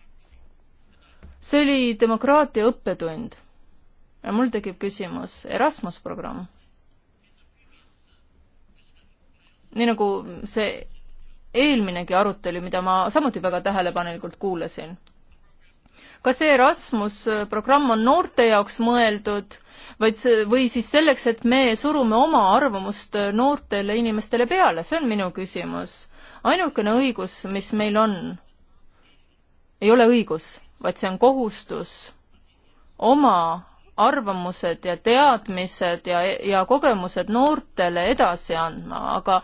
see oli demokraatia õppetund. ja mul tekib küsimus, Erasmus programm? nii nagu see eelminegi arutelu, mida ma samuti väga tähelepanelikult kuulasin. kas see Erasmus programm on noorte jaoks mõeldud, vaid see, või siis selleks, et me surume oma arvamust noortele inimestele peale, see on minu küsimus. ainukene õigus, mis meil on, ei ole õigus, vaid see on kohustus oma arvamused ja teadmised ja, ja kogemused noortele edasi andma, aga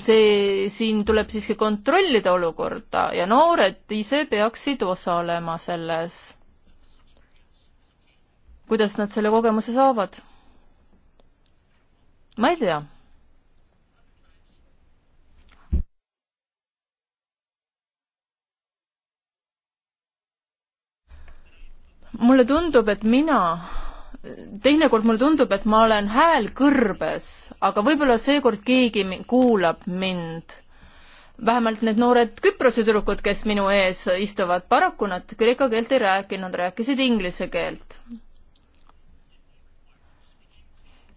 see, siin tuleb siiski kontrollida olukorda ja noored ise peaksid osalema selles. kuidas nad selle kogemuse saavad? ma ei tea mulle tundub, et mina teinekord mulle tundub, et ma olen hääl kõrbes, aga võib-olla seekord keegi kuulab mind. vähemalt need noored Küprose tüdrukud, kes minu ees istuvad, paraku nad kreeka keelt ei rääkinud, rääkisid inglise keelt.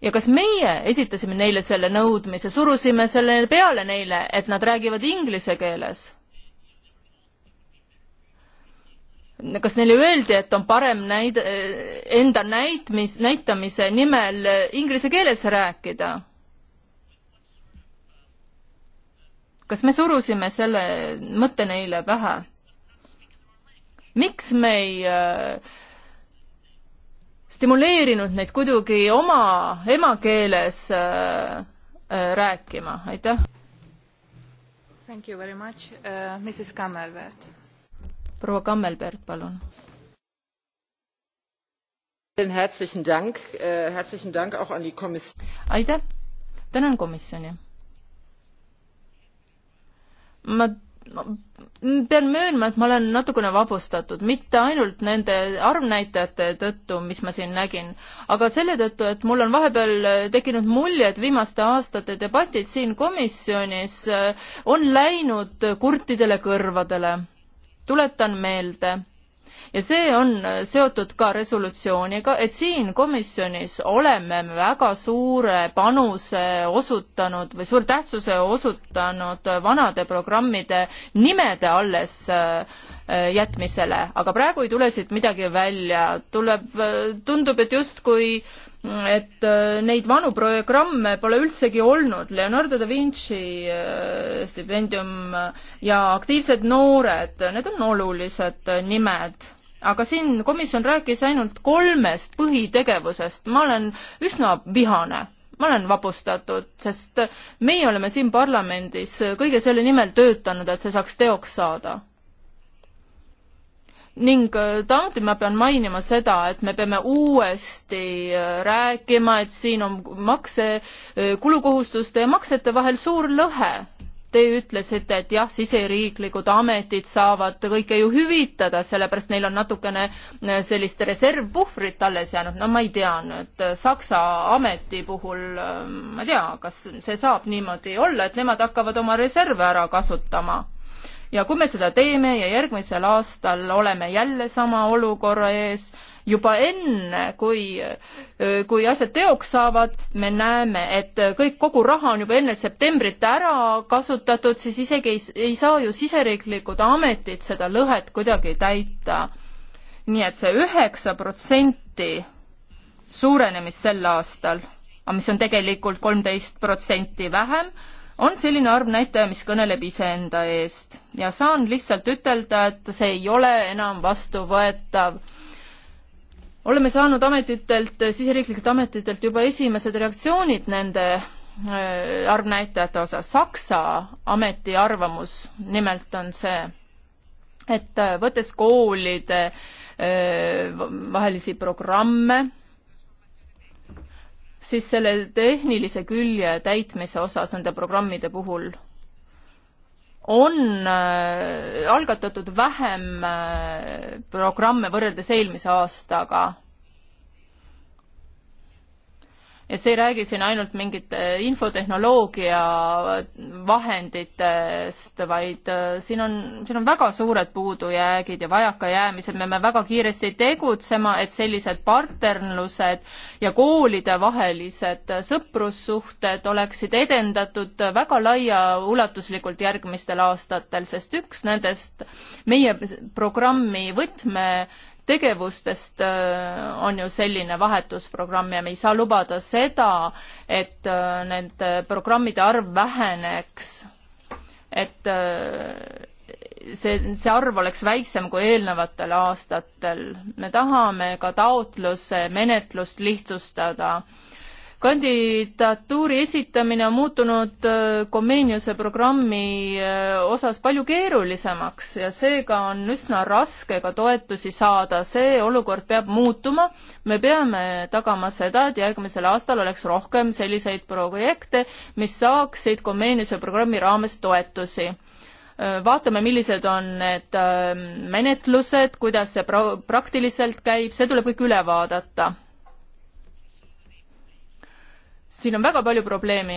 ja kas meie esitasime neile selle nõudmise, surusime selle peale neile, et nad räägivad inglise keeles? kas neile öeldi, et on parem näid-, enda näitmis, näitamise nimel inglise keeles rääkida? kas me surusime selle mõtte neile pähe? miks me ei äh, stimuleerinud neid kuidagi oma emakeeles äh, äh, rääkima, aitäh? Thank you very much uh,, äh, Mrs Kammerwert proua Kammelberg, palun. Äh, aitäh, tänan komisjoni. ma pean möönma, et ma olen natukene vabustatud, mitte ainult nende arvnäitajate tõttu, mis ma siin nägin, aga selle tõttu, et mul on vahepeal tekkinud mulje, et viimaste aastate debatid siin komisjonis äh, on läinud kurtidele kõrvadele tuletan meelde, ja see on seotud ka resolutsiooniga, et siin komisjonis oleme me väga suure panuse osutanud või suure tähtsuse osutanud vanade programmide nimede alles äh, jätmisele, aga praegu ei tule siit midagi välja, tuleb, äh, tundub, et justkui äh, et äh, neid vanu programme pole üldsegi olnud. Leonardo da Vinci äh, stipendium ja aktiivsed noored, need on olulised nimed aga siin komisjon rääkis ainult kolmest põhitegevusest. ma olen üsna vihane, ma olen vapustatud, sest meie oleme siin parlamendis kõige selle nimel töötanud, et see saaks teoks saada ning samuti äh, ma pean mainima seda, et me peame uuesti äh, rääkima, et siin on makse, äh, kulukohustuste ja maksete vahel suur lõhe. Te ütlesite, et jah, siseriiklikud ametid saavad kõike ju hüvitada, sellepärast neil on natukene sellist reservpuhvrit alles jäänud, no ma ei tea nüüd, Saksa ameti puhul ma ei tea, kas see saab niimoodi olla, et nemad hakkavad oma reserve ära kasutama ja kui me seda teeme ja järgmisel aastal oleme jälle sama olukorra ees, juba enne, kui, kui asjad teoks saavad, me näeme, et kõik, kogu raha on juba enne septembrit ära kasutatud, siis isegi ei, ei saa ju siseriiklikud ametid seda lõhet kuidagi täita. nii et see üheksa protsenti suurenemist sel aastal, mis on tegelikult kolmteist protsenti vähem on selline arv näitaja, mis kõneleb iseenda eest ja saan lihtsalt ütelda, et see ei ole enam vastuvõetav. oleme saanud ametitelt, siseriiklikelt ametitelt juba esimesed reaktsioonid nende äh, arvnäitajate osas. Saksa ameti arvamus nimelt on see, et äh, võttes koolide äh, vahelisi programme siis selle tehnilise külje täitmise osas nende programmide puhul on äh, algatatud vähem äh, programme võrreldes eelmise aastaga et see ei räägi siin ainult mingite äh, infotehnoloogia vahenditest, vaid äh, siin on, siin on väga suured puudujäägid ja vajakajäämised, me peame väga kiiresti tegutsema, et sellised partnerlused ja koolidevahelised sõprussuhted oleksid edendatud väga laiaulatuslikult järgmistel aastatel, sest üks nendest meie programmi võtme tegevustest äh, on ju selline vahetusprogramm ja me ei saa lubada seda, et äh, nende programmide arv väheneks. et äh, see, see arv oleks väiksem kui eelnevatel aastatel. me tahame ka taotluse menetlust lihtsustada kandidatuuri esitamine on muutunud Komeeniuse äh, programmi äh, osas palju keerulisemaks ja seega on üsna raske ka toetusi saada, see olukord peab muutuma. me peame tagama seda, et järgmisel aastal oleks rohkem selliseid projekte, mis saaksid Komeeniuse programmi raames toetusi äh, vaatame, millised on need menetlused, kuidas see praktiliselt käib, see tuleb kõik üle vaadata siin on väga palju probleemi,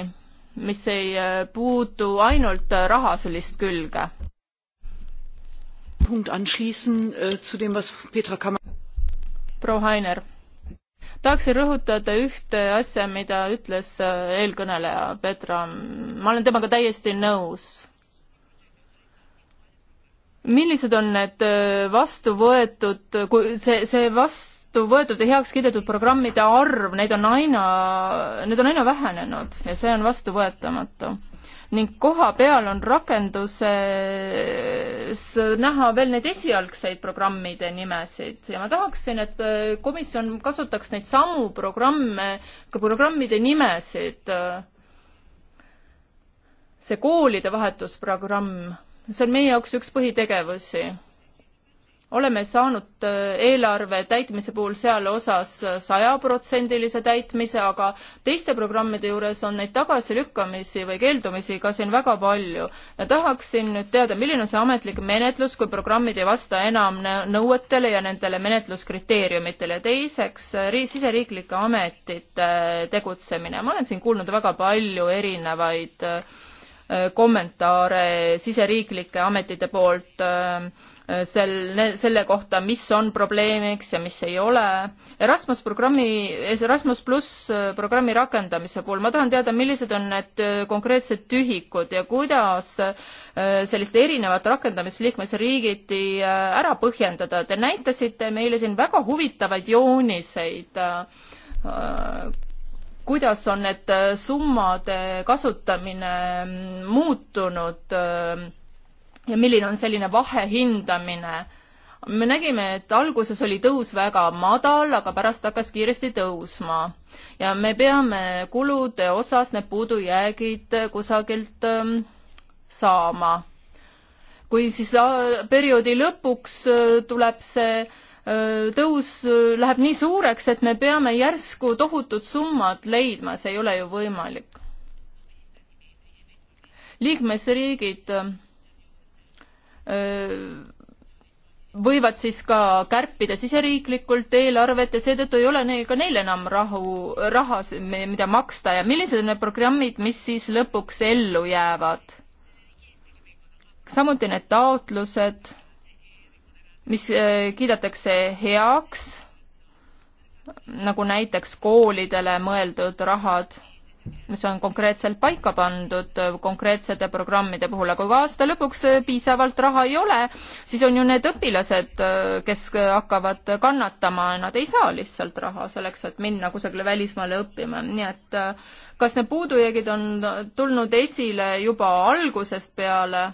mis ei äh, puudu ainult äh, raha sellist külge. Äh, proua Hainer, tahaksin rõhutada ühte asja, mida ütles eelkõneleja Petra, ma olen temaga täiesti nõus millised on need vastu võetud, kui see, see vast-, vastu võetud ja heaks kiidetud programmide arv, neid on aina, need on aina vähenenud ja see on vastuvõetamatu. ning koha peal on rakenduses näha veel neid esialgseid programmide nimesid ja ma tahaksin, et äh, komisjon kasutaks neid samu programme, ka programmide nimesid. Äh, see koolide vahetusprogramm, see on meie jaoks üks põhitegevusi oleme saanud äh, eelarve täitmise puhul seal osas sajaprotsendilise täitmise, aga teiste programmide juures on neid tagasilükkamisi või keeldumisi ka siin väga palju. ja tahaksin nüüd teada, milline on see ametlik menetlus, kui programmid ei vasta enam nõuetele ja nendele menetluskriteeriumitele ja teiseks, äh, siseriiklike ametite äh, tegutsemine. ma olen siin kuulnud väga palju erinevaid äh, Äh, kommentaare siseriiklike ametite poolt äh, sel, selle kohta, mis on probleemiks ja mis ei ole. Erasmus programmi, Erasmus pluss äh, programmi rakendamise puhul ma tahan teada, millised on need konkreetsed tühikud ja kuidas sellist erinevat rakendamist liikmesriigiti ära põhjendada. Te näitasite meile siin väga huvitavaid jooniseid kuidas on need äh, summade kasutamine mm, muutunud äh, ja milline on selline vahehindamine? me nägime, et alguses oli tõus väga madal, aga pärast hakkas kiiresti tõusma ja me peame kulude osas need puudujäägid kusagilt ähm, saama. kui siis äh, perioodi lõpuks tuleb see tõus läheb nii suureks, et me peame järsku tohutud summad leidma, see ei ole ju võimalik. liikmesriigid võivad siis ka kärpida siseriiklikult eelarvet ja seetõttu ei ole neil ka neil enam rahu, raha, mida maksta ja millised on need programmid, mis siis lõpuks ellu jäävad. samuti need taotlused mis äh, kiidetakse heaks, nagu näiteks koolidele mõeldud rahad, mis on konkreetselt paika pandud äh, konkreetsete programmide puhul, aga kui aasta lõpuks äh, piisavalt raha ei ole, siis on ju need õpilased, kes hakkavad kannatama, nad ei saa lihtsalt raha selleks, et minna kusagile välismaale õppima, nii et kas need puudujäägid on tulnud esile juba algusest peale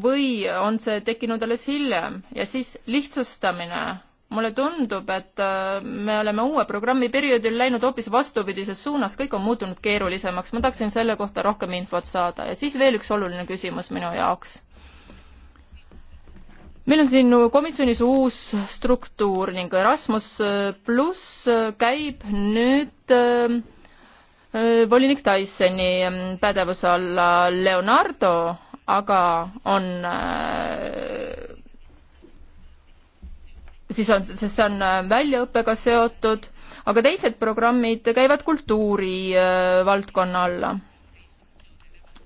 või on see tekkinud alles hiljem ja siis lihtsustamine. mulle tundub, et äh, me oleme uue programmi perioodil läinud hoopis vastupidises suunas, kõik on muutunud keerulisemaks, ma tahaksin selle kohta rohkem infot saada ja siis veel üks oluline küsimus minu jaoks meil on siin komisjonis uus struktuur ning Erasmus äh, pluss äh, käib nüüd volinik Dysoni pädevuse alla Leonardo aga on äh, siis on, sest see on äh, väljaõppega seotud, aga teised programmid käivad kultuuri äh, valdkonna alla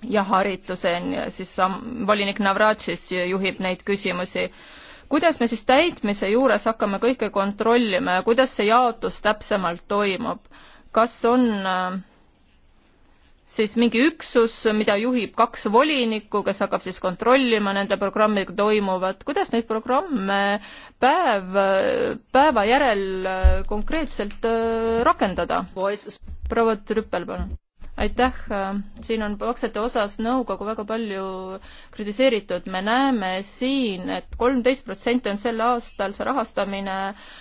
ja harituse, siis volinik Navratšis juhib neid küsimusi. kuidas me siis täitmise juures hakkame kõike kontrollima ja kuidas see jaotus täpsemalt toimub? kas on äh, siis mingi üksus, mida juhib kaks volinikku, kes hakkab siis kontrollima nende programmidega toimuvat, kuidas neid programme päev, päeva järel äh, konkreetselt äh, rakendada? proua Trüppel, palun. aitäh, siin on maksete osas nõukogu väga palju kritiseeritud, me näeme siin et, et kolmteist protsenti on sel aastal see rahastamine äh,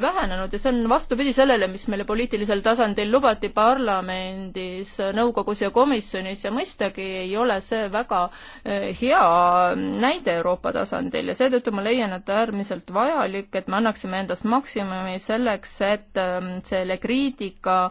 vähenenud ja see on vastupidi sellele, mis meile poliitilisel tasandil lubati parlamendis, nõukogus ja komisjonis ja mõistagi ei ole see väga hea näide Euroopa tasandil ja seetõttu ma leian, et äärmiselt vajalik, et me annaksime endast maksimumi selleks, et selle kriitika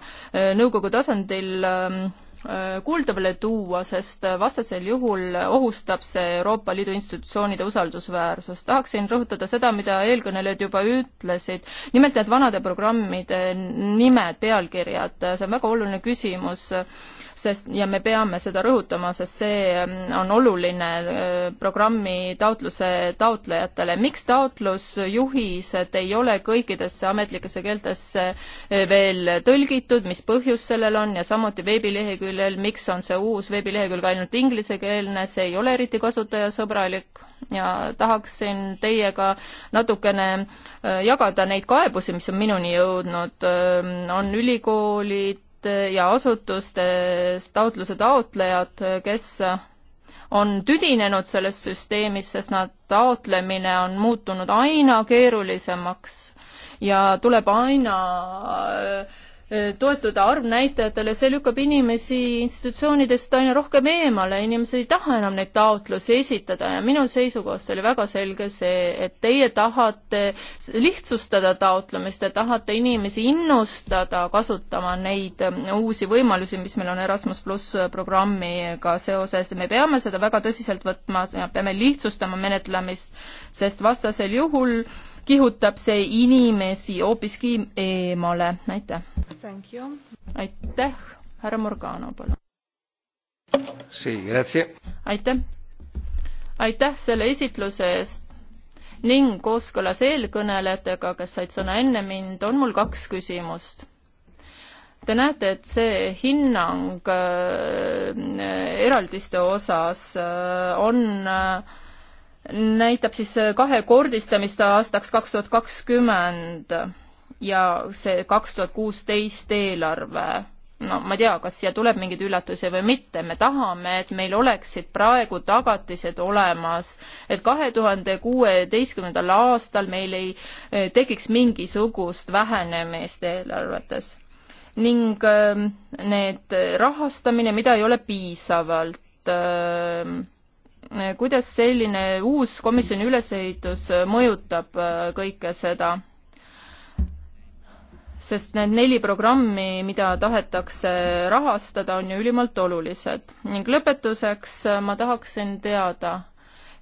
nõukogu tasandil Äh, kuuldavale tuua, sest vastasel juhul ohustab see Euroopa Liidu institutsioonide usaldusväärsust. tahaksin rõhutada seda, mida eelkõnelejad juba ütlesid, nimelt need vanade programmide nimed, pealkirjad, see on väga oluline küsimus sest, ja me peame seda rõhutama, sest see mm, on oluline äh, programmi taotluse taotlejatele. miks taotlusjuhised ei ole kõikidesse ametlikesse keeltesse äh, veel tõlgitud, mis põhjus sellel on ja samuti veebileheküljel, miks on see uus veebilehekülg ainult inglisekeelne, see ei ole eriti kasutajasõbralik ja tahaksin teiega natukene äh, jagada neid kaebusi, mis on minuni jõudnud, on ülikoolid, ja asutustest taotluse taotlejad, kes on tüdinenud sellest süsteemist, sest nad, taotlemine on muutunud aina keerulisemaks ja tuleb aina äh, toetuda arvnäitajatele, see lükkab inimesi institutsioonidest aina rohkem eemale, inimesed ei taha enam neid taotlusi esitada ja minu seisukohast oli väga selge see, et teie tahate lihtsustada taotlemist, te tahate inimesi innustada kasutama neid ähm, uusi võimalusi, mis meil on Erasmus pluss äh, programmiga seoses ja me peame seda väga tõsiselt võtma ja peame lihtsustama menetlemist, sest vastasel juhul kihutab see inimesi hoopiski eemale, aitäh. aitäh, härra Morgano, palun. aitäh, aitäh selle esitluse eest ning kooskõlas eelkõnelejatega, kes said sõna enne mind, on mul kaks küsimust. Te näete, et see hinnang äh, eraldiste osas äh, on äh, näitab siis äh, kahekordistamist aastaks kaks tuhat kakskümmend ja see kaks tuhat kuusteist eelarve no ma ei tea, kas siia tuleb mingeid üllatusi või mitte, me tahame, et meil oleksid praegu tagatised olemas, et kahe tuhande kuueteistkümnendal aastal meil ei äh, tekiks mingisugust vähenemist eelarvetes. ning ähm, need äh, rahastamine, mida ei ole piisavalt ähm, kuidas selline uus komisjoni ülesehitus äh, mõjutab äh, kõike seda? sest need neli programmi, mida tahetakse rahastada, on ju ülimalt olulised. ning lõpetuseks äh, ma tahaksin teada,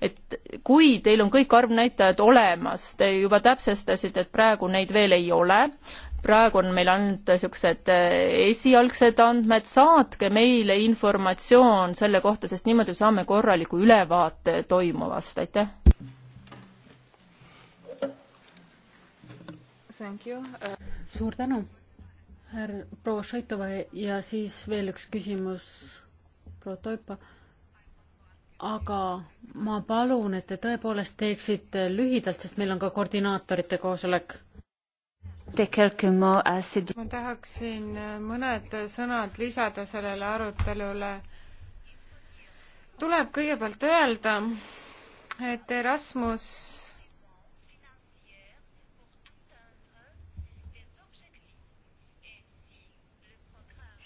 et kui teil on kõik arvnäitajad olemas, te juba täpsestasite, et praegu neid veel ei ole, praegu on meil ainult niisugused eh, esialgsed andmed, saatke meile informatsioon selle kohta, sest niimoodi saame korraliku ülevaate toimuvast, aitäh. suur tänu, härra proua Šaitova ja siis veel üks küsimus proua Toipa. aga ma palun, et te tõepoolest teeksite lühidalt, sest meil on ka koordinaatorite koosolek Äh, ma tahaksin äh, mõned sõnad lisada sellele arutelule. tuleb kõigepealt öelda, et Erasmus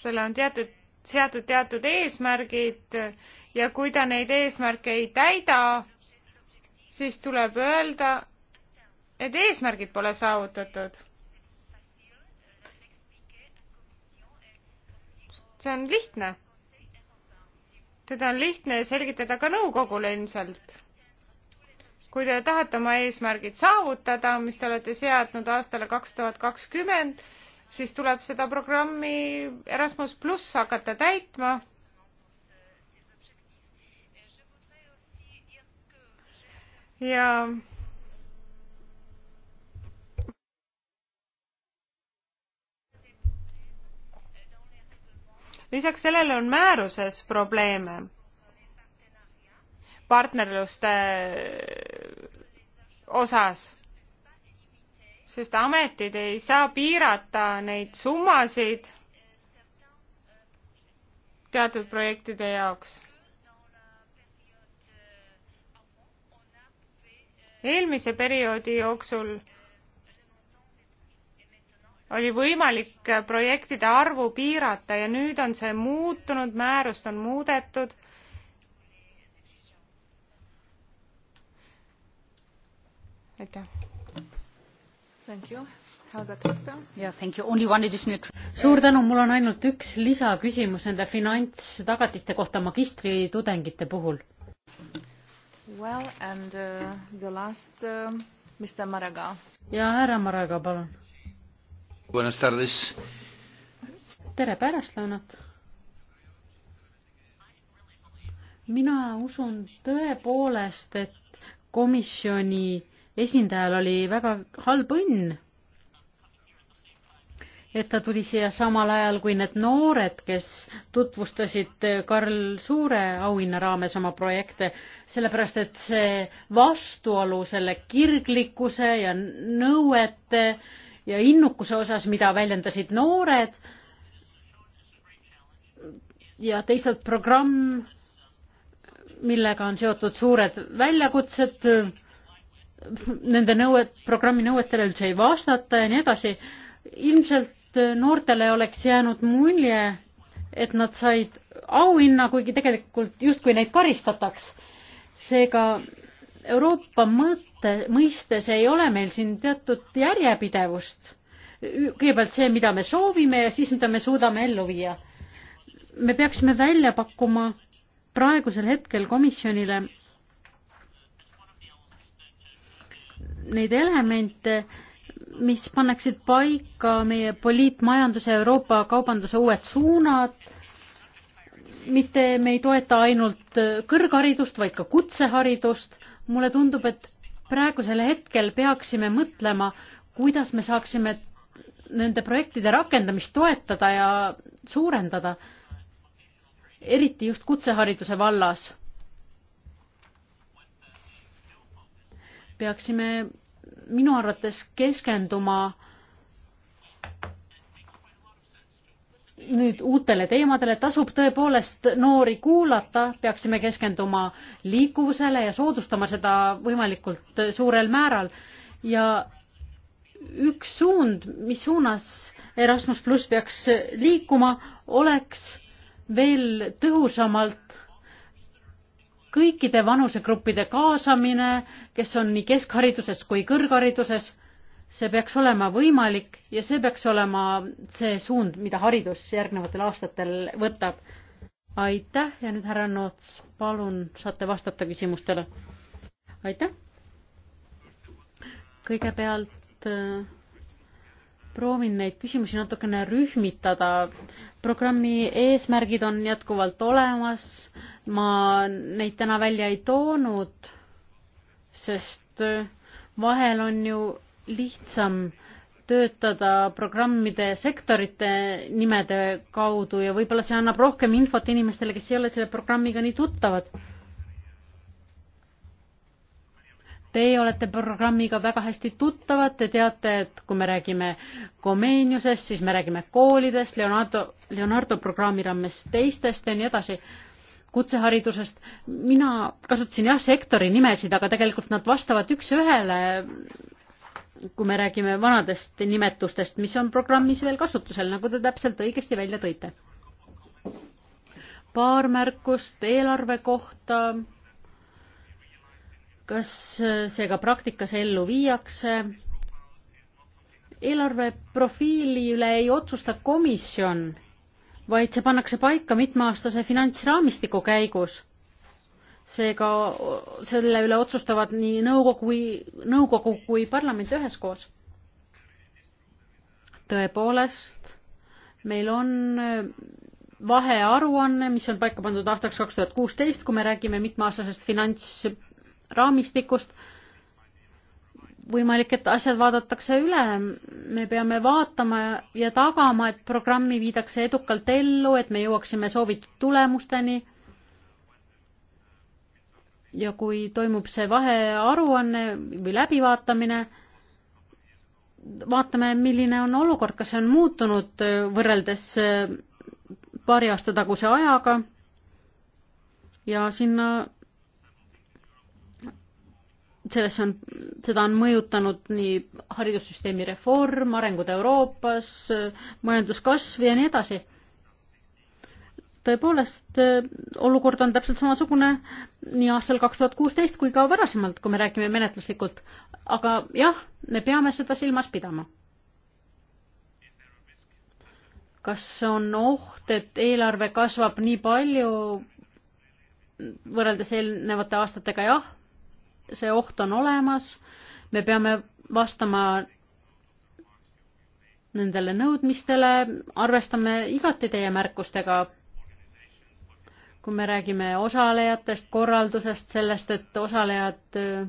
selle on teatud, seatud teatud eesmärgid ja kui ta neid eesmärke ei täida, siis tuleb öelda, et eesmärgid pole saavutatud see on lihtne. seda on lihtne selgitada ka nõukogule ilmselt. kui te tahate oma eesmärgid saavutada, mis te olete seadnud aastale kaks tuhat kakskümmend, siis tuleb seda programmi Erasmus pluss hakata täitma. ja lisaks sellele on määruses probleeme partnerluste äh, osas sest ametid ei saa piirata neid summasid teatud projektide jaoks eelmise perioodi jooksul oli võimalik projektide arvu piirata ja nüüd on see muutunud, määrust on muudetud. aitäh. Yeah, suur tänu, mul on ainult üks lisaküsimus nende finantstagatiste kohta magistritudengite puhul. Well, and uh, the last uh, Mr Maraga. ja härra Maraga, palun tere pärastlõunat. mina usun tõepoolest, et komisjoni esindajal oli väga halb õnn, et ta tuli siia samal ajal kui need noored, kes tutvustasid Karl Suure auhinna raames oma projekte, sellepärast et see vastuolu selle kirglikkuse ja nõuete äh, ja innukuse osas, mida väljendasid noored. ja teisalt programm, millega on seotud suured väljakutsed, nende nõuet, programmi nõuetele üldse ei vastata ja nii edasi. ilmselt noortele oleks jäänud mulje, et nad said auhinna, kuigi tegelikult justkui neid karistataks. seega Euroopa mõõt-, mõte, mõistes ei ole meil siin teatud järjepidevust. kõigepealt see, mida me soovime ja siis, mida me suudame ellu viia. me peaksime välja pakkuma praegusel hetkel komisjonile neid elemente, mis pannaksid paika meie poliitmajanduse Euroopa kaubanduse uued suunad, mitte me ei toeta ainult kõrgharidust, vaid ka kutseharidust. mulle tundub, et praegusel hetkel peaksime mõtlema, kuidas me saaksime nende projektide rakendamist toetada ja suurendada, eriti just kutsehariduse vallas. peaksime minu arvates keskenduma äh, nüüd uutele teemadele, tasub tõepoolest noori kuulata, peaksime keskenduma liikuvusele ja soodustama seda võimalikult suurel määral. ja üks suund, mis suunas Erasmus pluss peaks liikuma, oleks veel tõhusamalt kõikide vanusegruppide kaasamine, kes on nii keskhariduses kui kõrghariduses see peaks olema võimalik ja see peaks olema see suund, mida haridus järgnevatel aastatel võtab. aitäh ja nüüd härra Noots, palun saate vastata küsimustele. aitäh. kõigepealt äh, proovin neid küsimusi natukene rühmitada. programmi eesmärgid on jätkuvalt olemas, ma neid täna välja ei toonud, sest äh, vahel on ju lihtsam töötada programmide sektorite nimede kaudu ja võib-olla see annab rohkem infot inimestele, kes ei ole selle programmiga nii tuttavad. Teie olete programmiga väga hästi tuttavad, te teate, et kui me räägime Komeeniusest, siis me räägime koolidest, Leonardo, Leonardo programmi raames teistest ja nii edasi kutseharidusest. mina kasutasin jah sektori nimesid, aga tegelikult nad vastavad üks-ühele kui me räägime vanadest nimetustest, mis on programmis veel kasutusel, nagu te täpselt õigesti välja tõite. paar märkust eelarve kohta. kas see ka praktikas ellu viiakse? eelarve profiili üle ei otsusta komisjon, vaid see pannakse paika mitmeaastase finantsraamistiku käigus seega selle üle otsustavad nii nõukogu kui, nõukogu kui parlament üheskoos. tõepoolest, meil on äh, vahearuanne, mis on paika pandud aastaks kaks tuhat kuusteist, kui me räägime mitmeaastasest finantsraamistikust. võimalik, et asjad vaadatakse üle, me peame vaatama ja tagama, et programmi viidakse edukalt ellu, et me jõuaksime soovitud tulemusteni ja kui toimub see vahearuanne või läbivaatamine, vaatame, milline on olukord, kas see on muutunud äh, võrreldes äh, paari aasta taguse ajaga ja sinna, sellesse on, seda on mõjutanud nii haridussüsteemi reform, arengud Euroopas, äh, majanduskasv ja nii edasi tõepoolest äh, olukord on täpselt samasugune nii aastal kaks tuhat kuusteist kui ka varasemalt, kui me räägime menetluslikult. aga jah, me peame seda silmas pidama. kas on oht, et eelarve kasvab nii palju võrreldes eelnevate aastatega, jah, see oht on olemas, me peame vastama nendele nõudmistele, arvestame igati teie märkustega kui me räägime osalejatest, korraldusest, sellest, et osalejad äh,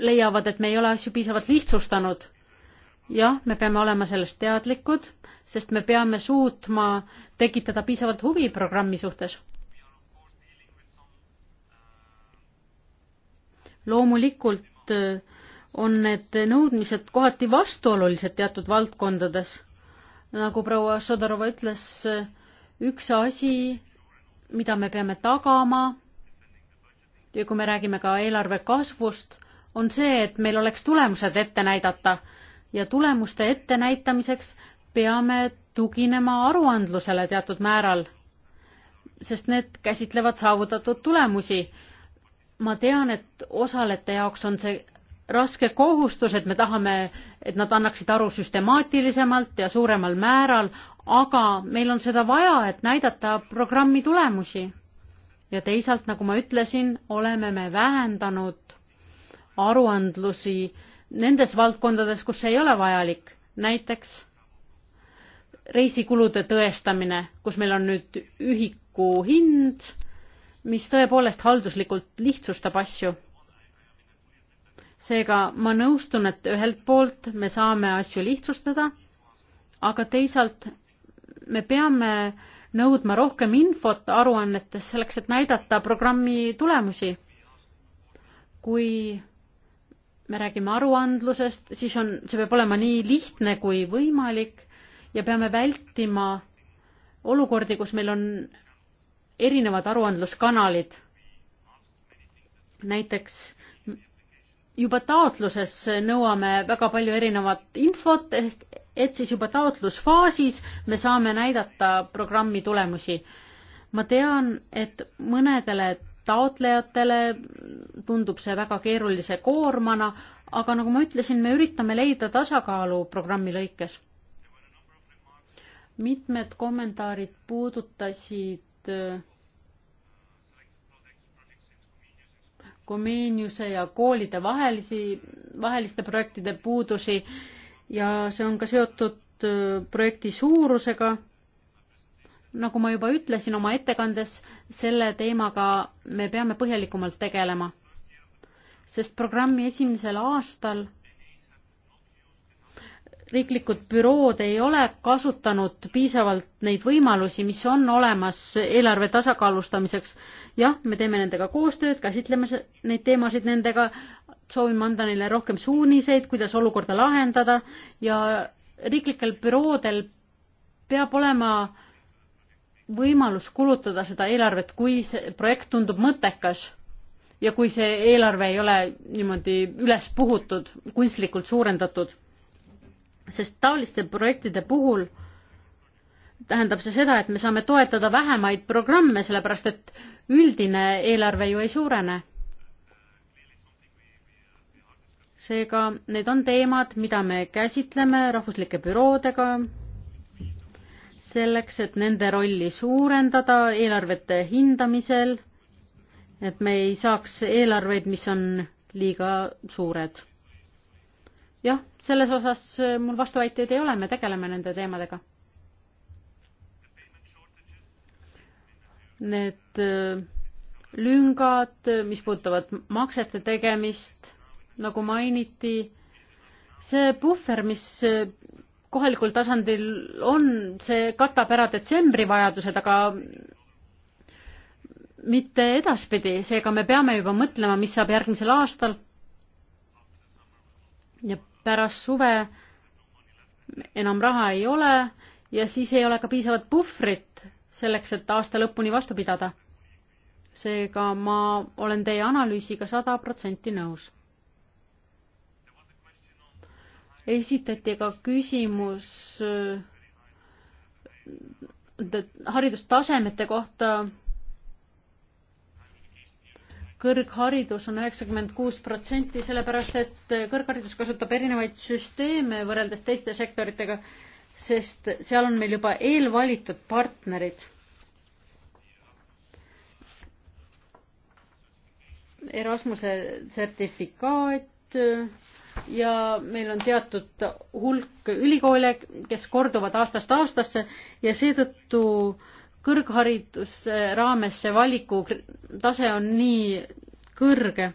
leiavad, et me ei ole asju piisavalt lihtsustanud. jah, me peame olema sellest teadlikud, sest me peame suutma tekitada piisavalt huvi programmi suhtes. loomulikult äh, on need nõudmised kohati vastuolulised teatud valdkondades. nagu proua Sodorova ütles, äh, üks asi, mida me peame tagama ja kui me räägime ka eelarve kasvust, on see, et meil oleks tulemused ette näidata ja tulemuste ettenäitamiseks peame tuginema aruandlusele teatud määral, sest need käsitlevad saavutatud tulemusi. ma tean, et osalete jaoks on see raske kohustus, et me tahame, et nad annaksid aru süstemaatilisemalt ja suuremal määral, aga meil on seda vaja, et näidata programmi tulemusi. ja teisalt, nagu ma ütlesin, oleme me vähendanud aruandlusi nendes valdkondades, kus see ei ole vajalik, näiteks reisikulude tõestamine, kus meil on nüüd ühiku hind, mis tõepoolest halduslikult lihtsustab asju seega ma nõustun, et ühelt poolt me saame asju lihtsustada, aga teisalt me peame nõudma rohkem infot aruannetes selleks, et näidata programmi tulemusi. kui me räägime aruandlusest, siis on, see peab olema nii lihtne kui võimalik ja peame vältima olukordi, kus meil on erinevad aruandluskanalid. näiteks juba taotluses nõuame väga palju erinevat infot, ehk et siis juba taotlusfaasis me saame näidata programmi tulemusi. ma tean, et mõnedele taotlejatele tundub see väga keerulise koormana, aga nagu ma ütlesin, me üritame leida tasakaalu programmi lõikes. mitmed kommentaarid puudutasid äh, Komeeniuse ja koolide vahelisi, vaheliste projektide puudusi ja see on ka seotud äh, projekti suurusega. nagu ma juba ütlesin oma ettekandes, selle teemaga me peame põhjalikumalt tegelema, sest programmi esimesel aastal riiklikud bürood ei ole kasutanud piisavalt neid võimalusi, mis on olemas eelarve tasakaalustamiseks. jah, me teeme nendega koostööd, käsitleme neid teemasid nendega, soovime anda neile rohkem suuniseid, kuidas olukorda lahendada ja riiklikel büroodel peab olema võimalus kulutada seda eelarvet, kui see projekt tundub mõttekas ja kui see eelarve ei ole niimoodi üles puhutud, kunstlikult suurendatud sest taoliste projektide puhul tähendab see seda, et me saame toetada vähemaid programme, sellepärast et üldine eelarve ju ei suurene. seega need on teemad, mida me käsitleme rahvuslike büroodega, selleks, et nende rolli suurendada eelarvete hindamisel, et me ei saaks eelarveid, mis on liiga suured jah, selles osas äh, mul vastuväiteid ei ole, me tegeleme nende teemadega. Need äh, lüngad, äh, mis puudutavad maksete tegemist, nagu mainiti, see puhver, mis kohalikul tasandil on, see katab ära detsembri vajadused, aga mitte edaspidi, seega me peame juba mõtlema, mis saab järgmisel aastal. ja pärast suve enam raha ei ole ja siis ei ole ka piisavat puhvrit selleks, et aasta lõpuni vastu pidada. seega ma olen teie analüüsiga sada protsenti nõus. esitati ka küsimus äh, haridustasemete kohta kõrgharidus on üheksakümmend kuus protsenti, sellepärast et kõrgharidus kasutab erinevaid süsteeme võrreldes teiste sektoritega, sest seal on meil juba eelvalitud partnerid. Erasmuse sertifikaat ja meil on teatud hulk ülikoole, kes korduvad aastast aastasse ja seetõttu äh, kõrghariduse raames see valiku tase on nii kõrge.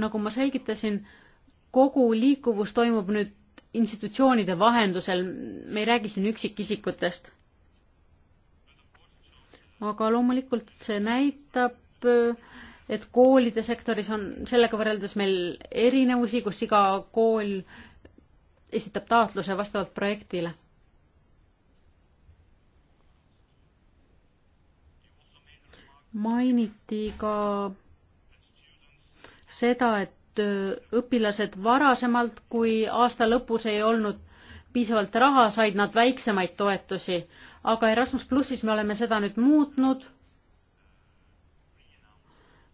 nagu ma selgitasin, kogu liikuvus toimub nüüd institutsioonide vahendusel, me ei räägi siin üksikisikutest. aga loomulikult see näitab, et koolide sektoris on sellega võrreldes meil erinevusi, kus iga kool esitab taotluse vastavalt projektile mainiti ka seda, et äh, õpilased varasemalt, kui aasta lõpus ei olnud piisavalt raha, said nad väiksemaid toetusi, aga Erasmus plussis me oleme seda nüüd muutnud.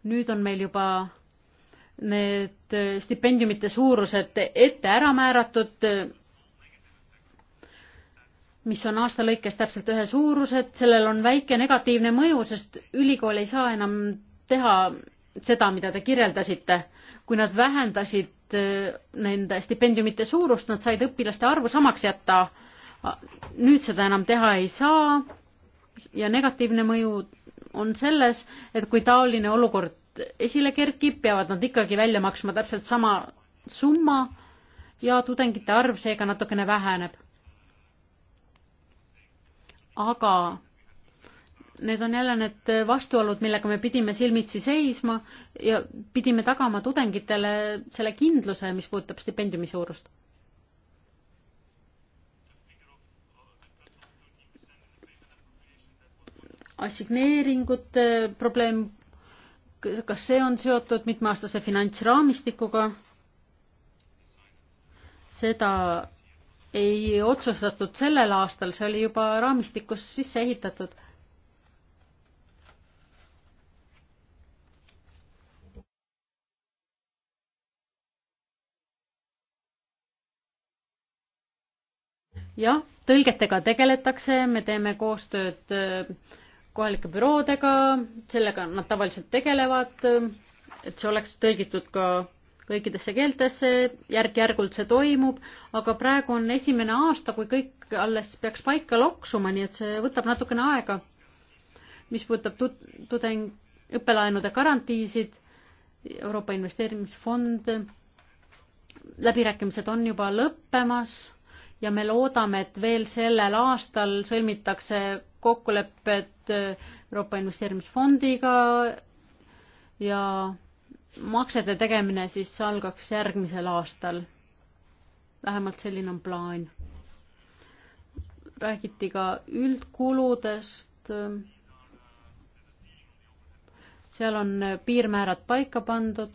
nüüd on meil juba need äh, stipendiumite suurused ette ära määratud mis on aasta lõikes täpselt ühesuurused, sellel on väike negatiivne mõju, sest ülikool ei saa enam teha seda, mida te kirjeldasite. kui nad vähendasid äh, nende stipendiumite suurust, nad said õpilaste arvu samaks jätta. nüüd seda enam teha ei saa. ja negatiivne mõju on selles, et kui taoline olukord esile kerkib, peavad nad ikkagi välja maksma täpselt sama summa ja tudengite arv seega natukene väheneb aga need on jälle need vastuolud, millega me pidime silmitsi seisma ja pidime tagama tudengitele selle kindluse, mis puudutab stipendiumi suurust. assigneeringute probleem, kas see on seotud mitmeaastase finantsraamistikuga? seda ei otsustatud sellel aastal, see oli juba raamistikus sisse ehitatud. jah, tõlgetega tegeletakse, me teeme koostööd äh, kohalike büroodega, sellega nad tavaliselt tegelevad, et see oleks tõlgitud ka kõikidesse keeltesse, järk-järgult see toimub, aga praegu on esimene aasta, kui kõik alles peaks paika loksuma, nii et see võtab natukene aega. mis puudutab tud-, tudeng-, õppelaenude garantiisid, Euroopa Investeerimisfond, läbirääkimised on juba lõppemas ja me loodame, et veel sellel aastal sõlmitakse kokkulepped Euroopa Investeerimisfondiga ja maksete tegemine siis algaks järgmisel aastal. vähemalt selline on plaan. räägiti ka üldkuludest. seal on piirmäärad paika pandud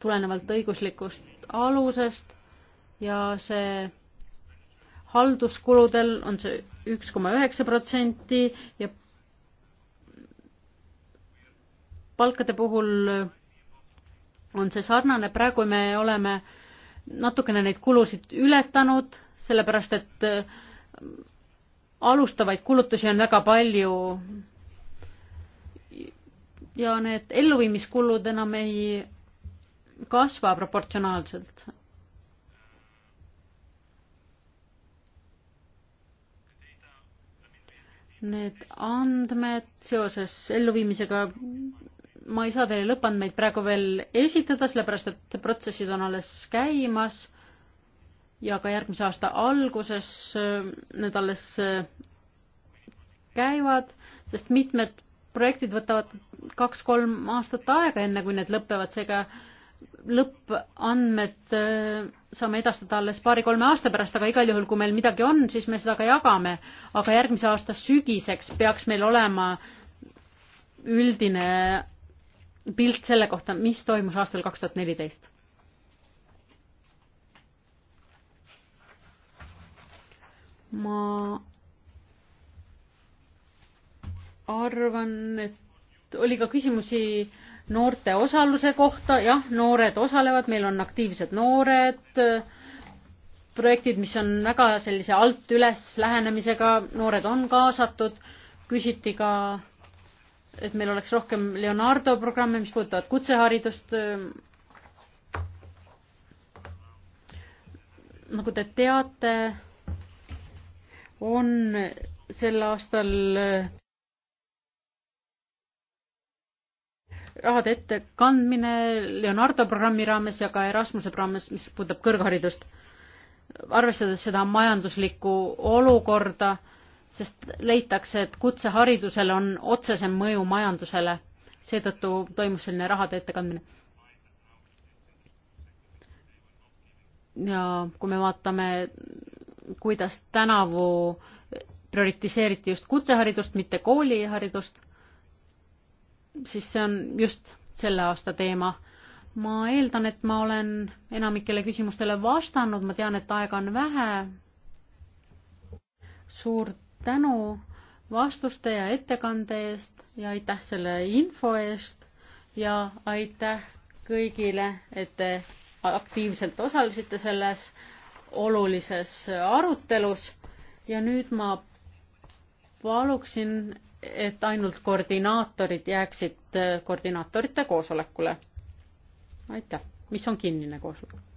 tulenevalt õiguslikust alusest ja see halduskuludel on see üks koma üheksa protsenti ja palkade puhul on see sarnane, praegu me oleme natukene neid kulusid ületanud, sellepärast et äh, alustavaid kulutusi on väga palju. ja need elluviimiskulud enam ei kasva proportsionaalselt. Need andmed seoses elluviimisega ma ei saa teile lõppandmeid praegu veel esitada, sellepärast et protsessid on alles käimas ja ka järgmise aasta alguses äh, need alles äh, käivad, sest mitmed projektid võtavad kaks-kolm aastat aega, enne kui need lõpevad, seega lõppandmed äh, saame edastada alles paari-kolme aasta pärast, aga igal juhul, kui meil midagi on, siis me seda ka jagame. aga järgmise aasta sügiseks peaks meil olema üldine pilt selle kohta, mis toimus aastal kaks tuhat neliteist. ma arvan, et oli ka küsimusi noorte osaluse kohta, jah, noored osalevad, meil on aktiivsed noored, projektid, mis on väga sellise alt üles lähenemisega, noored on kaasatud, küsiti ka et meil oleks rohkem Leonardo programme, mis puudutavad kutseharidust. nagu te teate, on sel aastal rahade ettekandmine Leonardo programmi raames ja ka Erasmuse raames, mis puudutab kõrgharidust. arvestades seda majanduslikku olukorda sest leitakse, et kutseharidusel on otsesem mõju majandusele. seetõttu toimus selline rahade ettekandmine. ja kui me vaatame, kuidas tänavu prioritiseeriti just kutseharidust, mitte kooliharidust, siis see on just selle aasta teema. ma eeldan, et ma olen enamikele küsimustele vastanud, ma tean, et aega on vähe. suur tänu vastuste ja ettekande eest ja aitäh selle info eest ja aitäh kõigile, et te aktiivselt osalesite selles olulises arutelus. ja nüüd ma paluksin, et ainult koordinaatorid jääksid koordinaatorite koosolekule. aitäh, mis on kinnine koosolek